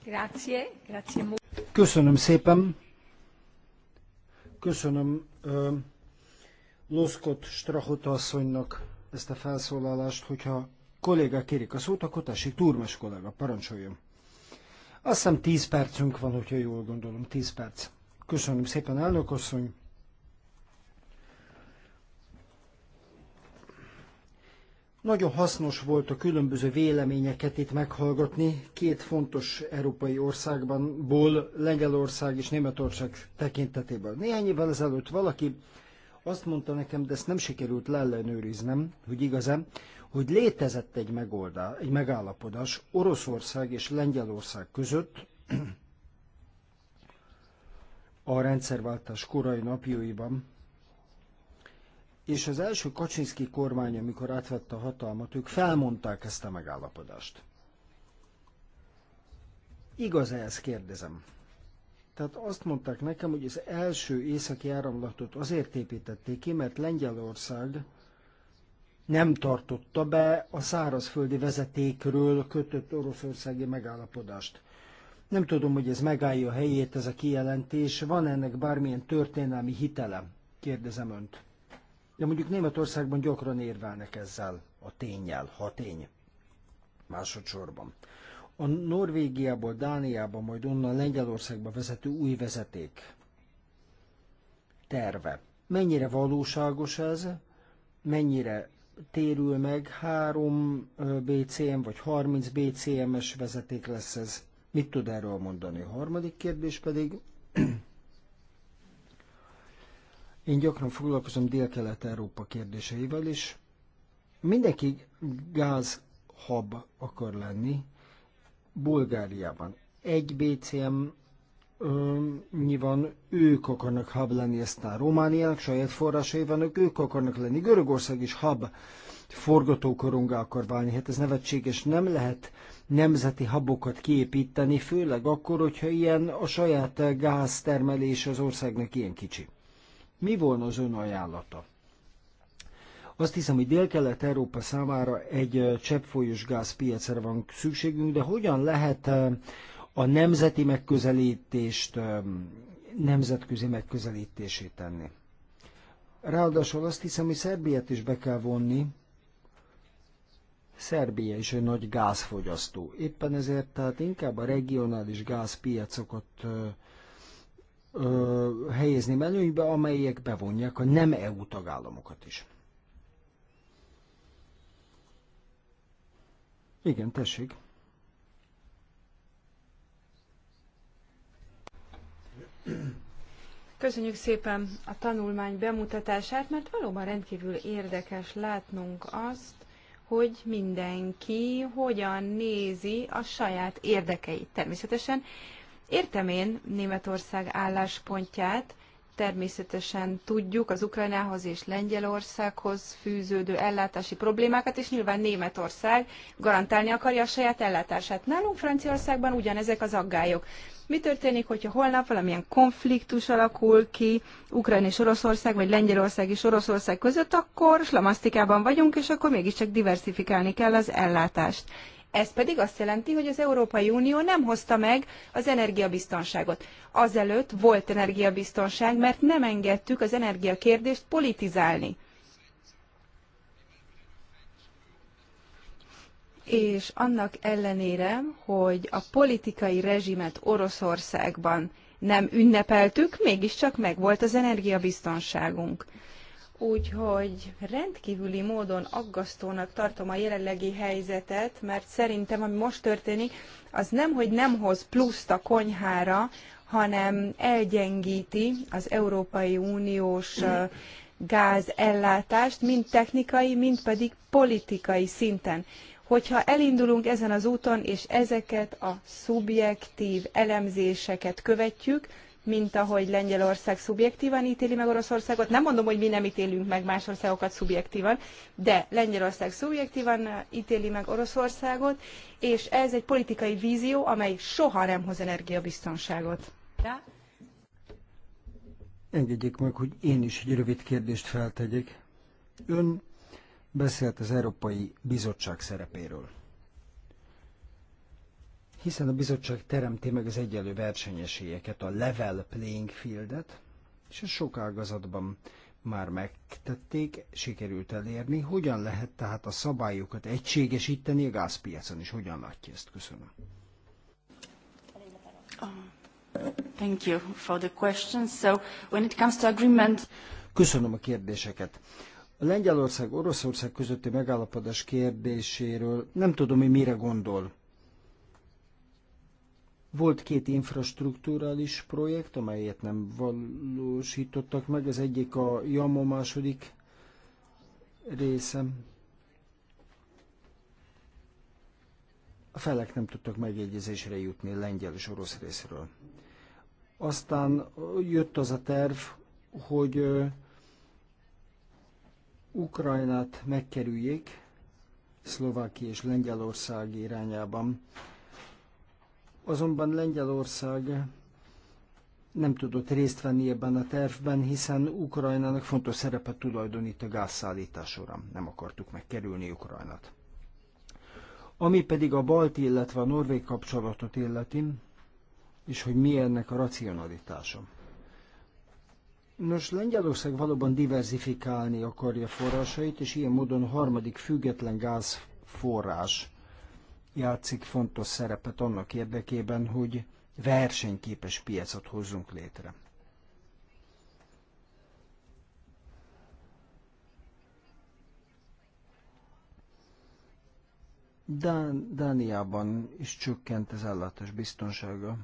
Grazie, grazie Köszönöm szépen. Köszönöm uh, Loszkot Strahota asszonynak ezt a felszólalást, hogyha kollégák kérik a szót, akkor tessék, Turmes kollega, parancsoljon. Azt hiszem 10 percünk van, hogyha jól gondolom, 10 perc. Köszönöm szépen, elnök asszony. Nagyon hasznos volt a különböző véleményeket itt meghallgatni. Két fontos európai országban, ból Lengyelország és Németország tekintetében. Néhány évvel ezelőtt valaki azt mondta nekem, de ezt nem sikerült leellenőriznem, hogy igazán, hogy létezett egy, megoldás, egy megállapodás Oroszország és Lengyelország között a rendszerváltás korai napjaiban, és az első Kaczynszki kormány, amikor átvette a hatalmat, ők felmondták ezt a megállapodást. Igaz-e ezt kérdezem. Tehát azt mondták nekem, hogy az első északi áramlatot azért építették ki, mert Lengyelország nem tartotta be a szárazföldi vezetékről kötött oroszországi megállapodást. Nem tudom, hogy ez megállja a helyét, ez a kijelentés. Van ennek bármilyen történelmi hitele? Kérdezem önt. De mondjuk Németországban gyakran érvelnek ezzel a tényel, ha tény. Másodszorban. A Norvégiából, Dániában, majd onnan Lengyelországba vezető új vezeték terve. Mennyire valóságos ez, mennyire térül meg, 3 BCM vagy 30 BCM-es vezeték lesz ez. Mit tud erről mondani? A harmadik kérdés pedig, *clears throat* én gyakran foglalkozom Dél-Kelet-Európa kérdéseivel, is. mindenki gázhab akar lenni Bulgáriában. Egy BCM öm, van, ők akarnak hub lenni, már Romániának saját forrásai vannak, ők akarnak lenni. Görögország is hub forgatókorongá akar válni. Hát ez nevetséges, nem lehet nemzeti habokat kiépíteni, főleg akkor, hogyha ilyen a saját gáztermelés az országnak ilyen kicsi. Mi volna az ön ajánlata? Azt hiszem, hogy Dél-Kelet-Európa számára egy cseppfolyós gázpiacra van szükségünk, de hogyan lehet a nemzeti megközelítést nemzetközi megközelítését tenni. Ráadásul azt hiszem, hogy Szerbiát is be kell vonni. Szerbia is egy nagy gázfogyasztó. Éppen ezért tehát inkább a regionális gázpiacokat ö, ö, helyezni előnybe, amelyek bevonják a nem EU tagállamokat is. Igen, tessék. Köszönjük szépen a tanulmány bemutatását, mert valóban rendkívül érdekes látnunk azt, hogy mindenki hogyan nézi a saját érdekeit. Természetesen értem én Németország álláspontját, természetesen tudjuk az Ukrajnához és Lengyelországhoz fűződő ellátási problémákat, és nyilván Németország garantálni akarja a saját ellátását. Nálunk Franciaországban ugyanezek az aggályok. Mi történik, hogyha holnap valamilyen konfliktus alakul ki Ukrajna és Oroszország, vagy Lengyelország és Oroszország között, akkor slamasztikában vagyunk, és akkor mégiscsak diversifikálni kell az ellátást. Ez pedig azt jelenti, hogy az Európai Unió nem hozta meg az energiabiztonságot. Azelőtt volt energiabiztonság, mert nem engedtük az energiakérdést politizálni. és annak ellenére, hogy a politikai rezsimet Oroszországban nem ünnepeltük, mégiscsak megvolt az energiabiztonságunk. Úgyhogy rendkívüli módon aggasztónak tartom a jelenlegi helyzetet, mert szerintem, ami most történik, az nem, hogy nem hoz pluszt a konyhára, hanem elgyengíti az Európai Uniós gázellátást, mind technikai, mind pedig politikai szinten. Hogyha elindulunk ezen az úton, és ezeket a szubjektív elemzéseket követjük, mint ahogy Lengyelország szubjektívan ítéli meg Oroszországot. Nem mondom, hogy mi nem ítélünk meg más országokat szubjektívan, de Lengyelország szubjektívan ítéli meg Oroszországot, és ez egy politikai vízió, amely soha nem hoz energiabiztonságot. De? Engedjék meg, hogy én is egy rövid kérdést feltegyek. Ön beszélt az Európai Bizottság szerepéről. Hiszen a bizottság teremti meg az egyenlő versenyesélyeket, a level playing fieldet, és ezt sok ágazatban már megtették, sikerült elérni. Hogyan lehet tehát a szabályokat egységesíteni a gázpiacon, és hogyan látja ezt? Köszönöm. Thank you for the question. So when it comes to agreement... Köszönöm a kérdéseket. A Lengyelország-Oroszország közötti megállapodás kérdéséről nem tudom, hogy mire gondol. Volt két infrastruktúrális projekt, amelyet nem valósítottak meg. Az egyik a JAMO második része. A felek nem tudtak megegyezésre jutni lengyel és orosz részről. Aztán jött az a terv, hogy Ukrajnát megkerüljék Szlováki és Lengyelország irányában. Azonban Lengyelország nem tudott részt venni ebben a tervben, hiszen Ukrajnának fontos szerepet tulajdonít a gázszállítás során. Nem akartuk megkerülni Ukrajnát. Ami pedig a balti, illetve a norvég kapcsolatot illeti, és hogy mi ennek a racionalitása. Nos, Lengyelország valóban diversifikálni akarja forrásait, és ilyen módon a harmadik független gázforrás játszik fontos szerepet annak érdekében, hogy versenyképes piacot hozzunk létre. Dán- Dániában is csökkent az ellátás biztonsága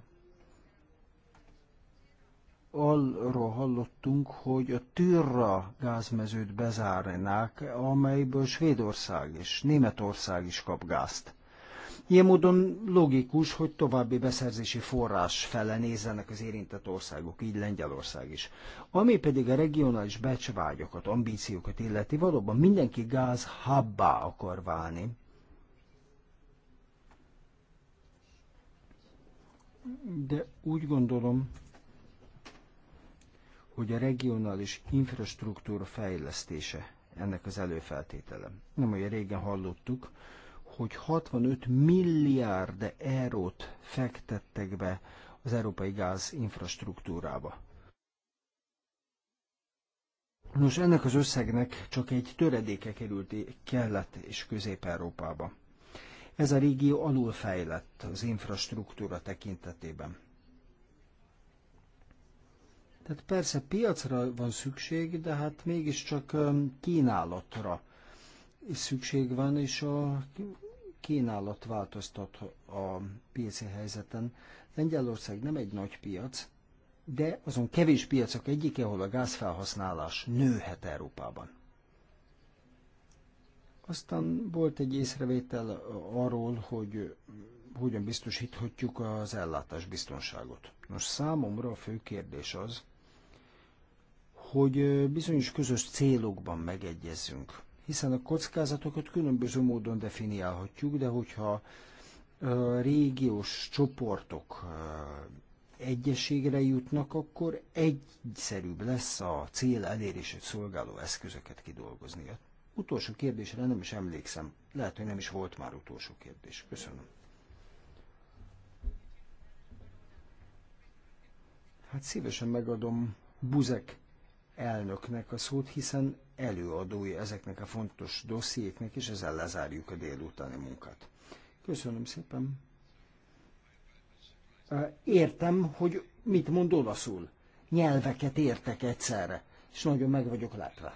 arról hallottunk, hogy a Tyrra gázmezőt bezárnák, amelyből Svédország és Németország is kap gázt. Ilyen módon logikus, hogy további beszerzési forrás fele nézzenek az érintett országok, így Lengyelország is. Ami pedig a regionális becsvágyokat, ambíciókat illeti, valóban mindenki gáz habbá akar válni. De úgy gondolom, hogy a regionális infrastruktúra fejlesztése ennek az előfeltétele. Nem olyan régen hallottuk, hogy 65 milliárd eurót fektettek be az európai gáz infrastruktúrába. Nos, ennek az összegnek csak egy töredéke került Kelet és Közép-Európába. Ez a régió alulfejlett az infrastruktúra tekintetében. Tehát persze piacra van szükség, de hát mégiscsak kínálatra is szükség van, és a kínálat változtat a piaci helyzeten. Lengyelország nem egy nagy piac, de azon kevés piacok egyik, ahol a gázfelhasználás nőhet Európában. Aztán volt egy észrevétel arról, hogy hogyan biztosíthatjuk az ellátás biztonságot. Nos, számomra a fő kérdés az, hogy bizonyos közös célokban megegyezünk, Hiszen a kockázatokat különböző módon definiálhatjuk, de hogyha régiós csoportok egyességre jutnak, akkor egyszerűbb lesz a cél elérését szolgáló eszközöket kidolgozni. utolsó kérdésre nem is emlékszem. Lehet, hogy nem is volt már utolsó kérdés. Köszönöm. Hát szívesen megadom Buzek elnöknek a szót, hiszen előadói ezeknek a fontos dossziéknek, és ezzel lezárjuk a délutáni munkát. Köszönöm szépen. Értem, hogy mit mond olaszul. Nyelveket értek egyszerre, és nagyon meg vagyok látva.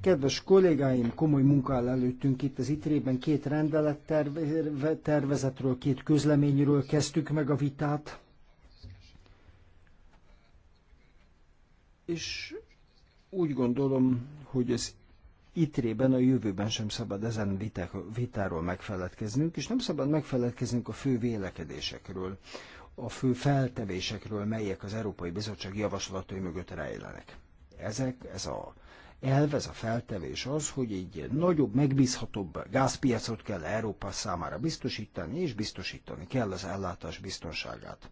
Kedves kollégáim, komoly munka áll előttünk itt az ITRE-ben, két rendelettervezetről, két közleményről kezdtük meg a vitát. És úgy gondolom, hogy az ITRE-ben a jövőben sem szabad ezen viták, vitáról megfeledkeznünk, és nem szabad megfeledkeznünk a fő vélekedésekről, a fő feltevésekről, melyek az Európai Bizottság javaslatai mögött rejlenek. Ezek, ez a elv, ez a feltevés az, hogy egy nagyobb, megbízhatóbb gázpiacot kell Európa számára biztosítani, és biztosítani kell az ellátás biztonságát.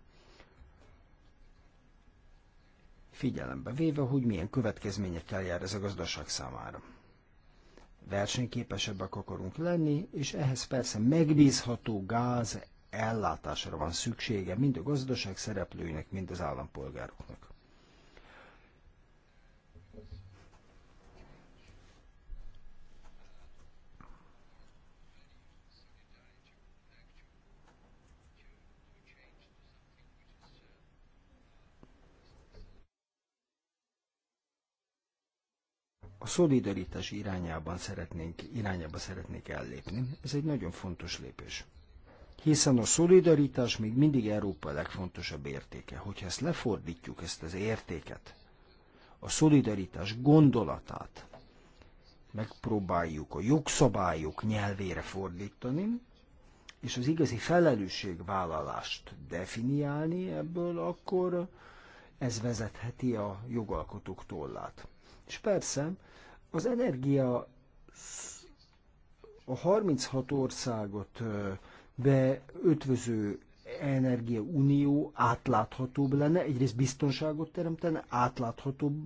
Figyelembe véve, hogy milyen következményekkel jár ez a gazdaság számára. Versenyképesebbek akarunk lenni, és ehhez persze megbízható gáz ellátásra van szüksége mind a gazdaság szereplőinek, mind az állampolgároknak. a szolidaritás irányában szeretnénk, irányába szeretnék ellépni. Ez egy nagyon fontos lépés. Hiszen a szolidaritás még mindig Európa legfontosabb értéke. Hogyha ezt lefordítjuk, ezt az értéket, a szolidaritás gondolatát megpróbáljuk a jogszabályok nyelvére fordítani, és az igazi felelősségvállalást definiálni ebből, akkor ez vezetheti a jogalkotók tollát. És persze az energia a 36 országot beötvöző energia unió átláthatóbb lenne, egyrészt biztonságot teremtene, átláthatóbb,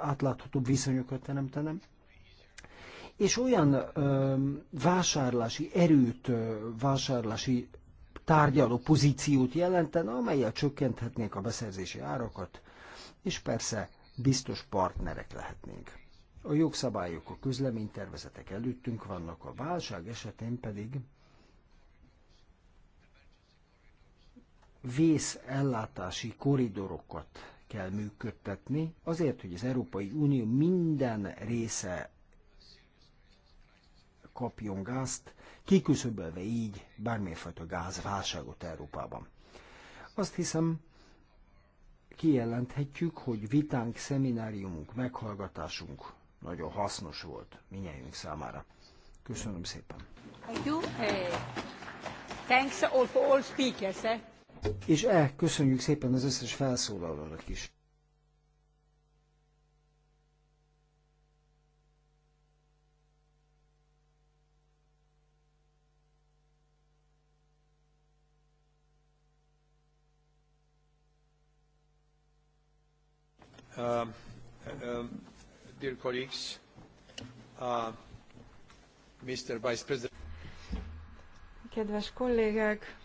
átláthatóbb viszonyokat teremtene, és olyan ö, vásárlási erőt, ö, vásárlási tárgyaló pozíciót jelentene, amelyel csökkenthetnék a beszerzési árakat, és persze biztos partnerek lehetnénk. A jogszabályok, a közleménytervezetek előttünk vannak, a válság esetén pedig vészellátási koridorokat kell működtetni, azért, hogy az Európai Unió minden része kapjon gázt, kiküszöbölve így bármilyenfajta gázválságot Európában. Azt hiszem, kijelenthetjük, hogy vitánk, szemináriumunk, meghallgatásunk nagyon hasznos volt minnyájunk számára. Köszönöm szépen. Thank you. Eh, thanks all for all speakers. Eh. És e, köszönjük szépen az összes felszólalónak is. Um, um dear colleagues, uh, Mr. Vice President. Kedves kollégák,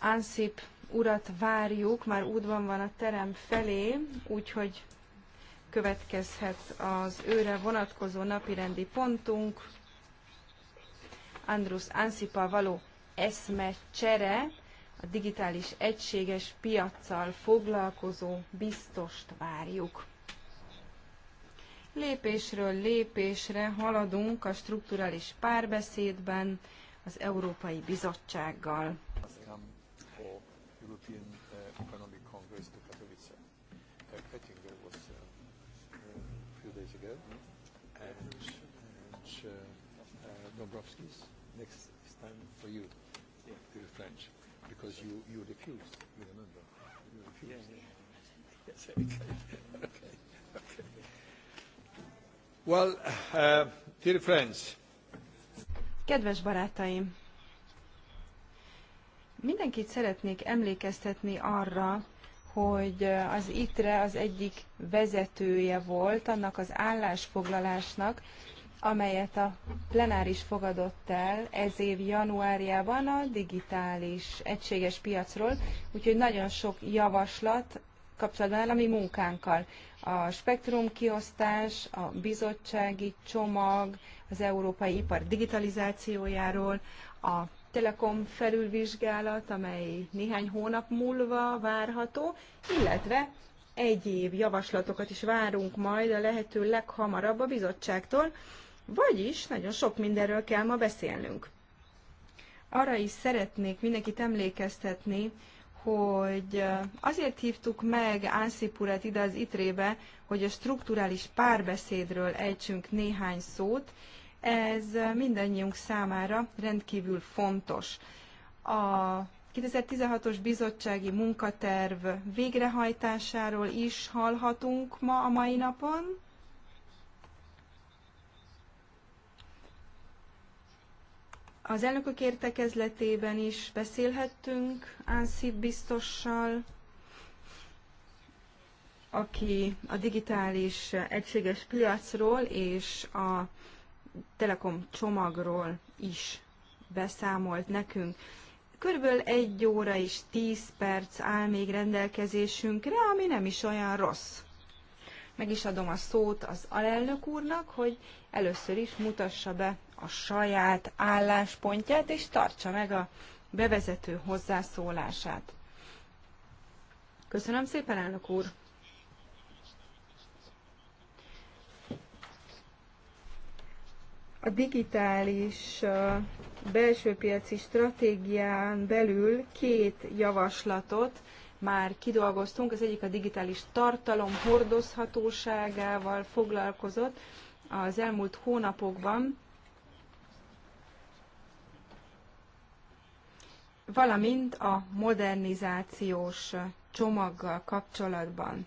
Ansip urat várjuk, már útban van a terem felé, úgyhogy következhet az őre vonatkozó napirendi pontunk, Andrus Ansipa való eszme csere, a digitális egységes piaccal foglalkozó biztost várjuk lépésről lépésre haladunk a strukturális párbeszédben az Európai Bizottsággal. Dombrovskis, next time for you, yeah. to French, because you, you refused, you remember, you refused. Yeah, yeah. Yes, okay. *laughs* okay. Well, uh, dear friends. Kedves barátaim! Mindenkit szeretnék emlékeztetni arra, hogy uh, az ITRE az egyik vezetője volt annak az állásfoglalásnak, amelyet a plenáris fogadott el ez év januárjában a digitális egységes piacról, úgyhogy nagyon sok javaslat kapcsolatban állami munkánkkal. A kiosztás, a bizottsági csomag, az európai ipar digitalizációjáról, a Telekom felülvizsgálat, amely néhány hónap múlva várható, illetve egyéb javaslatokat is várunk majd a lehető leghamarabb a bizottságtól, vagyis nagyon sok mindenről kell ma beszélnünk. Arra is szeretnék mindenkit emlékeztetni, hogy azért hívtuk meg Ánsip ide az itrébe, hogy a strukturális párbeszédről ejtsünk néhány szót. Ez mindannyiunk számára rendkívül fontos. A 2016-os bizottsági munkaterv végrehajtásáról is hallhatunk ma a mai napon, Az elnökök értekezletében is beszélhettünk Ánszi biztossal, aki a digitális egységes piacról és a Telekom csomagról is beszámolt nekünk. Körülbelül egy óra és tíz perc áll még rendelkezésünkre, ami nem is olyan rossz. Meg is adom a szót az alelnök úrnak, hogy először is mutassa be a saját álláspontját, és tartsa meg a bevezető hozzászólását. Köszönöm szépen, elnök úr! A digitális belső piaci stratégián belül két javaslatot már kidolgoztunk. Az egyik a digitális tartalom hordozhatóságával foglalkozott az elmúlt hónapokban valamint a modernizációs csomaggal kapcsolatban.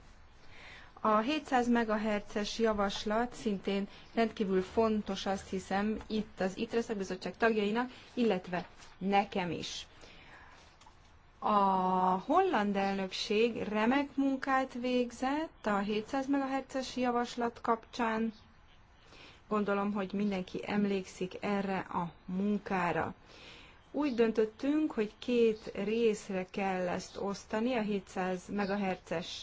A 700 MHz-es javaslat szintén rendkívül fontos, azt hiszem, itt az ITRE szakbizottság tagjainak, illetve nekem is. A holland elnökség remek munkát végzett a 700 MHz-es javaslat kapcsán. Gondolom, hogy mindenki emlékszik erre a munkára. Úgy döntöttünk, hogy két részre kell ezt osztani, a 700 MHz-es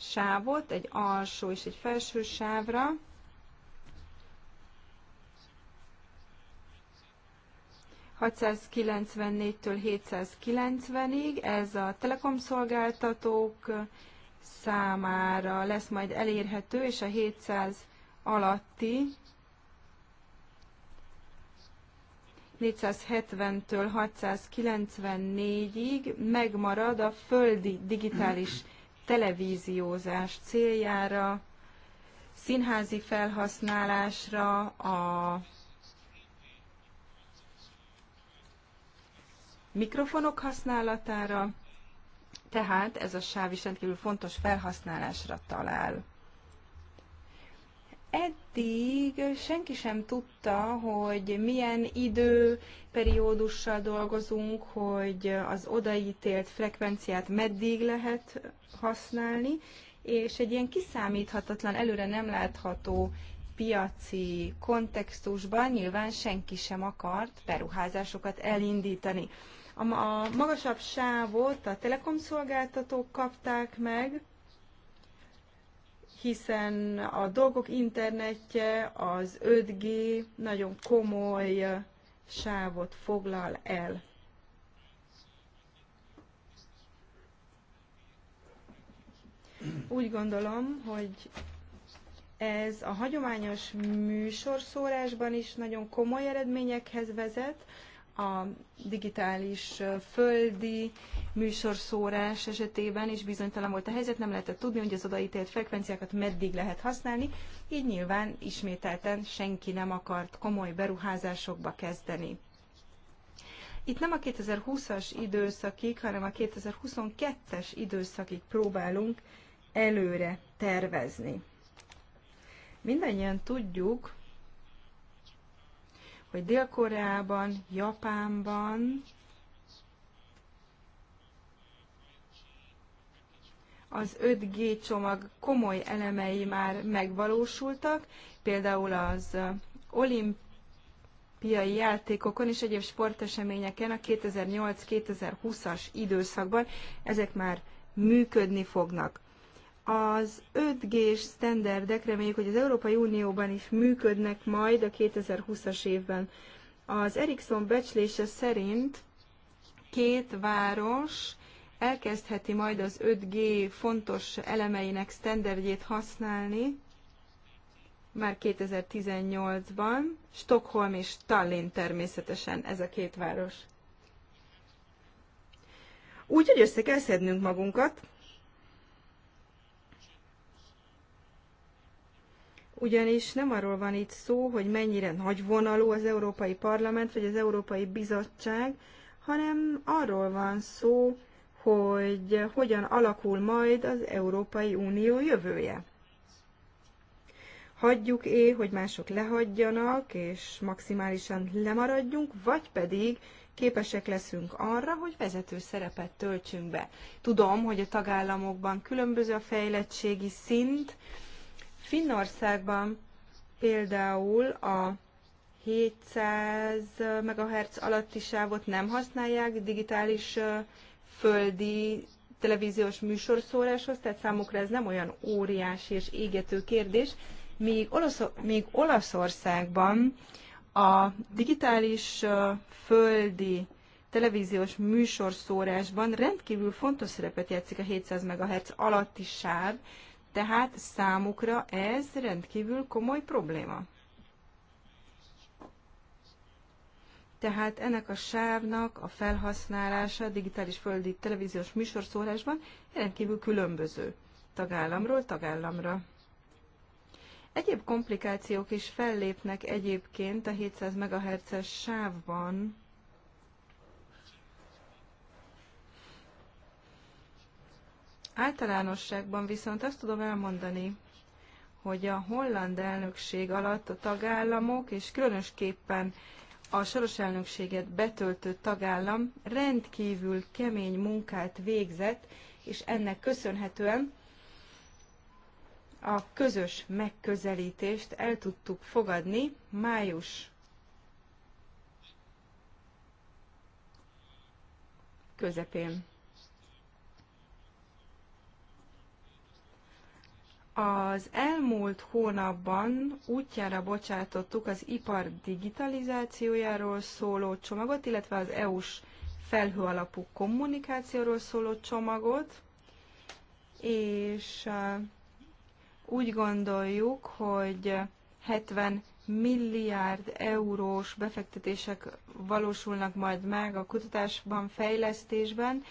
sávot, egy alsó és egy felső sávra. től 790-ig, ez a telekom szolgáltatók számára lesz majd elérhető, és a 700 alatti 470-től 694-ig megmarad a földi digitális televíziózás céljára, színházi felhasználásra, a mikrofonok használatára, tehát ez a sáv is rendkívül fontos felhasználásra talál. Eddig senki sem tudta, hogy milyen időperiódussal dolgozunk, hogy az odaítélt frekvenciát meddig lehet használni, és egy ilyen kiszámíthatatlan, előre nem látható piaci kontextusban nyilván senki sem akart beruházásokat elindítani. A magasabb sávot a telekomszolgáltatók kapták meg, hiszen a dolgok internetje, az 5G nagyon komoly sávot foglal el. Úgy gondolom, hogy ez a hagyományos műsorszórásban is nagyon komoly eredményekhez vezet, a digitális földi műsorszórás esetében is bizonytalan volt a helyzet, nem lehetett tudni, hogy az odaítélt frekvenciákat meddig lehet használni, így nyilván ismételten senki nem akart komoly beruházásokba kezdeni. Itt nem a 2020-as időszakig, hanem a 2022-es időszakig próbálunk előre tervezni. Mindannyian tudjuk, hogy Dél-Koreában, Japánban az 5G csomag komoly elemei már megvalósultak, például az olimpiai játékokon és egyéb sporteseményeken a 2008-2020-as időszakban ezek már működni fognak. Az 5G-s sztenderdek, reméljük, hogy az Európai Unióban is működnek majd a 2020-as évben. Az Ericsson becslése szerint két város elkezdheti majd az 5G fontos elemeinek sztenderdjét használni már 2018-ban, Stockholm és Tallinn természetesen ez a két város. Úgyhogy össze kell szednünk magunkat, ugyanis nem arról van itt szó, hogy mennyire nagyvonalú az Európai Parlament vagy az Európai Bizottság, hanem arról van szó, hogy hogyan alakul majd az Európai Unió jövője. hagyjuk é, hogy mások lehagyjanak, és maximálisan lemaradjunk, vagy pedig képesek leszünk arra, hogy vezető szerepet töltsünk be. Tudom, hogy a tagállamokban különböző a fejlettségi szint, Finnországban például a 700 MHz alatti sávot nem használják digitális földi televíziós műsorszóráshoz, tehát számukra ez nem olyan óriási és égető kérdés, míg, Olasz- míg Olaszországban a digitális földi televíziós műsorszórásban rendkívül fontos szerepet játszik a 700 MHz alatti sáv, tehát számukra ez rendkívül komoly probléma. Tehát ennek a sávnak a felhasználása digitális földi televíziós műsorszórásban rendkívül különböző tagállamról tagállamra. Egyéb komplikációk is fellépnek egyébként a 700 MHz-es sávban. Általánosságban viszont azt tudom elmondani, hogy a holland elnökség alatt a tagállamok, és különösképpen a soros elnökséget betöltő tagállam rendkívül kemény munkát végzett, és ennek köszönhetően a közös megközelítést el tudtuk fogadni május közepén. Az elmúlt hónapban útjára bocsátottuk az ipar digitalizációjáról szóló csomagot, illetve az EU-s felhőalapú kommunikációról szóló csomagot, és úgy gondoljuk, hogy 70 milliárd eurós befektetések valósulnak majd meg a kutatásban, fejlesztésben,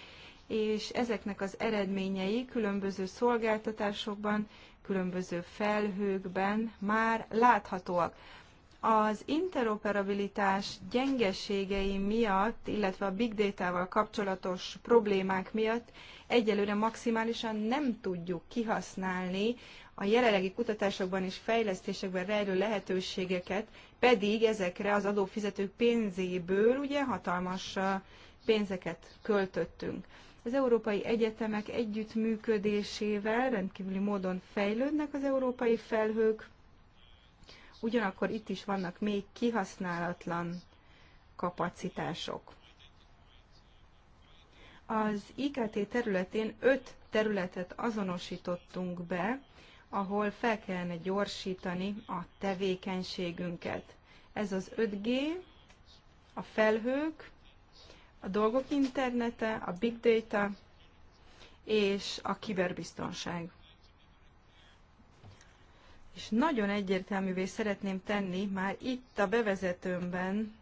és ezeknek az eredményei különböző szolgáltatásokban különböző felhőkben már láthatóak. Az interoperabilitás gyengeségei miatt, illetve a big data-val kapcsolatos problémák miatt egyelőre maximálisan nem tudjuk kihasználni a jelenlegi kutatásokban és fejlesztésekben rejlő lehetőségeket, pedig ezekre az adófizetők pénzéből ugye hatalmas uh, pénzeket költöttünk. Az európai egyetemek együttműködésével rendkívüli módon fejlődnek az európai felhők, ugyanakkor itt is vannak még kihasználatlan kapacitások. Az IKT területén öt területet azonosítottunk be, ahol fel kellene gyorsítani a tevékenységünket. Ez az 5G, a felhők, a dolgok internete, a big data és a kiberbiztonság. És nagyon egyértelművé szeretném tenni már itt a bevezetőmben,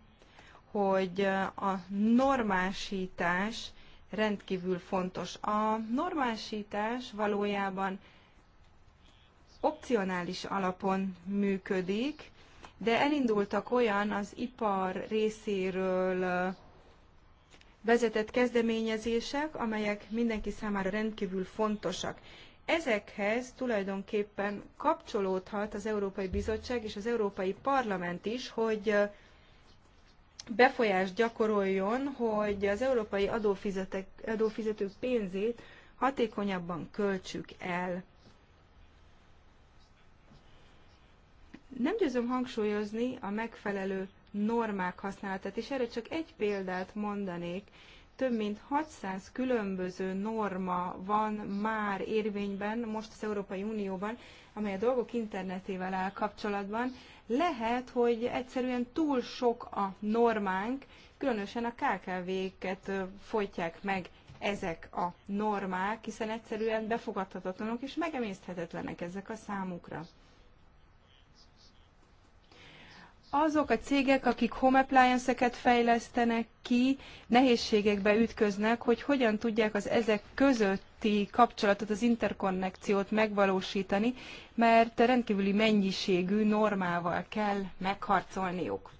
hogy a normásítás rendkívül fontos. A normásítás valójában opcionális alapon működik, de elindultak olyan az ipar részéről vezetett kezdeményezések, amelyek mindenki számára rendkívül fontosak. Ezekhez tulajdonképpen kapcsolódhat az Európai Bizottság és az Európai Parlament is, hogy befolyást gyakoroljon, hogy az európai adófizetők pénzét hatékonyabban költsük el. Nem győzöm hangsúlyozni a megfelelő normák használatát, és erre csak egy példát mondanék. Több mint 600 különböző norma van már érvényben most az Európai Unióban, amely a dolgok internetével áll kapcsolatban. Lehet, hogy egyszerűen túl sok a normánk, különösen a KKV-ket folytják meg ezek a normák, hiszen egyszerűen befogadhatatlanok és megemészthetetlenek ezek a számukra. azok a cégek, akik home appliance-eket fejlesztenek ki, nehézségekbe ütköznek, hogy hogyan tudják az ezek közötti kapcsolatot, az interkonnekciót megvalósítani, mert rendkívüli mennyiségű normával kell megharcolniuk.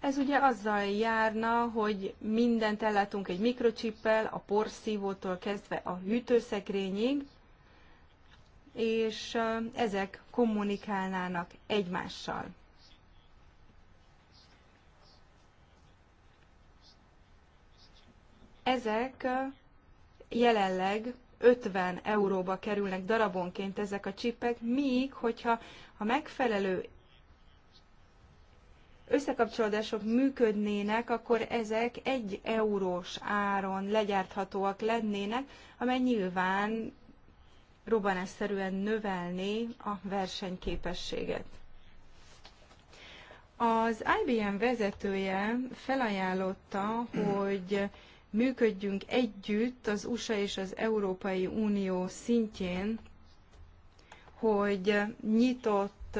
Ez ugye azzal járna, hogy mindent ellátunk egy mikrocsippel, a porszívótól kezdve a hűtőszekrényig, és ezek kommunikálnának egymással. Ezek jelenleg 50 euróba kerülnek darabonként ezek a csipek, míg hogyha a megfelelő összekapcsolódások működnének, akkor ezek egy eurós áron legyárthatóak lennének, amely nyilván robbanásszerűen növelni a versenyképességet. Az IBM vezetője felajánlotta, hogy működjünk együtt az USA és az Európai Unió szintjén, hogy nyitott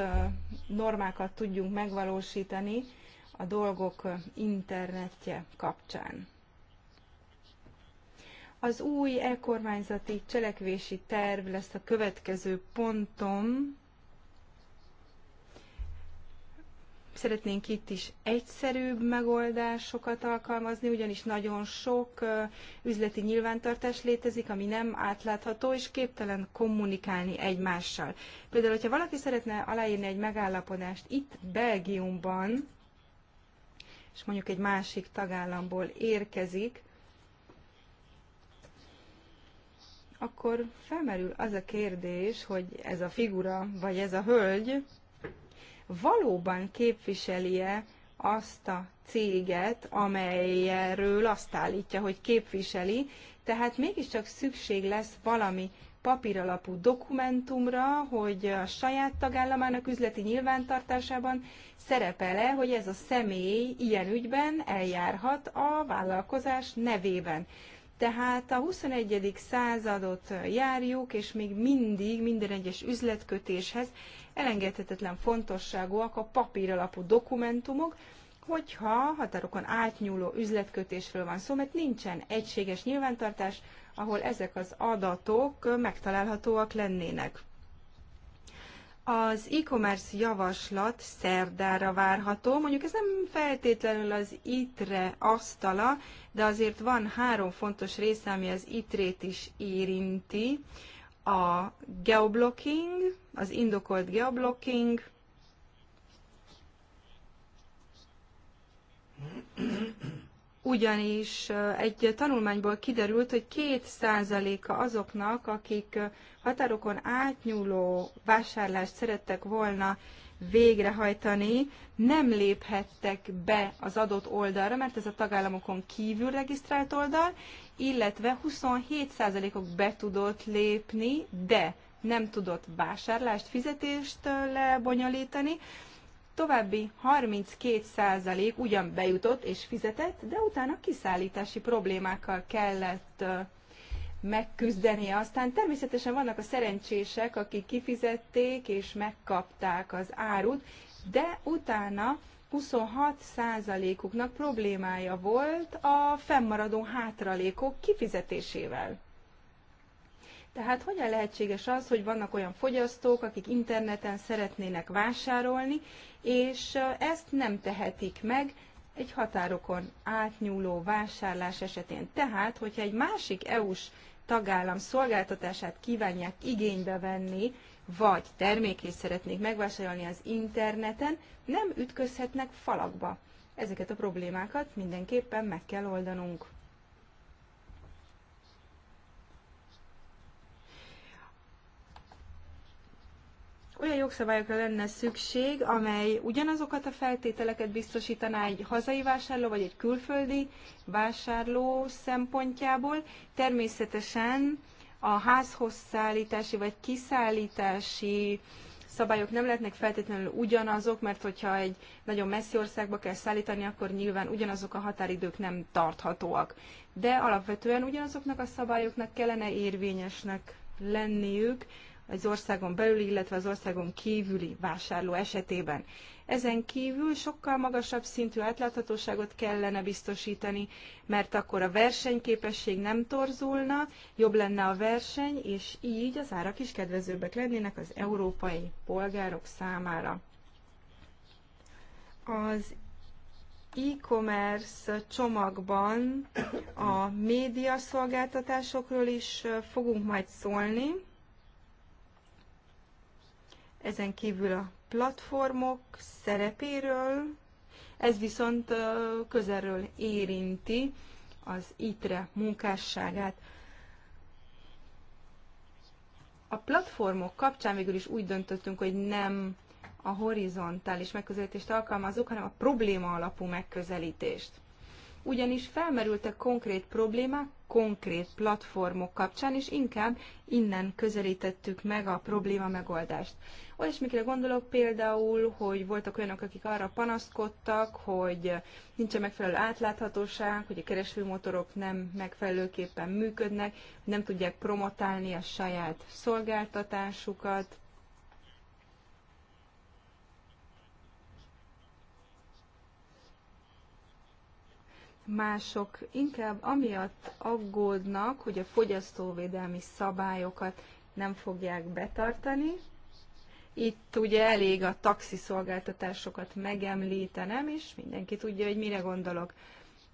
normákat tudjunk megvalósítani a dolgok internetje kapcsán. Az új e-kormányzati cselekvési terv lesz a következő pontom. Szeretnénk itt is egyszerűbb megoldásokat alkalmazni, ugyanis nagyon sok üzleti nyilvántartás létezik, ami nem átlátható és képtelen kommunikálni egymással. Például, hogyha valaki szeretne aláírni egy megállapodást itt Belgiumban, és mondjuk egy másik tagállamból érkezik, akkor felmerül az a kérdés, hogy ez a figura, vagy ez a hölgy valóban képviselje azt a céget, amelyről azt állítja, hogy képviseli, tehát mégiscsak szükség lesz valami papíralapú dokumentumra, hogy a saját tagállamának üzleti nyilvántartásában szerepele, hogy ez a személy ilyen ügyben eljárhat a vállalkozás nevében. Tehát a 21. századot járjuk, és még mindig minden egyes üzletkötéshez elengedhetetlen fontosságúak a papír alapú dokumentumok, hogyha határokon átnyúló üzletkötésről van szó, mert nincsen egységes nyilvántartás, ahol ezek az adatok megtalálhatóak lennének. Az e-commerce javaslat szerdára várható, mondjuk ez nem feltétlenül az ITRE asztala, de azért van három fontos része, ami az ITRE-t is érinti. A geoblocking, az indokolt geoblocking, ugyanis egy tanulmányból kiderült, hogy két a azoknak, akik határokon átnyúló vásárlást szerettek volna végrehajtani, nem léphettek be az adott oldalra, mert ez a tagállamokon kívül regisztrált oldal, illetve 27 százalékok be tudott lépni, de nem tudott vásárlást, fizetést lebonyolítani, további 32% ugyan bejutott és fizetett, de utána kiszállítási problémákkal kellett megküzdenie. Aztán természetesen vannak a szerencsések, akik kifizették és megkapták az árut, de utána 26%-uknak problémája volt a fennmaradó hátralékok kifizetésével. Tehát hogyan lehetséges az, hogy vannak olyan fogyasztók, akik interneten szeretnének vásárolni, és ezt nem tehetik meg egy határokon átnyúló vásárlás esetén. Tehát, hogyha egy másik EU-s tagállam szolgáltatását kívánják igénybe venni, vagy termékét szeretnék megvásárolni az interneten, nem ütközhetnek falakba. Ezeket a problémákat mindenképpen meg kell oldanunk. Olyan jogszabályokra lenne szükség, amely ugyanazokat a feltételeket biztosítaná egy hazai vásárló vagy egy külföldi vásárló szempontjából. Természetesen a házhoz szállítási vagy kiszállítási szabályok nem lehetnek feltétlenül ugyanazok, mert hogyha egy nagyon messzi országba kell szállítani, akkor nyilván ugyanazok a határidők nem tarthatóak. De alapvetően ugyanazoknak a szabályoknak kellene érvényesnek lenniük az országon belüli, illetve az országon kívüli vásárló esetében. Ezen kívül sokkal magasabb szintű átláthatóságot kellene biztosítani, mert akkor a versenyképesség nem torzulna, jobb lenne a verseny, és így az árak is kedvezőbbek lennének az európai polgárok számára. Az e-commerce csomagban a médiaszolgáltatásokról is fogunk majd szólni ezen kívül a platformok szerepéről, ez viszont közelről érinti az ITRE munkásságát. A platformok kapcsán végül is úgy döntöttünk, hogy nem a horizontális megközelítést alkalmazunk, hanem a probléma alapú megközelítést ugyanis felmerültek konkrét problémák, konkrét platformok kapcsán, és inkább innen közelítettük meg a probléma megoldást. Olyasmikre gondolok például, hogy voltak olyanok, akik arra panaszkodtak, hogy nincsen megfelelő átláthatóság, hogy a keresőmotorok nem megfelelőképpen működnek, nem tudják promotálni a saját szolgáltatásukat, mások inkább amiatt aggódnak, hogy a fogyasztóvédelmi szabályokat nem fogják betartani. Itt ugye elég a taxiszolgáltatásokat megemlítenem, és mindenki tudja, hogy mire gondolok.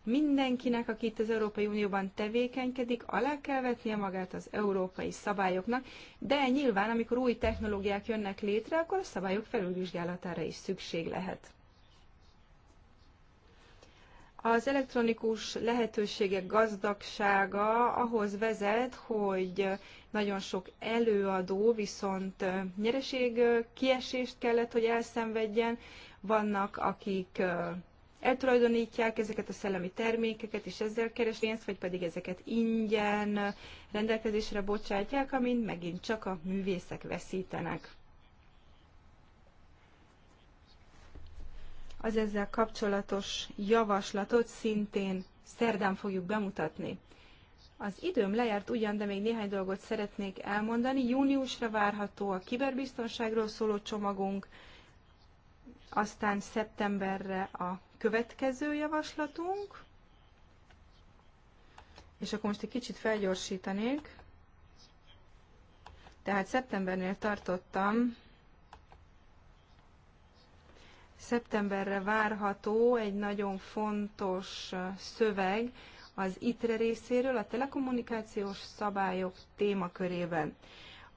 Mindenkinek, aki itt az Európai Unióban tevékenykedik, alá kell vetnie magát az európai szabályoknak, de nyilván, amikor új technológiák jönnek létre, akkor a szabályok felülvizsgálatára is szükség lehet. Az elektronikus lehetőségek gazdagsága ahhoz vezet, hogy nagyon sok előadó viszont nyereség kiesést kellett, hogy elszenvedjen. Vannak, akik eltulajdonítják ezeket a szellemi termékeket, és ezzel keres pénzt, vagy pedig ezeket ingyen rendelkezésre bocsátják, amint megint csak a művészek veszítenek. az ezzel kapcsolatos javaslatot szintén szerdán fogjuk bemutatni. Az időm lejárt ugyan, de még néhány dolgot szeretnék elmondani. Júniusra várható a kiberbiztonságról szóló csomagunk, aztán szeptemberre a következő javaslatunk, és akkor most egy kicsit felgyorsítanék. Tehát szeptembernél tartottam, Szeptemberre várható egy nagyon fontos szöveg az ITRE részéről a telekommunikációs szabályok témakörében.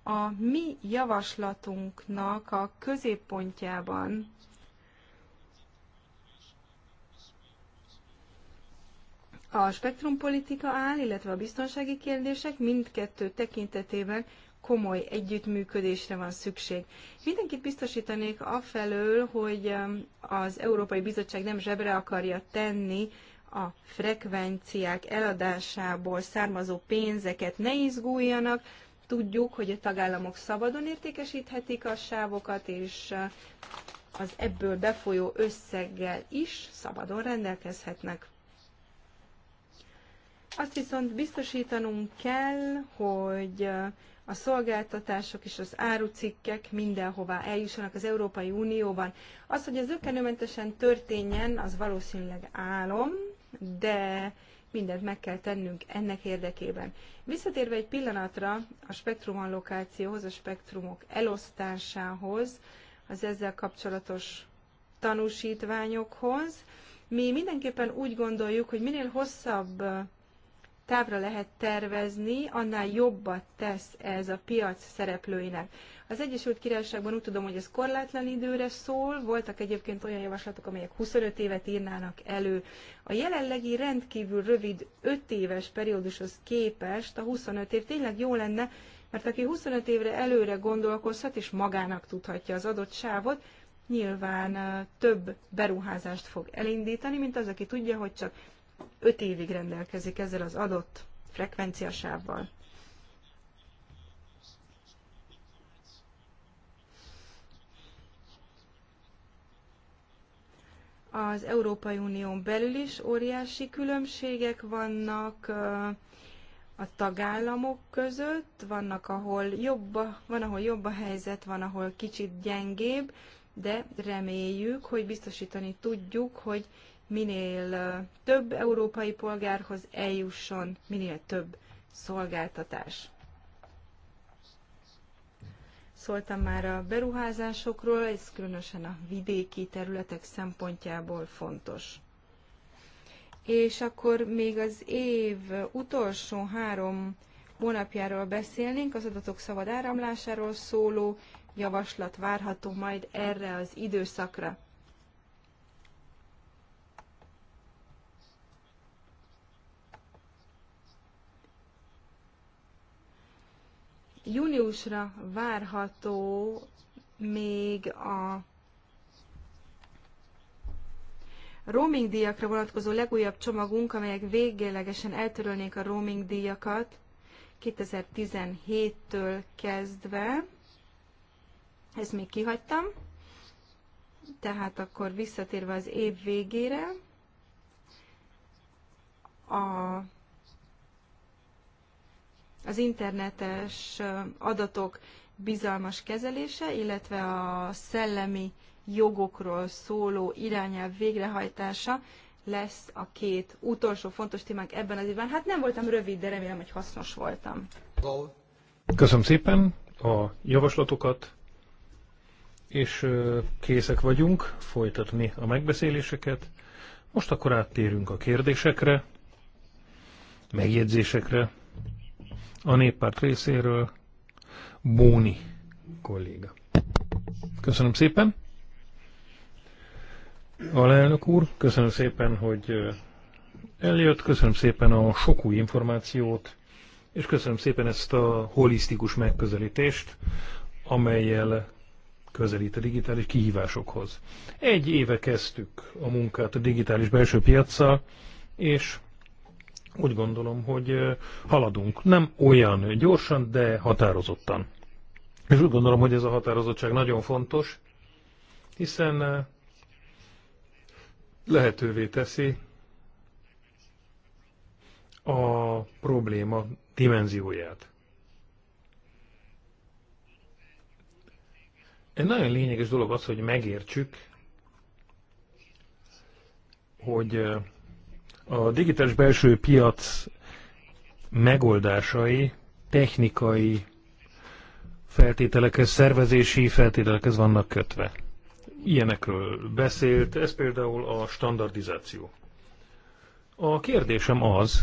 A mi javaslatunknak a középpontjában A spektrumpolitika áll, illetve a biztonsági kérdések mindkettő tekintetében komoly együttműködésre van szükség. Mindenkit biztosítanék afelől, hogy az Európai Bizottság nem zsebre akarja tenni a frekvenciák eladásából származó pénzeket, ne izguljanak, tudjuk, hogy a tagállamok szabadon értékesíthetik a sávokat, és az ebből befolyó összeggel is szabadon rendelkezhetnek. Azt viszont biztosítanunk kell, hogy a szolgáltatások és az árucikkek mindenhová eljussanak az Európai Unióban. Az, hogy ez ökkenőmentesen történjen, az valószínűleg álom, de mindent meg kell tennünk ennek érdekében. Visszatérve egy pillanatra a spektrum allokációhoz, a spektrumok elosztásához, az ezzel kapcsolatos tanúsítványokhoz, mi mindenképpen úgy gondoljuk, hogy minél hosszabb távra lehet tervezni, annál jobbat tesz ez a piac szereplőinek. Az Egyesült Királyságban úgy tudom, hogy ez korlátlan időre szól, voltak egyébként olyan javaslatok, amelyek 25 évet írnának elő. A jelenlegi rendkívül rövid 5 éves periódushoz képest a 25 év tényleg jó lenne, mert aki 25 évre előre gondolkozhat és magának tudhatja az adott sávot, nyilván több beruházást fog elindítani, mint az, aki tudja, hogy csak 5 évig rendelkezik ezzel az adott frekvenciasávval. Az Európai Unión belül is óriási különbségek vannak a tagállamok között, vannak, ahol jobb, van, ahol jobb a helyzet, van, ahol kicsit gyengébb, de reméljük, hogy biztosítani tudjuk, hogy minél több európai polgárhoz eljusson minél több szolgáltatás. Szóltam már a beruházásokról, ez különösen a vidéki területek szempontjából fontos. És akkor még az év utolsó három hónapjáról beszélnénk, az adatok szabad áramlásáról szóló javaslat várható majd erre az időszakra. Júniusra várható még a roaming díjakra vonatkozó legújabb csomagunk, amelyek véglegesen eltörölnék a roaming díjakat 2017-től kezdve. Ezt még kihagytam. Tehát akkor visszatérve az év végére, a az internetes adatok bizalmas kezelése, illetve a szellemi jogokról szóló irányelv végrehajtása lesz a két utolsó fontos témánk ebben az évben. Hát nem voltam rövid, de remélem, hogy hasznos voltam. Köszönöm szépen a javaslatokat, és készek vagyunk folytatni a megbeszéléseket. Most akkor áttérünk a kérdésekre, megjegyzésekre, a néppárt részéről Bóni kolléga. Köszönöm szépen. Alelnök úr, köszönöm szépen, hogy eljött, köszönöm szépen a sok új információt, és köszönöm szépen ezt a holisztikus megközelítést, amelyel közelít a digitális kihívásokhoz. Egy éve kezdtük a munkát a digitális belső piacsal, és úgy gondolom, hogy haladunk. Nem olyan gyorsan, de határozottan. És úgy gondolom, hogy ez a határozottság nagyon fontos, hiszen lehetővé teszi a probléma dimenzióját. Egy nagyon lényeges dolog az, hogy megértsük, hogy a digitális belső piac megoldásai technikai feltételekhez, szervezési feltételekhez vannak kötve. Ilyenekről beszélt, ez például a standardizáció. A kérdésem az,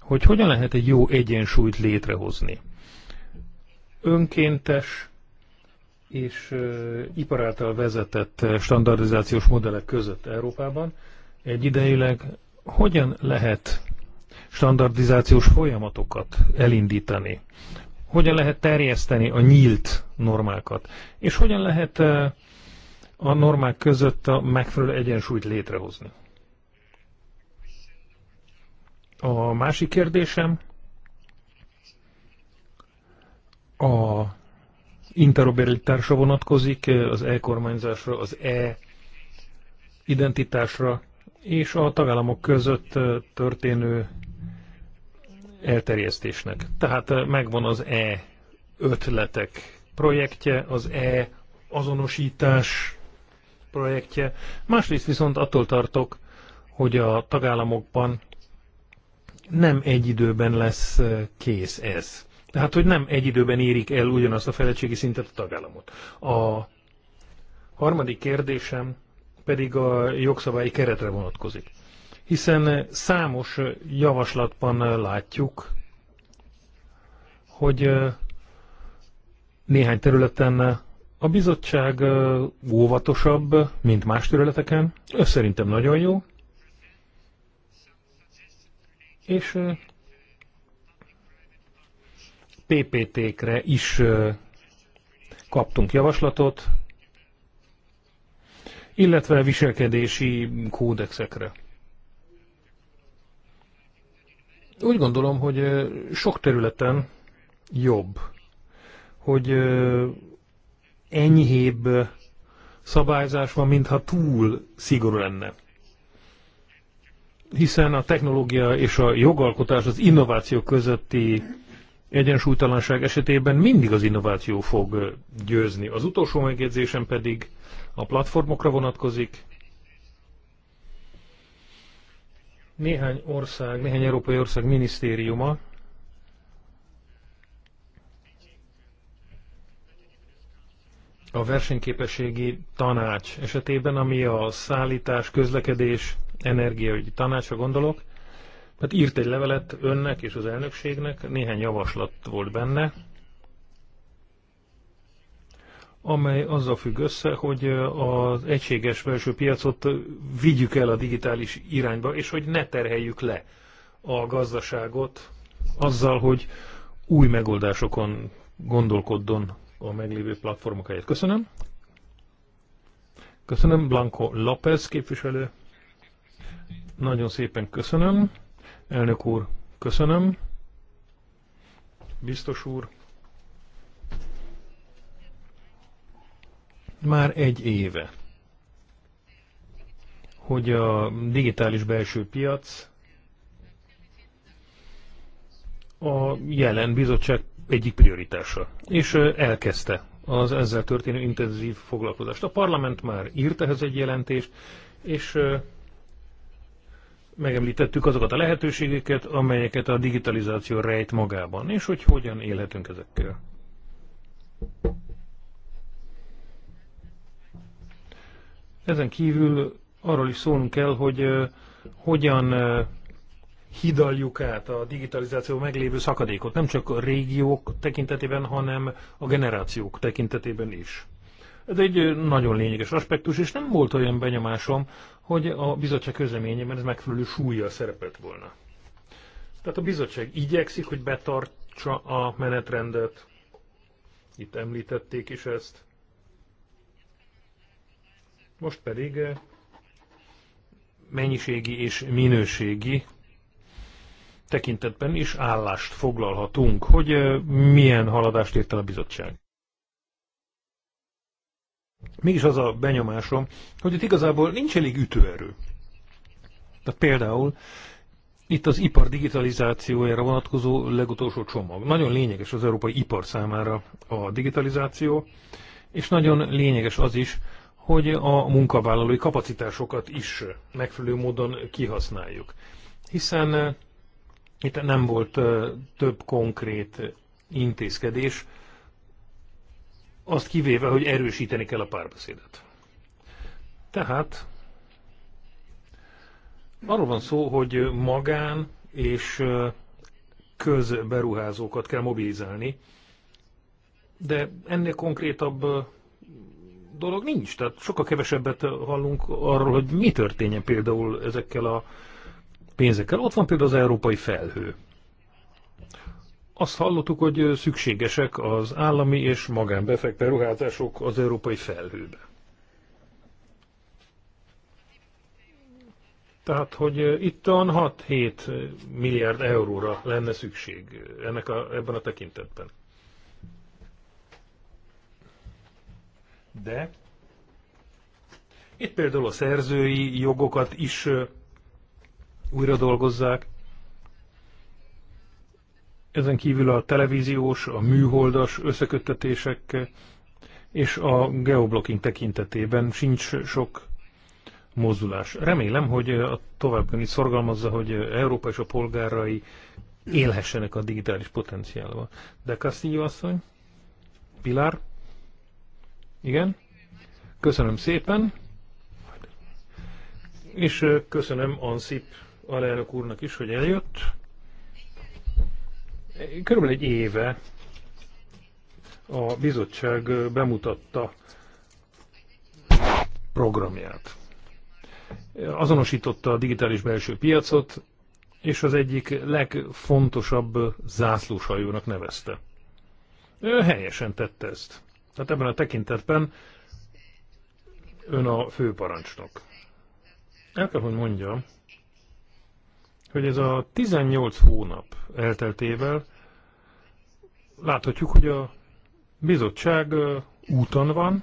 hogy hogyan lehet egy jó egyensúlyt létrehozni. Önkéntes és ipar által vezetett standardizációs modellek között Európában, egy idejűleg hogyan lehet standardizációs folyamatokat elindítani? Hogyan lehet terjeszteni a nyílt normákat? És hogyan lehet eh, a normák között a megfelelő egyensúlyt létrehozni? A másik kérdésem a interoperabilitásra vonatkozik, eh, az e-kormányzásra, az e-identitásra, és a tagállamok között történő elterjesztésnek. Tehát megvan az E ötletek projektje, az E azonosítás projektje. Másrészt viszont attól tartok, hogy a tagállamokban nem egy időben lesz kész ez. Tehát, hogy nem egy időben érik el ugyanazt a fejlettségi szintet a tagállamot. A harmadik kérdésem pedig a jogszabályi keretre vonatkozik. Hiszen számos javaslatban látjuk, hogy néhány területen a bizottság óvatosabb, mint más területeken. Ez szerintem nagyon jó. És PPT-kre is kaptunk javaslatot, illetve viselkedési kódexekre. Úgy gondolom, hogy sok területen jobb, hogy enyhébb szabályzás van, mintha túl szigorú lenne. Hiszen a technológia és a jogalkotás az innováció közötti egyensúlytalanság esetében mindig az innováció fog győzni. Az utolsó megjegyzésem pedig a platformokra vonatkozik. Néhány ország, néhány európai ország minisztériuma a versenyképességi tanács esetében, ami a szállítás, közlekedés, energiaügyi tanácsra gondolok, Hát írt egy levelet önnek és az elnökségnek, néhány javaslat volt benne, amely azzal függ össze, hogy az egységes belső piacot vigyük el a digitális irányba, és hogy ne terheljük le a gazdaságot azzal, hogy új megoldásokon gondolkodjon a meglévő platformok helyett. Köszönöm. Köszönöm, Blanco López képviselő. Nagyon szépen köszönöm. Elnök úr, köszönöm. Biztos úr. Már egy éve, hogy a digitális belső piac a jelen bizottság egyik prioritása, és elkezdte az ezzel történő intenzív foglalkozást. A parlament már írt ehhez egy jelentést, és megemlítettük azokat a lehetőségeket, amelyeket a digitalizáció rejt magában, és hogy hogyan élhetünk ezekkel. Ezen kívül arról is szólnunk kell, hogy hogyan hidaljuk át a digitalizáció meglévő szakadékot, nem csak a régiók tekintetében, hanem a generációk tekintetében is. Ez egy nagyon lényeges aspektus, és nem volt olyan benyomásom, hogy a bizottság közleménye, mert ez megfelelő súlya szerepet volna. Tehát a bizottság igyekszik, hogy betartsa a menetrendet. Itt említették is ezt. Most pedig mennyiségi és minőségi tekintetben is állást foglalhatunk, hogy milyen haladást ért el a bizottság mégis az a benyomásom, hogy itt igazából nincs elég ütőerő. Tehát például itt az ipar digitalizációjára vonatkozó legutolsó csomag. Nagyon lényeges az európai ipar számára a digitalizáció, és nagyon lényeges az is, hogy a munkavállalói kapacitásokat is megfelelő módon kihasználjuk. Hiszen eh, itt nem volt eh, több konkrét intézkedés azt kivéve, hogy erősíteni kell a párbeszédet. Tehát arról van szó, hogy magán és közberuházókat kell mobilizálni, de ennél konkrétabb dolog nincs. Tehát sokkal kevesebbet hallunk arról, hogy mi történjen például ezekkel a pénzekkel. Ott van például az európai felhő azt hallottuk, hogy szükségesek az állami és magánbefektetőruházások az európai felhőbe. Tehát, hogy itt a 6-7 milliárd euróra lenne szükség ennek a, ebben a tekintetben. De itt például a szerzői jogokat is újra dolgozzák, ezen kívül a televíziós, a műholdas összeköttetések és a geoblocking tekintetében sincs sok mozdulás. Remélem, hogy a továbbkön is szorgalmazza, hogy Európa és a polgárai élhessenek a digitális potenciálban. De Castillo asszony? Pilar? Igen? Köszönöm szépen. És köszönöm Ansip alelnök úrnak is, hogy eljött. Körülbelül egy éve a bizottság bemutatta programját. Azonosította a digitális belső piacot, és az egyik legfontosabb zászlóshajónak nevezte. Ő helyesen tette ezt. Tehát ebben a tekintetben ön a főparancsnok. El kell, hogy mondjam, hogy ez a 18 hónap elteltével láthatjuk, hogy a bizottság úton van,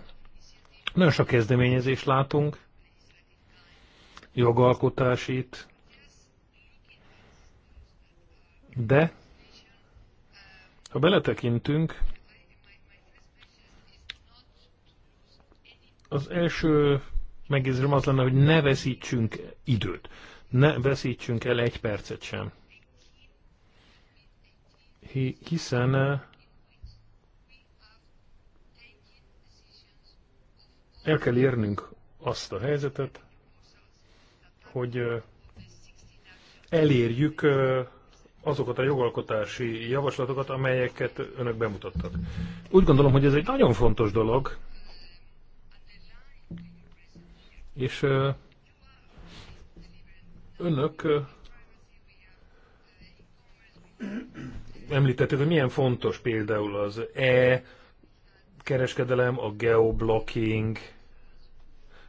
nagyon sok kezdeményezést látunk, jogalkotásit, de ha beletekintünk, az első megjegyzésem az lenne, hogy ne veszítsünk időt ne veszítsünk el egy percet sem. Hiszen eh, el kell érnünk azt a helyzetet, hogy eh, elérjük eh, azokat a jogalkotási javaslatokat, amelyeket önök bemutattak. Úgy gondolom, hogy ez egy nagyon fontos dolog, és Önök említették, hogy milyen fontos például az e kereskedelem, a geoblocking,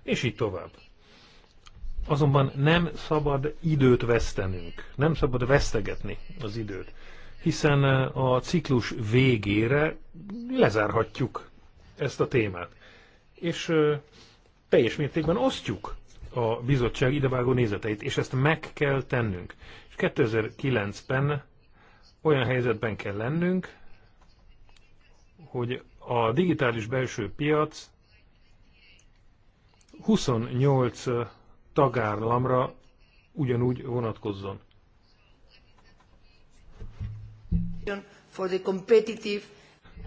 és így tovább. Azonban nem szabad időt vesztenünk, nem szabad vesztegetni az időt, hiszen a ciklus végére lezárhatjuk ezt a témát. És teljes mértékben osztjuk a bizottság idevágó nézeteit, és ezt meg kell tennünk. És 2009-ben olyan helyzetben kell lennünk, hogy a digitális belső piac 28 tagállamra ugyanúgy vonatkozzon. For the competitive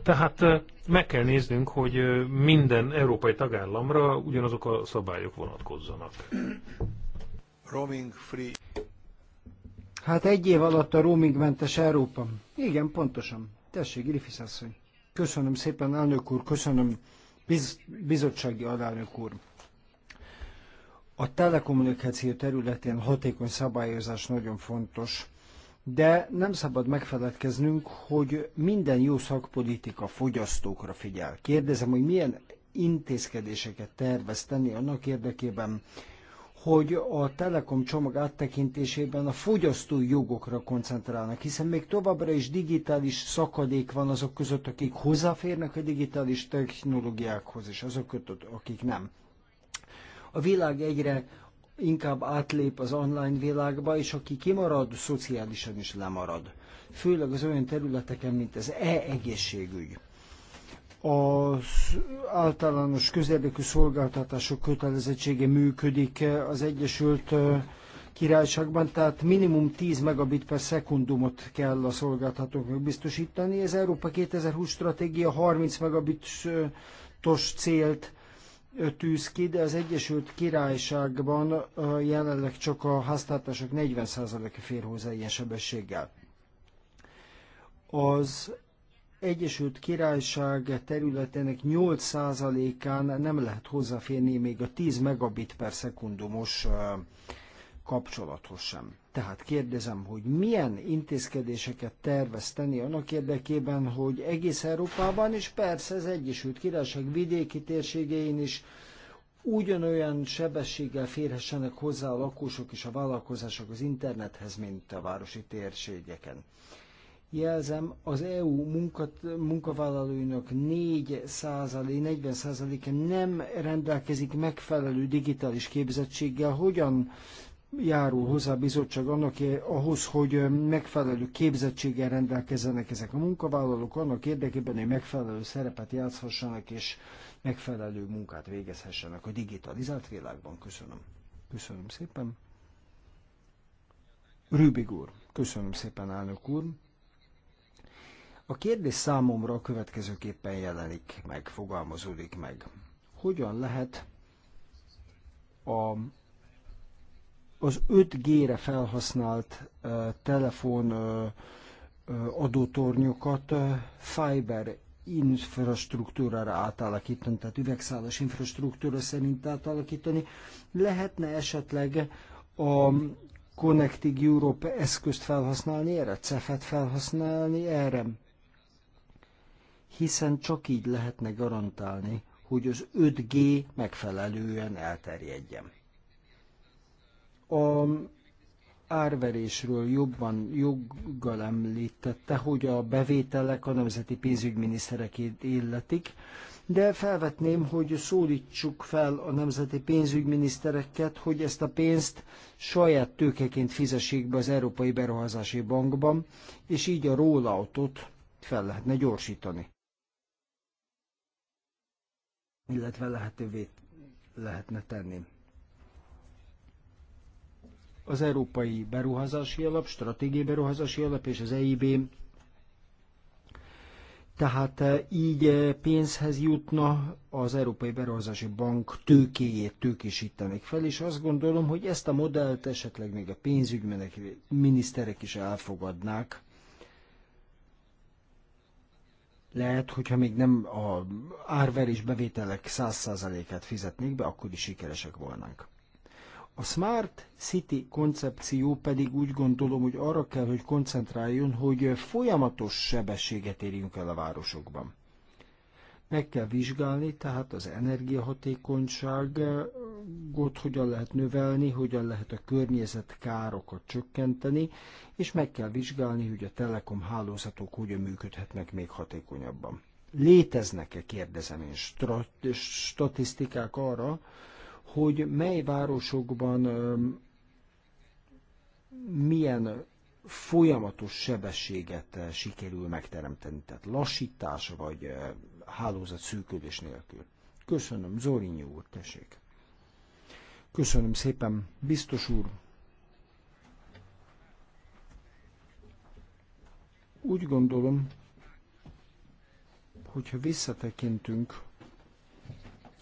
tehát meg kell néznünk, hogy minden európai tagállamra ugyanazok a szabályok vonatkozzanak. Roaming free. Hát egy év alatt a roamingmentes Európa. Igen, pontosan. Tessék, Griffith asszony. Köszönöm szépen, elnök úr, köszönöm, biz- bizottsági alelnök úr. A telekommunikáció területén hatékony szabályozás nagyon fontos de nem szabad megfeledkeznünk, hogy minden jó szakpolitika fogyasztókra figyel. Kérdezem, hogy milyen intézkedéseket tervez tenni annak érdekében, hogy a Telekom csomag áttekintésében a fogyasztói jogokra koncentrálnak, hiszen még továbbra is digitális szakadék van azok között, akik hozzáférnek a digitális technológiákhoz, és azok között, akik nem. A világ egyre inkább átlép az online világba, és aki kimarad, szociálisan is lemarad. Főleg az olyan területeken, mint az e-egészségügy az általános közérdekű szolgáltatások kötelezettsége működik az Egyesült Királyságban, tehát minimum 10 megabit per szekundumot kell a szolgáltatóknak biztosítani. Ez Európa 2020 stratégia 30 megabitos célt tűz ki, de az Egyesült Királyságban jelenleg csak a háztartások 40%-a fér hozzá ilyen sebességgel. Az Egyesült Királyság területének 8%-án nem lehet hozzáférni még a 10 megabit per szekundumos kapcsolathoz sem. Tehát kérdezem, hogy milyen intézkedéseket tervez tenni annak érdekében, hogy egész Európában, és persze az Egyesült Királyság vidéki térségein is ugyanolyan sebességgel férhessenek hozzá a lakosok és a vállalkozások az internethez, mint a városi térségeken. Jelzem, az EU munkat, munkavállalóinak 4 40 százaléka nem rendelkezik megfelelő digitális képzettséggel. Hogyan járul hozzá a bizottság annak, ahhoz, hogy megfelelő képzettséggel rendelkezzenek ezek a munkavállalók, annak érdekében, hogy megfelelő szerepet játszhassanak és megfelelő munkát végezhessenek a digitalizált világban. Köszönöm. Köszönöm szépen. Rübig úr. Köszönöm szépen, elnök úr. A kérdés számomra a következőképpen jelenik meg, fogalmazódik meg. Hogyan lehet a az 5G-re felhasznált telefon adótornyokat fiber infrastruktúrára átalakítani, tehát üvegszálas infrastruktúra szerint átalakítani. Lehetne esetleg a Connecting Europe eszközt felhasználni erre, CEF-et felhasználni erre, hiszen csak így lehetne garantálni, hogy az 5G megfelelően elterjedjen a árverésről jobban joggal említette, hogy a bevételek a nemzeti pénzügyminiszterekét illetik, de felvetném, hogy szólítsuk fel a nemzeti pénzügyminisztereket, hogy ezt a pénzt saját tőkeként fizessék be az Európai Beruházási Bankban, és így a rolloutot fel lehetne gyorsítani. Illetve lehetővé lehetne tenni az Európai Beruházási Alap, Stratégiai Beruházási Alap és az EIB tehát eh, így eh, pénzhez jutna az Európai Beruházási Bank tőkéjét tőkésítenék fel, és azt gondolom, hogy ezt a modellt esetleg még a pénzügyminiszterek is elfogadnák. Lehet, hogyha még nem a árver és bevételek 100%-át fizetnék be, akkor is sikeresek volnánk. A Smart City koncepció pedig úgy gondolom, hogy arra kell, hogy koncentráljon, hogy folyamatos sebességet érjünk el a városokban. Meg kell vizsgálni tehát az energiahatékonyságot hogyan lehet növelni, hogyan lehet a környezet károkat csökkenteni, és meg kell vizsgálni, hogy a telekom hálózatok hogyan működhetnek még hatékonyabban. Léteznek-e, kérdezem én, statisztikák arra, hogy mely városokban milyen folyamatos sebességet sikerül megteremteni, tehát lassítás vagy hálózat szűkülés nélkül. Köszönöm, Zorinyi úr, tessék. Köszönöm szépen, biztos úr. Úgy gondolom, hogyha visszatekintünk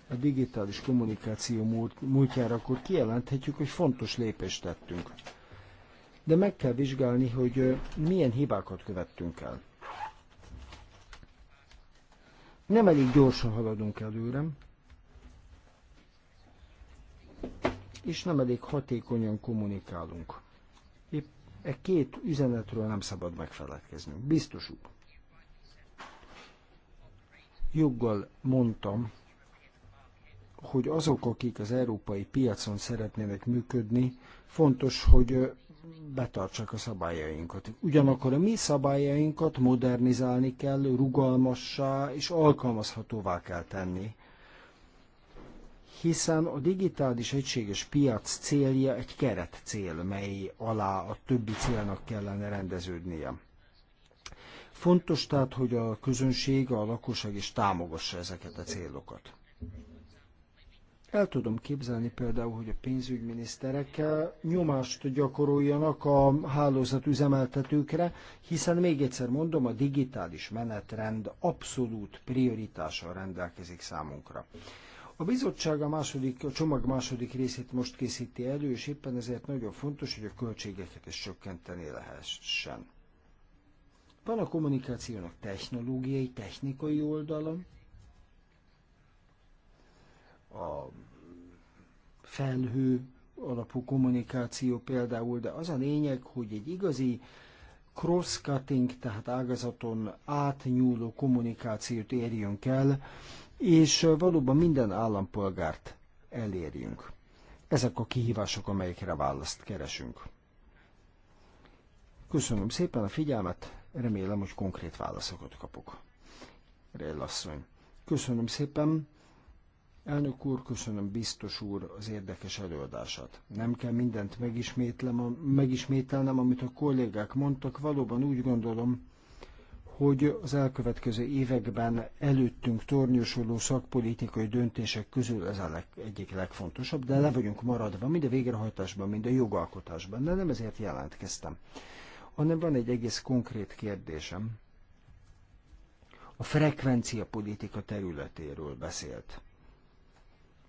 a digitális kommunikáció múltjára, akkor kijelenthetjük, hogy fontos lépést tettünk. De meg kell vizsgálni, hogy milyen hibákat követtünk el. Nem elég gyorsan haladunk előre, és nem elég hatékonyan kommunikálunk. Épp e két üzenetről nem szabad megfeledkeznünk. Biztosuk. Joggal mondtam, hogy azok, akik az európai piacon szeretnének működni, fontos, hogy betartsák a szabályainkat. Ugyanakkor a mi szabályainkat modernizálni kell, rugalmassá és alkalmazhatóvá kell tenni. Hiszen a digitális egységes piac célja egy keret cél, mely alá a többi célnak kellene rendeződnie. Fontos tehát, hogy a közönség, a lakosság is támogassa ezeket a célokat. El tudom képzelni például, hogy a pénzügyminiszterek eh, nyomást gyakoroljanak a hálózat üzemeltetőkre, hiszen még egyszer mondom, a digitális menetrend abszolút prioritással rendelkezik számunkra. A bizottság a, második, a csomag második részét most készíti elő, és éppen ezért nagyon fontos, hogy a költségeket is csökkenteni lehessen. Van a kommunikációnak technológiai, technikai oldala, a felhő alapú kommunikáció például, de az a lényeg, hogy egy igazi cross-cutting, tehát ágazaton átnyúló kommunikációt érjünk el, és valóban minden állampolgárt elérjünk. Ezek a kihívások, amelyekre választ keresünk. Köszönöm szépen a figyelmet, remélem, hogy konkrét válaszokat kapok. Rélasszony. Köszönöm szépen. Elnök úr, köszönöm biztos úr az érdekes előadását. Nem kell mindent megismételnem, amit a kollégák mondtak. Valóban úgy gondolom, hogy az elkövetkező években előttünk tornyosuló szakpolitikai döntések közül ez a leg, egyik legfontosabb, de le vagyunk maradva mind a végrehajtásban, mind a jogalkotásban, de nem ezért jelentkeztem, hanem van egy egész konkrét kérdésem. A frekvencia politika területéről beszélt.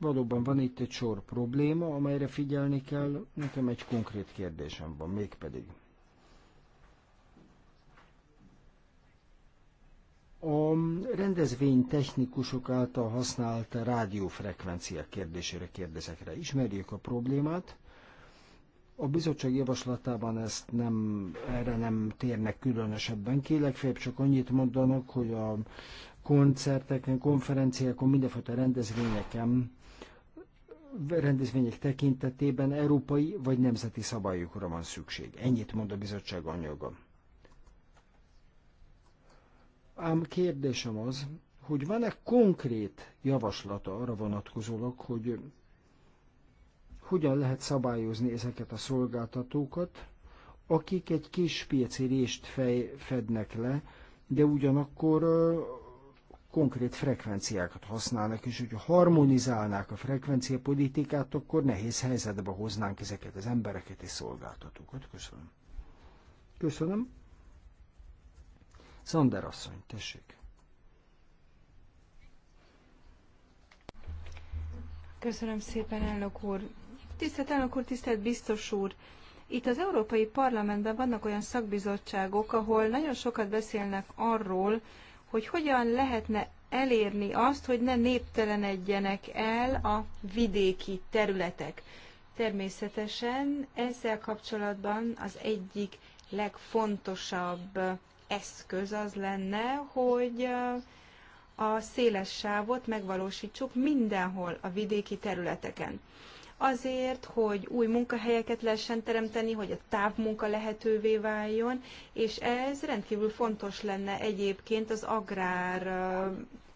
Valóban van itt egy sor probléma, amelyre figyelni kell. Nekem egy konkrét kérdésem van, mégpedig. A rendezvény technikusok által használt rádiófrekvencia kérdésére kérdezek rá. Ismerjük a problémát. A bizottság javaslatában ezt nem, erre nem térnek különösebben ki, legfeljebb csak annyit mondanak, hogy a koncerteken, konferenciákon, mindenfajta rendezvényeken rendezvények tekintetében európai vagy nemzeti szabályokra van szükség. Ennyit mond a bizottság anyaga. Ám kérdésem az, hogy van-e konkrét javaslata arra vonatkozólag, hogy hogyan lehet szabályozni ezeket a szolgáltatókat, akik egy kis piaci részt fej, fednek le, de ugyanakkor konkrét frekvenciákat használnak, és hogyha harmonizálnák a frekvenciapolitikát, akkor nehéz helyzetbe hoznánk ezeket az embereket és szolgáltatókat. Köszönöm. Köszönöm. Szander asszony, tessék. Köszönöm szépen, elnök úr. Tisztelt elnök úr, tisztelt biztos úr! Itt az Európai Parlamentben vannak olyan szakbizottságok, ahol nagyon sokat beszélnek arról, hogy hogyan lehetne elérni azt, hogy ne néptelenedjenek el a vidéki területek. Természetesen ezzel kapcsolatban az egyik legfontosabb eszköz az lenne, hogy uh, a széles sávot megvalósítsuk mindenhol a vidéki területeken azért, hogy új munkahelyeket lehessen teremteni, hogy a távmunka lehetővé váljon, és ez rendkívül fontos lenne egyébként az agrár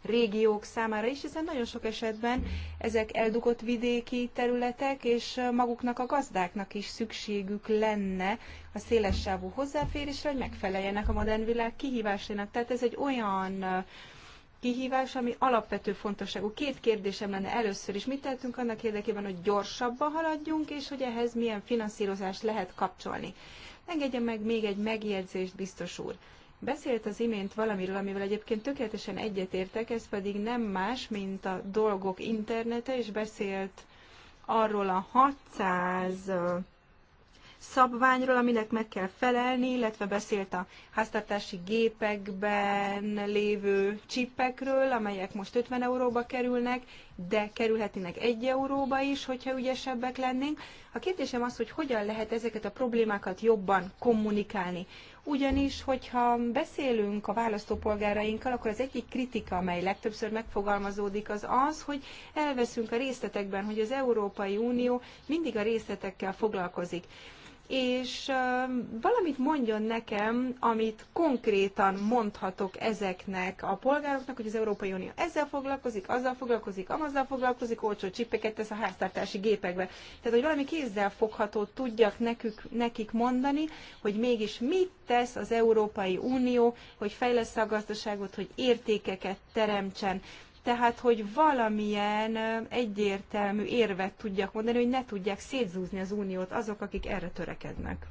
régiók számára is, hiszen nagyon sok esetben ezek eldugott vidéki területek, és maguknak a gazdáknak is szükségük lenne a sávú hozzáférésre, hogy megfeleljenek a modern világ kihívásainak. Tehát ez egy olyan kihívás, ami alapvető fontosságú. Két kérdésem lenne először is. Mit tettünk annak érdekében, hogy gyorsabban haladjunk, és hogy ehhez milyen finanszírozást lehet kapcsolni? Engedjen meg még egy megjegyzést, biztos úr. Beszélt az imént valamiről, amivel egyébként tökéletesen egyetértek, ez pedig nem más, mint a dolgok internete, és beszélt arról a 600 szabványról, aminek meg kell felelni, illetve beszélt a háztartási gépekben lévő csipekről, amelyek most 50 euróba kerülnek, de kerülhetnének 1 euróba is, hogyha ügyesebbek lennénk. A kérdésem az, hogy hogyan lehet ezeket a problémákat jobban kommunikálni. Ugyanis, hogyha beszélünk a választópolgárainkkal, akkor az egyik kritika, amely legtöbbször megfogalmazódik, az az, hogy elveszünk a részletekben, hogy az Európai Unió mindig a részletekkel foglalkozik és valamit mondjon nekem, amit konkrétan mondhatok ezeknek a polgároknak, hogy az Európai Unió ezzel foglalkozik, azzal foglalkozik, amazzal foglalkozik, olcsó csipeket tesz a háztartási gépekbe. Tehát, hogy valami kézzel fogható tudjak nekük, nekik mondani, hogy mégis mit tesz az Európai Unió, hogy fejlesz a gazdaságot, hogy értékeket teremtsen tehát hogy valamilyen egyértelmű érvet tudjak mondani, hogy ne tudják szétzúzni az uniót azok, akik erre törekednek.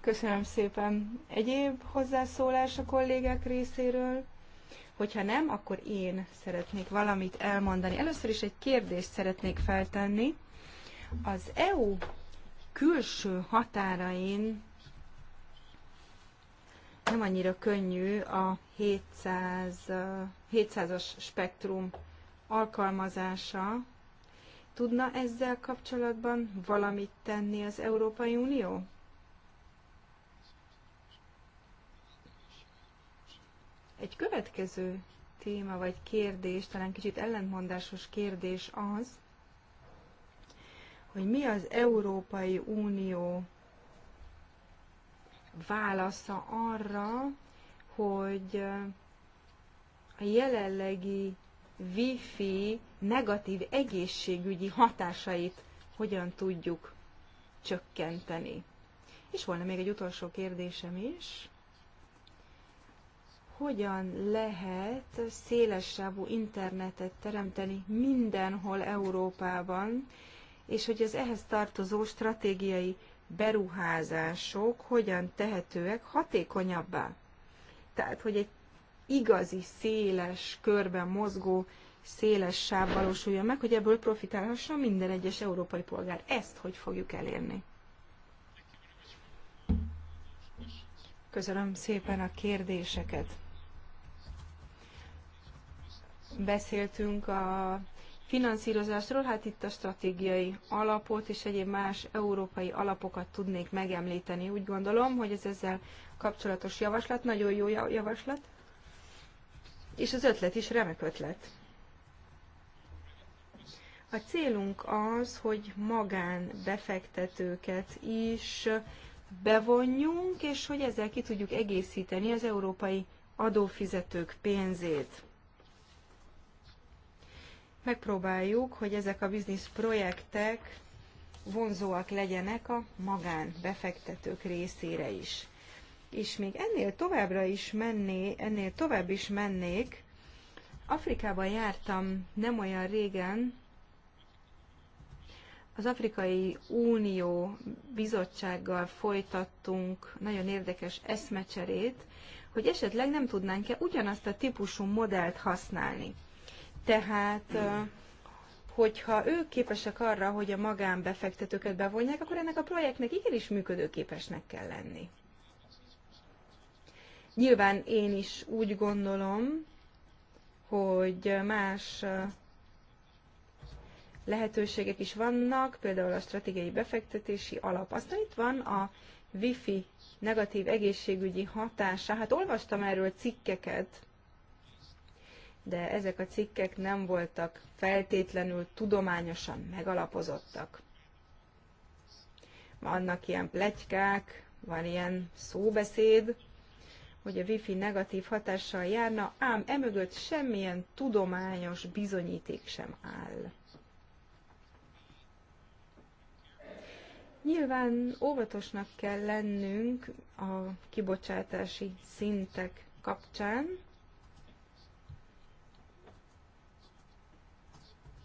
Köszönöm szépen. Egyéb hozzászólás a kollégák részéről? Hogyha nem, akkor én szeretnék valamit elmondani. Először is egy kérdést szeretnék feltenni. Az EU külső határain nem annyira könnyű a 700 700-as spektrum alkalmazása. Tudna ezzel kapcsolatban valamit tenni az Európai Unió? Egy következő téma vagy kérdés, talán kicsit ellentmondásos kérdés az, hogy mi az Európai Unió válasza arra, hogy a jelenlegi wifi negatív egészségügyi hatásait hogyan tudjuk csökkenteni. És volna még egy utolsó kérdésem is. Hogyan lehet szélessávú internetet teremteni mindenhol Európában, és hogy az ehhez tartozó stratégiai beruházások hogyan tehetőek hatékonyabbá? Tehát, hogy egy igazi, széles körben mozgó, széles sáv valósuljon meg, hogy ebből profitálhasson minden egyes európai polgár. Ezt hogy fogjuk elérni? Köszönöm szépen a kérdéseket. Beszéltünk a finanszírozásról, hát itt a stratégiai alapot és egyéb más európai alapokat tudnék megemlíteni. Úgy gondolom, hogy ez ezzel kapcsolatos javaslat, nagyon jó javaslat és az ötlet is remek ötlet. A célunk az, hogy magán befektetőket is bevonjunk, és hogy ezzel ki tudjuk egészíteni az európai adófizetők pénzét. Megpróbáljuk, hogy ezek a biznisz projektek vonzóak legyenek a magánbefektetők részére is és még ennél továbbra is menné, ennél tovább is mennék, Afrikában jártam nem olyan régen, az Afrikai Unió bizottsággal folytattunk nagyon érdekes eszmecserét, hogy esetleg nem tudnánk-e ugyanazt a típusú modellt használni. Tehát, hogyha ők képesek arra, hogy a magánbefektetőket bevonják, akkor ennek a projektnek igenis működőképesnek kell lenni. Nyilván én is úgy gondolom, hogy más lehetőségek is vannak, például a stratégiai befektetési alap. Aztán itt van a wifi negatív egészségügyi hatása. Hát olvastam erről cikkeket, de ezek a cikkek nem voltak feltétlenül tudományosan megalapozottak. Vannak ilyen pletykák, van ilyen szóbeszéd, hogy a wifi negatív hatással járna, ám emögött semmilyen tudományos bizonyíték sem áll. Nyilván óvatosnak kell lennünk a kibocsátási szintek kapcsán.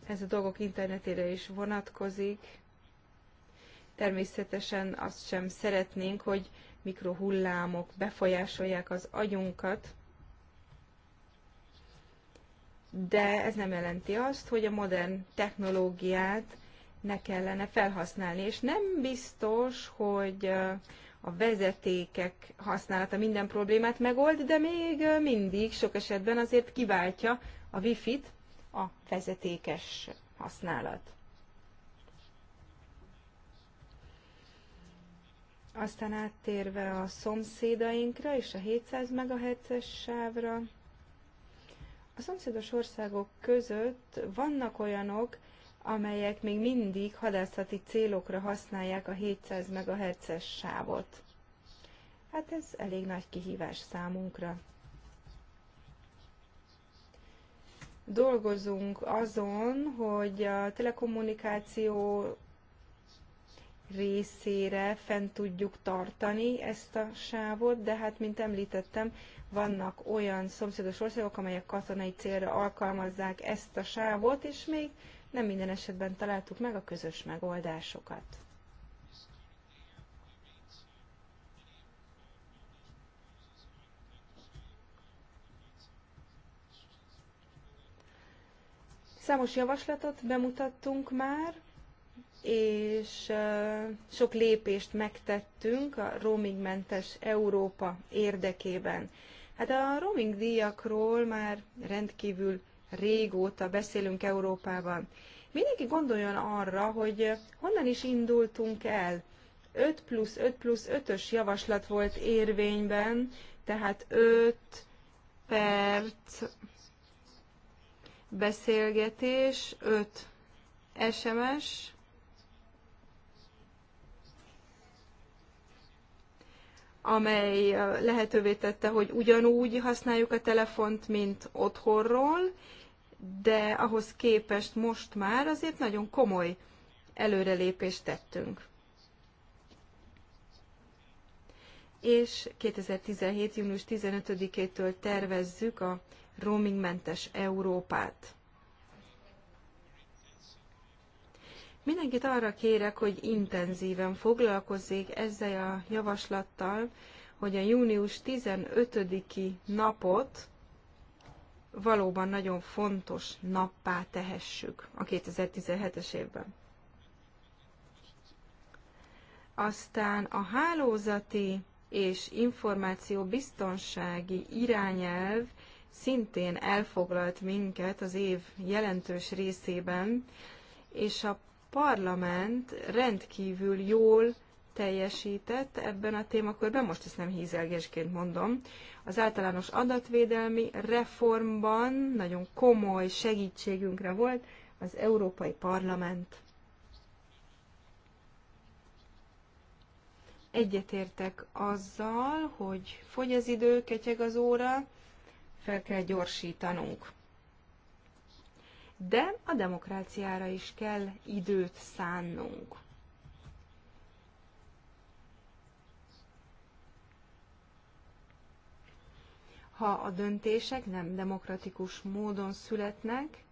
Ez a dolgok internetére is vonatkozik. Természetesen azt sem szeretnénk, hogy mikrohullámok befolyásolják az agyunkat, de ez nem jelenti azt, hogy a modern technológiát ne kellene felhasználni. És nem biztos, hogy a vezetékek használata minden problémát megold, de még mindig sok esetben azért kiváltja a wifi-t a vezetékes használat. Aztán áttérve a szomszédainkra és a 700 MHz-es sávra. A szomszédos országok között vannak olyanok, amelyek még mindig hadászati célokra használják a 700 MHz-es sávot. Hát ez elég nagy kihívás számunkra. Dolgozunk azon, hogy a telekommunikáció részére fent tudjuk tartani ezt a sávot, de hát, mint említettem, vannak olyan szomszédos országok, amelyek katonai célra alkalmazzák ezt a sávot, és még nem minden esetben találtuk meg a közös megoldásokat. Számos javaslatot bemutattunk már, és sok lépést megtettünk a roamingmentes Európa érdekében. Hát a roaming díjakról már rendkívül régóta beszélünk Európában. Mindenki gondoljon arra, hogy honnan is indultunk el. 5 plusz 5 plusz 5-ös javaslat volt érvényben, tehát 5 perc beszélgetés, 5 SMS, amely lehetővé tette, hogy ugyanúgy használjuk a telefont, mint otthonról, de ahhoz képest most már azért nagyon komoly előrelépést tettünk. És 2017. június 15-től tervezzük a roamingmentes Európát. Mindenkit arra kérek, hogy intenzíven foglalkozzék ezzel a javaslattal, hogy a június 15-i napot valóban nagyon fontos nappá tehessük a 2017-es évben. Aztán a hálózati és információbiztonsági irányelv szintén elfoglalt minket az év jelentős részében, és a parlament rendkívül jól teljesített ebben a témakörben, most ezt nem hízelgésként mondom, az általános adatvédelmi reformban nagyon komoly segítségünkre volt az Európai Parlament. Egyetértek azzal, hogy fogy az idő, ketyeg az óra, fel kell gyorsítanunk de a demokráciára is kell időt szánnunk. Ha a döntések nem demokratikus módon születnek,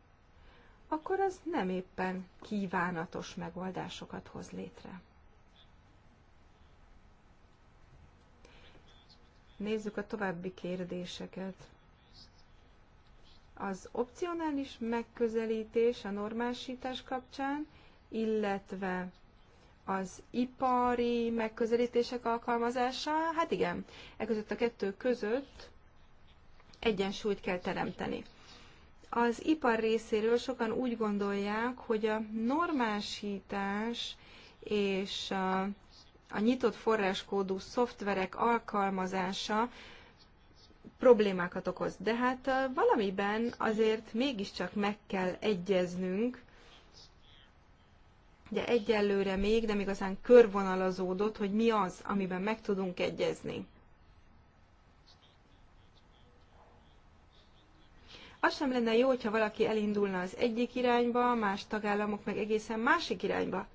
akkor az nem éppen kívánatos megoldásokat hoz létre. Nézzük a további kérdéseket. Az opcionális megközelítés a normásítás kapcsán, illetve az ipari megközelítések alkalmazása, hát igen, e között a kettő között egyensúlyt kell teremteni. Az ipar részéről sokan úgy gondolják, hogy a normásítás és a nyitott forráskódú szoftverek alkalmazása problémákat okoz. De hát valamiben azért mégiscsak meg kell egyeznünk, de egyelőre még nem igazán körvonalazódott, hogy mi az, amiben meg tudunk egyezni. az sem lenne jó, hogyha valaki elindulna az egyik irányba, más tagállamok meg egészen másik irányba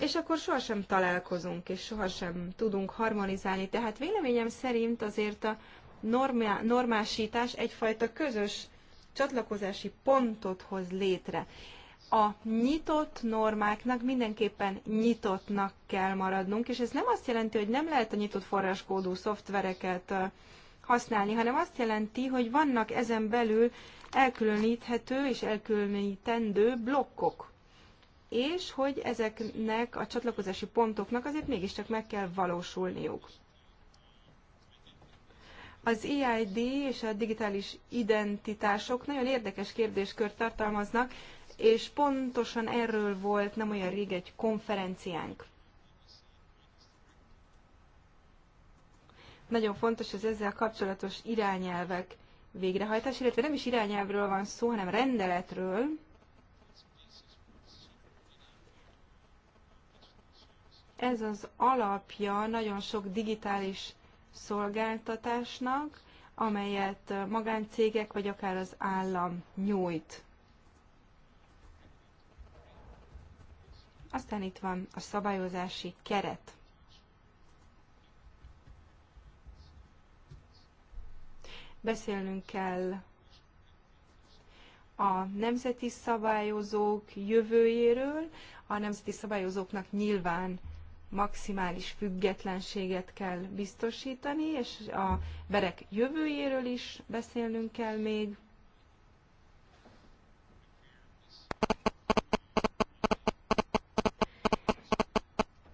és akkor sohasem találkozunk, és sohasem tudunk harmonizálni. Tehát véleményem szerint azért a normá, normásítás egyfajta közös csatlakozási pontot hoz létre. A nyitott normáknak mindenképpen nyitottnak kell maradnunk, és ez nem azt jelenti, hogy nem lehet a nyitott forráskódú szoftvereket használni, hanem azt jelenti, hogy vannak ezen belül elkülöníthető és elkülönítendő blokkok és hogy ezeknek a csatlakozási pontoknak azért mégiscsak meg kell valósulniuk. Az EID és a digitális identitások nagyon érdekes kérdéskört tartalmaznak, és pontosan erről volt nem olyan rég egy konferenciánk. Nagyon fontos az ezzel kapcsolatos irányelvek végrehajtás, illetve nem is irányelvről van szó, hanem rendeletről, Ez az alapja nagyon sok digitális szolgáltatásnak, amelyet magáncégek vagy akár az állam nyújt. Aztán itt van a szabályozási keret. Beszélnünk kell a nemzeti szabályozók jövőjéről. A nemzeti szabályozóknak nyilván maximális függetlenséget kell biztosítani, és a berek jövőjéről is beszélnünk kell még.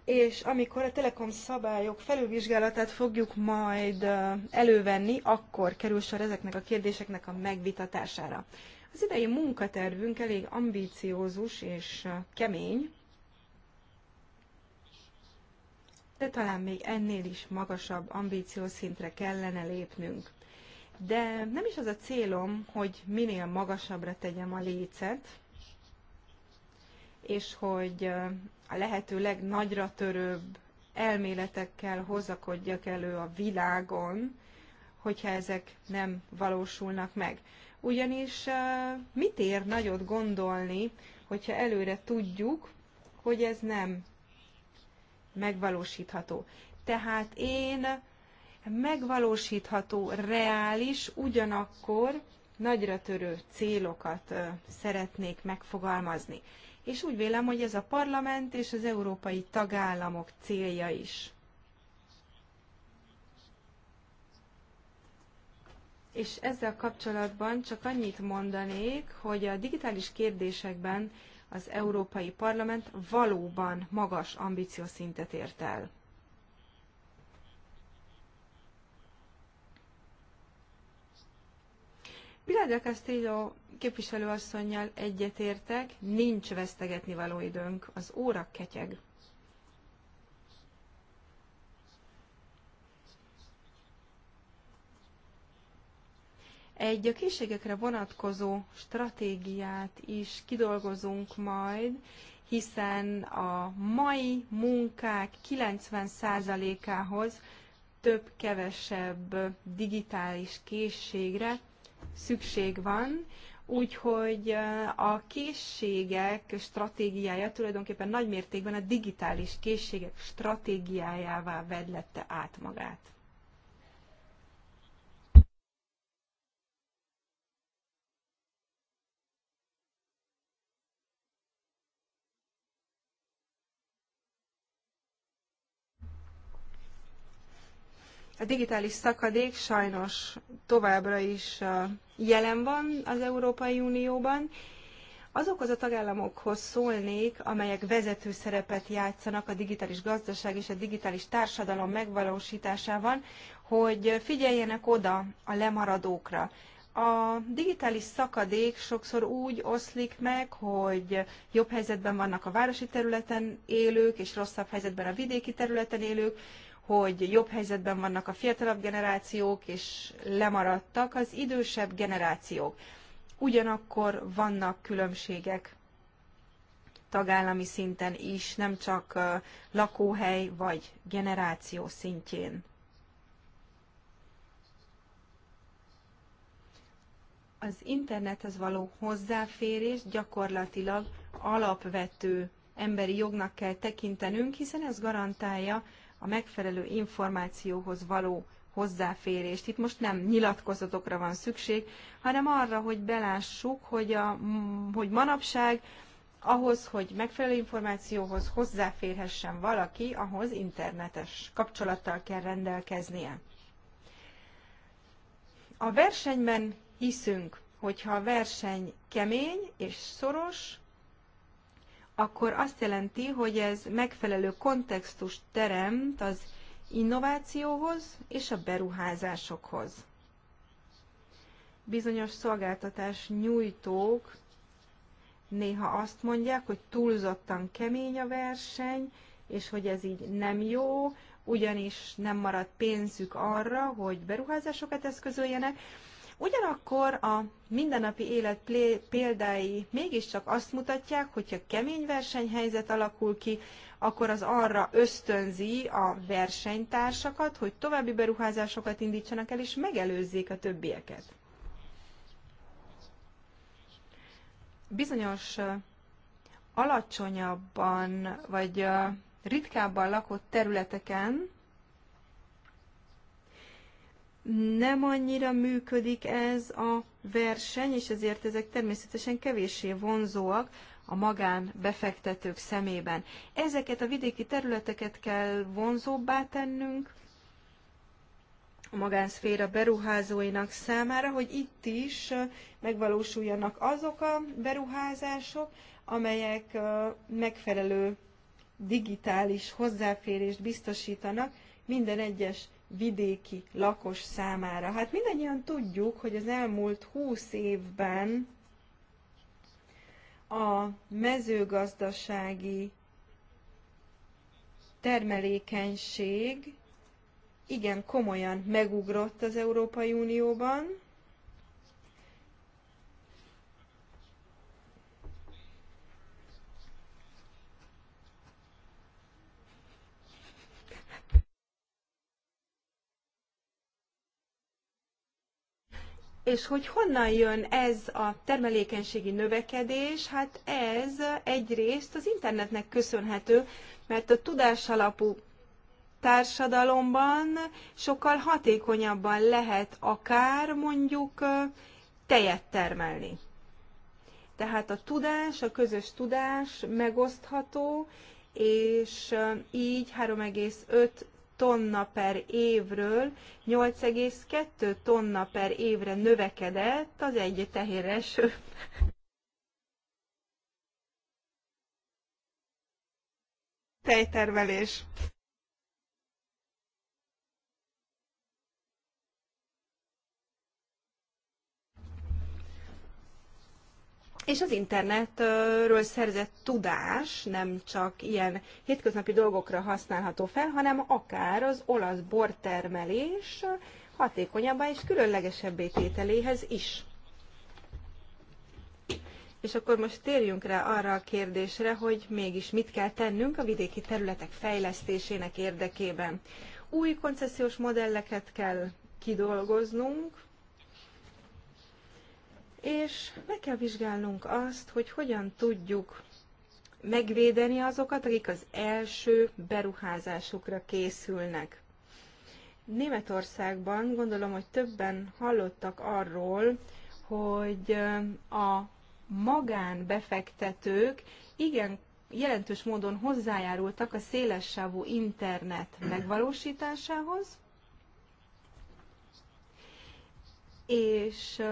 és amikor a Telekom szabályok felülvizsgálatát fogjuk majd elővenni, akkor kerül sor ezeknek a kérdéseknek a megvitatására. Az idei munkatervünk elég ambíciózus és kemény, de talán még ennél is magasabb ambíciószintre kellene lépnünk. De nem is az a célom, hogy minél magasabbra tegyem a lécet, és hogy a lehető legnagyra törőbb elméletekkel hozakodjak elő a világon, hogyha ezek nem valósulnak meg. Ugyanis mit ér nagyot gondolni, hogyha előre tudjuk, hogy ez nem megvalósítható. Tehát én megvalósítható, reális, ugyanakkor nagyra törő célokat szeretnék megfogalmazni. És úgy vélem, hogy ez a parlament és az európai tagállamok célja is. És ezzel kapcsolatban csak annyit mondanék, hogy a digitális kérdésekben az Európai Parlament valóban magas ambíciószintet ért el. Pilar del Castillo képviselőasszonynal egyetértek, nincs vesztegetni való időnk, az óra ketyeg. Egy a készségekre vonatkozó stratégiát is kidolgozunk majd, hiszen a mai munkák 90%-ához több-kevesebb digitális készségre szükség van, úgyhogy a készségek stratégiája tulajdonképpen nagymértékben a digitális készségek stratégiájává vedlette át magát. A digitális szakadék sajnos továbbra is jelen van az Európai Unióban. Azokhoz a tagállamokhoz szólnék, amelyek vezető szerepet játszanak a digitális gazdaság és a digitális társadalom megvalósításában, hogy figyeljenek oda a lemaradókra. A digitális szakadék sokszor úgy oszlik meg, hogy jobb helyzetben vannak a városi területen élők, és rosszabb helyzetben a vidéki területen élők, hogy jobb helyzetben vannak a fiatalabb generációk, és lemaradtak az idősebb generációk. Ugyanakkor vannak különbségek tagállami szinten is, nem csak lakóhely vagy generáció szintjén. Az internethez való hozzáférés gyakorlatilag alapvető emberi jognak kell tekintenünk, hiszen ez garantálja a megfelelő információhoz való hozzáférést. Itt most nem nyilatkozatokra van szükség, hanem arra, hogy belássuk, hogy, a, hogy manapság ahhoz, hogy megfelelő információhoz hozzáférhessen valaki, ahhoz internetes kapcsolattal kell rendelkeznie. A versenyben hiszünk, hogyha a verseny kemény és szoros, akkor azt jelenti, hogy ez megfelelő kontextust teremt az innovációhoz és a beruházásokhoz. Bizonyos szolgáltatás nyújtók néha azt mondják, hogy túlzottan kemény a verseny, és hogy ez így nem jó, ugyanis nem marad pénzük arra, hogy beruházásokat eszközöljenek, Ugyanakkor a mindennapi élet példái mégiscsak azt mutatják, hogyha kemény versenyhelyzet alakul ki, akkor az arra ösztönzi a versenytársakat, hogy további beruházásokat indítsanak el, és megelőzzék a többieket. Bizonyos alacsonyabban, vagy ritkábban lakott területeken nem annyira működik ez a verseny, és ezért ezek természetesen kevéssé vonzóak a magán befektetők szemében. Ezeket a vidéki területeket kell vonzóbbá tennünk a magánszféra beruházóinak számára, hogy itt is megvalósuljanak azok a beruházások, amelyek megfelelő digitális hozzáférést biztosítanak minden egyes vidéki lakos számára. Hát mindannyian tudjuk, hogy az elmúlt húsz évben a mezőgazdasági termelékenység igen komolyan megugrott az Európai Unióban, És hogy honnan jön ez a termelékenységi növekedés? Hát ez egyrészt az internetnek köszönhető, mert a tudásalapú társadalomban sokkal hatékonyabban lehet akár mondjuk tejet termelni. Tehát a tudás, a közös tudás megosztható, és így tonna per évről 8,2 tonna per évre növekedett az egy tehér eső. Tejtermelés. és az internetről szerzett tudás nem csak ilyen hétköznapi dolgokra használható fel, hanem akár az olasz bortermelés hatékonyabbá és különlegesebbé tételéhez is. És akkor most térjünk rá arra a kérdésre, hogy mégis mit kell tennünk a vidéki területek fejlesztésének érdekében. Új koncesziós modelleket kell kidolgoznunk, és meg kell vizsgálnunk azt, hogy hogyan tudjuk megvédeni azokat, akik az első beruházásukra készülnek. Németországban gondolom, hogy többen hallottak arról, hogy a magánbefektetők igen jelentős módon hozzájárultak a szélessávú internet megvalósításához, és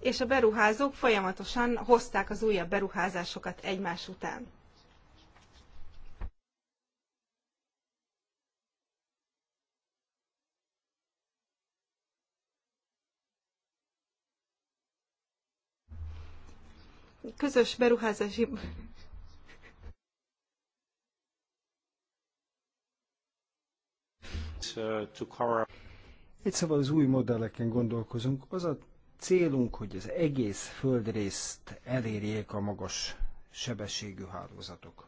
és a beruházók folyamatosan hozták az újabb beruházásokat egymás után. Közös beruházási Itt szóval az új modelleken gondolkozunk. Az a Célunk, hogy az egész földrészt elérjék a magas sebességű hálózatok.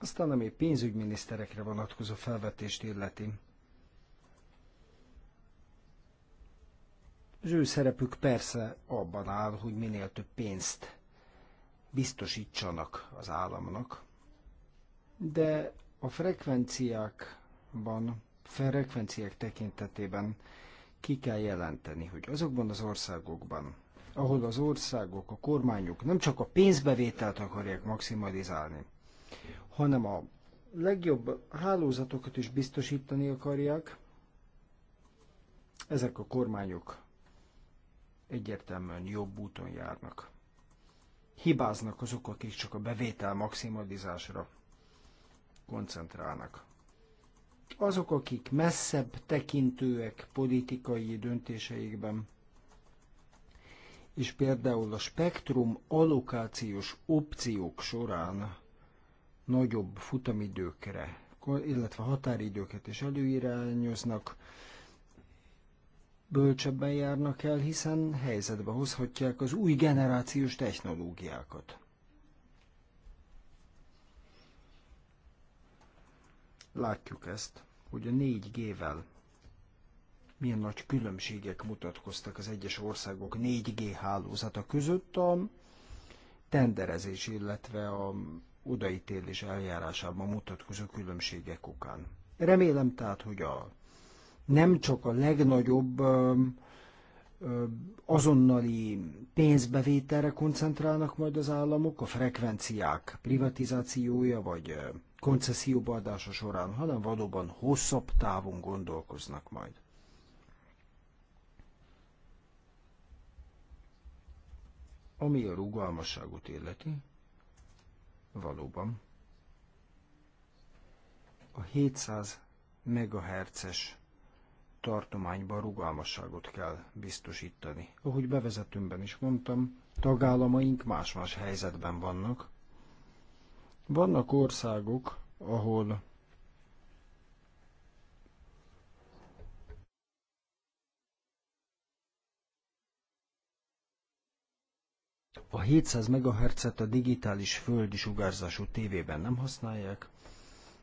Aztán ami pénzügyminiszterekre vonatkozó felvetést illeti. Az ő szerepük persze abban áll, hogy minél több pénzt biztosítsanak az államnak, de a frekvenciákban, frekvenciák tekintetében ki kell jelenteni, hogy azokban az országokban, ahol az országok, a kormányok nem csak a pénzbevételt akarják maximalizálni, hanem a legjobb hálózatokat is biztosítani akarják, ezek a kormányok egyértelműen jobb úton járnak. Hibáznak azok, akik csak a bevétel maximalizásra koncentrálnak azok, akik messzebb tekintőek politikai döntéseikben, és például a spektrum allokációs opciók során nagyobb futamidőkre, illetve határidőket is előirányoznak, bölcsebben járnak el, hiszen helyzetbe hozhatják az új generációs technológiákat. látjuk ezt, hogy a 4G-vel milyen nagy különbségek mutatkoztak az egyes országok 4G hálózata között a tenderezés, illetve a odaítélés eljárásában mutatkozó különbségek okán. Remélem tehát, hogy a, nem csak a legnagyobb ö, ö, azonnali pénzbevételre koncentrálnak majd az államok, a frekvenciák privatizációja vagy koncesszióba adása során, hanem valóban hosszabb távon gondolkoznak majd. Ami a rugalmasságot illeti, valóban a 700 MHz-es tartományban rugalmasságot kell biztosítani. Ahogy bevezetőmben is mondtam, tagállamaink más-más helyzetben vannak, vannak országok, ahol a 700 MHz-et a digitális földi sugárzású tévében nem használják,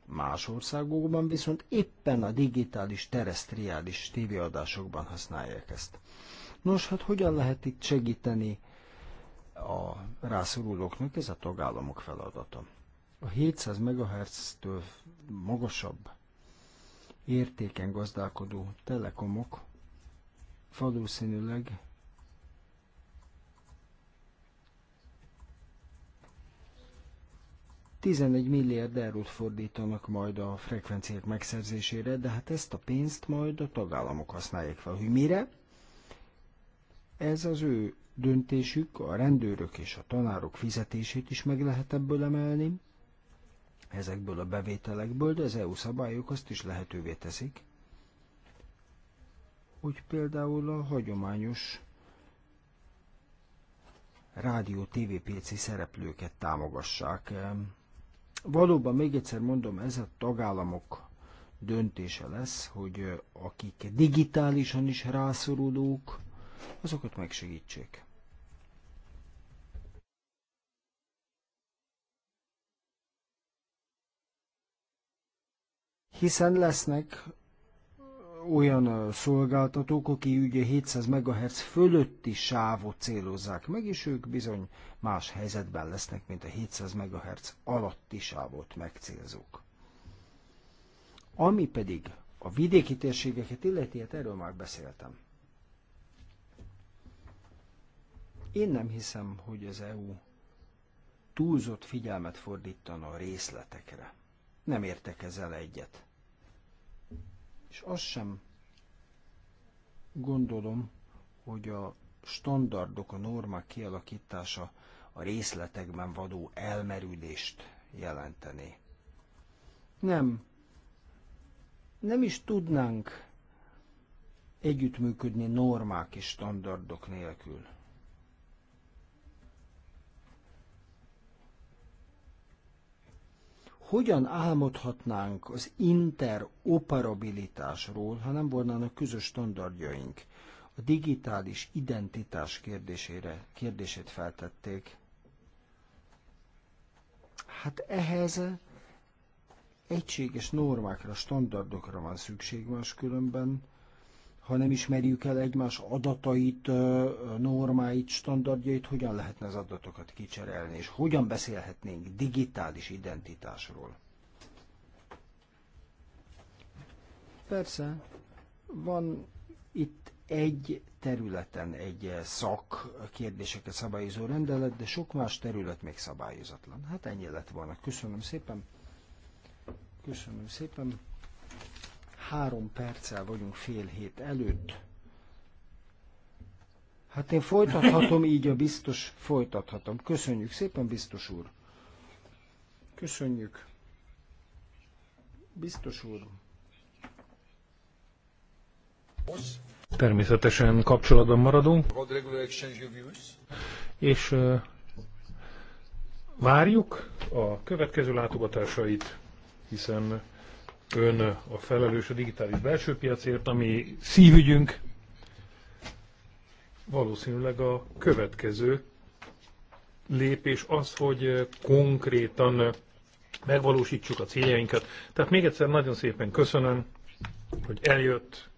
más országokban viszont éppen a digitális terestriális tévéadásokban használják ezt. Nos, hát hogyan lehet itt segíteni a rászorulóknak? Ez a tagállamok feladata a 700 MHz-től magasabb értéken gazdálkodó telekomok valószínűleg Tizenegy milliárd eurót fordítanak majd a frekvenciák megszerzésére, de hát ezt a pénzt majd a tagállamok használják fel. Hogy mire? Ez az ő döntésük, a rendőrök és a tanárok fizetését is meg lehet ebből emelni, ezekből a bevételekből, de az EU szabályok azt is lehetővé teszik, hogy például a hagyományos rádió TVPC szereplőket támogassák. Valóban még egyszer mondom, ez a tagállamok döntése lesz, hogy akik digitálisan is rászorulók, azokat megsegítsék. hiszen lesznek olyan szolgáltatók, aki ugye 700 MHz fölötti sávot célozzák meg, és ők bizony más helyzetben lesznek, mint a 700 MHz alatti sávot megcélzók. Ami pedig a vidéki térségeket illeti, hát erről már beszéltem. Én nem hiszem, hogy az EU túlzott figyelmet fordítana a részletekre. Nem értek ezzel egyet és azt sem gondolom, hogy a standardok, a normák kialakítása a részletekben vadó elmerülést jelenteni. Nem. Nem is tudnánk együttműködni normák és standardok nélkül. hogyan álmodhatnánk az interoperabilitásról, ha nem volnának közös standardjaink? A digitális identitás kérdésére, kérdését feltették. Hát ehhez egységes normákra, standardokra van szükség, máskülönben ha nem ismerjük el egymás adatait, normáit, standardjait, hogyan lehetne az adatokat kicserélni, és hogyan beszélhetnénk digitális identitásról. Persze, van itt egy területen egy szak kérdéseket szabályozó rendelet, de sok más terület még szabályozatlan. Hát ennyi lett volna. Köszönöm szépen. Köszönöm szépen három perccel vagyunk fél hét előtt. Hát én folytathatom így a biztos, folytathatom. Köszönjük szépen, biztos úr. Köszönjük. Biztos úr. Természetesen kapcsolatban maradunk. És uh, várjuk a következő látogatásait, hiszen Ön a felelős a digitális belső piacért, ami szívügyünk. Valószínűleg a következő lépés az, hogy konkrétan megvalósítsuk a céljainkat. Tehát még egyszer nagyon szépen köszönöm, hogy eljött,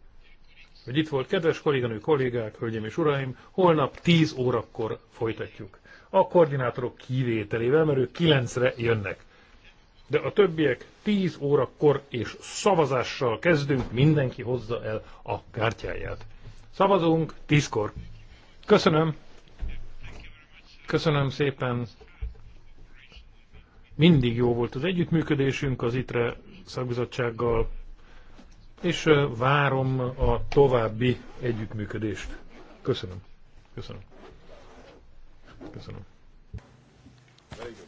hogy itt volt. Kedves kolléganő, kollégák, hölgyeim és uraim, holnap 10 órakor folytatjuk. A koordinátorok kivételével, mert ők 9-re jönnek. De a többiek 10 órakor és szavazással kezdünk, mindenki hozza el a kártyáját. Szavazunk 10-kor. Köszönöm. Köszönöm szépen. Mindig jó volt az együttműködésünk az ITRE szakbizottsággal, és várom a további együttműködést. Köszönöm. Köszönöm. Köszönöm. Very good.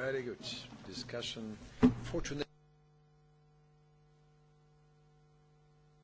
Very good discussion. Fortunately,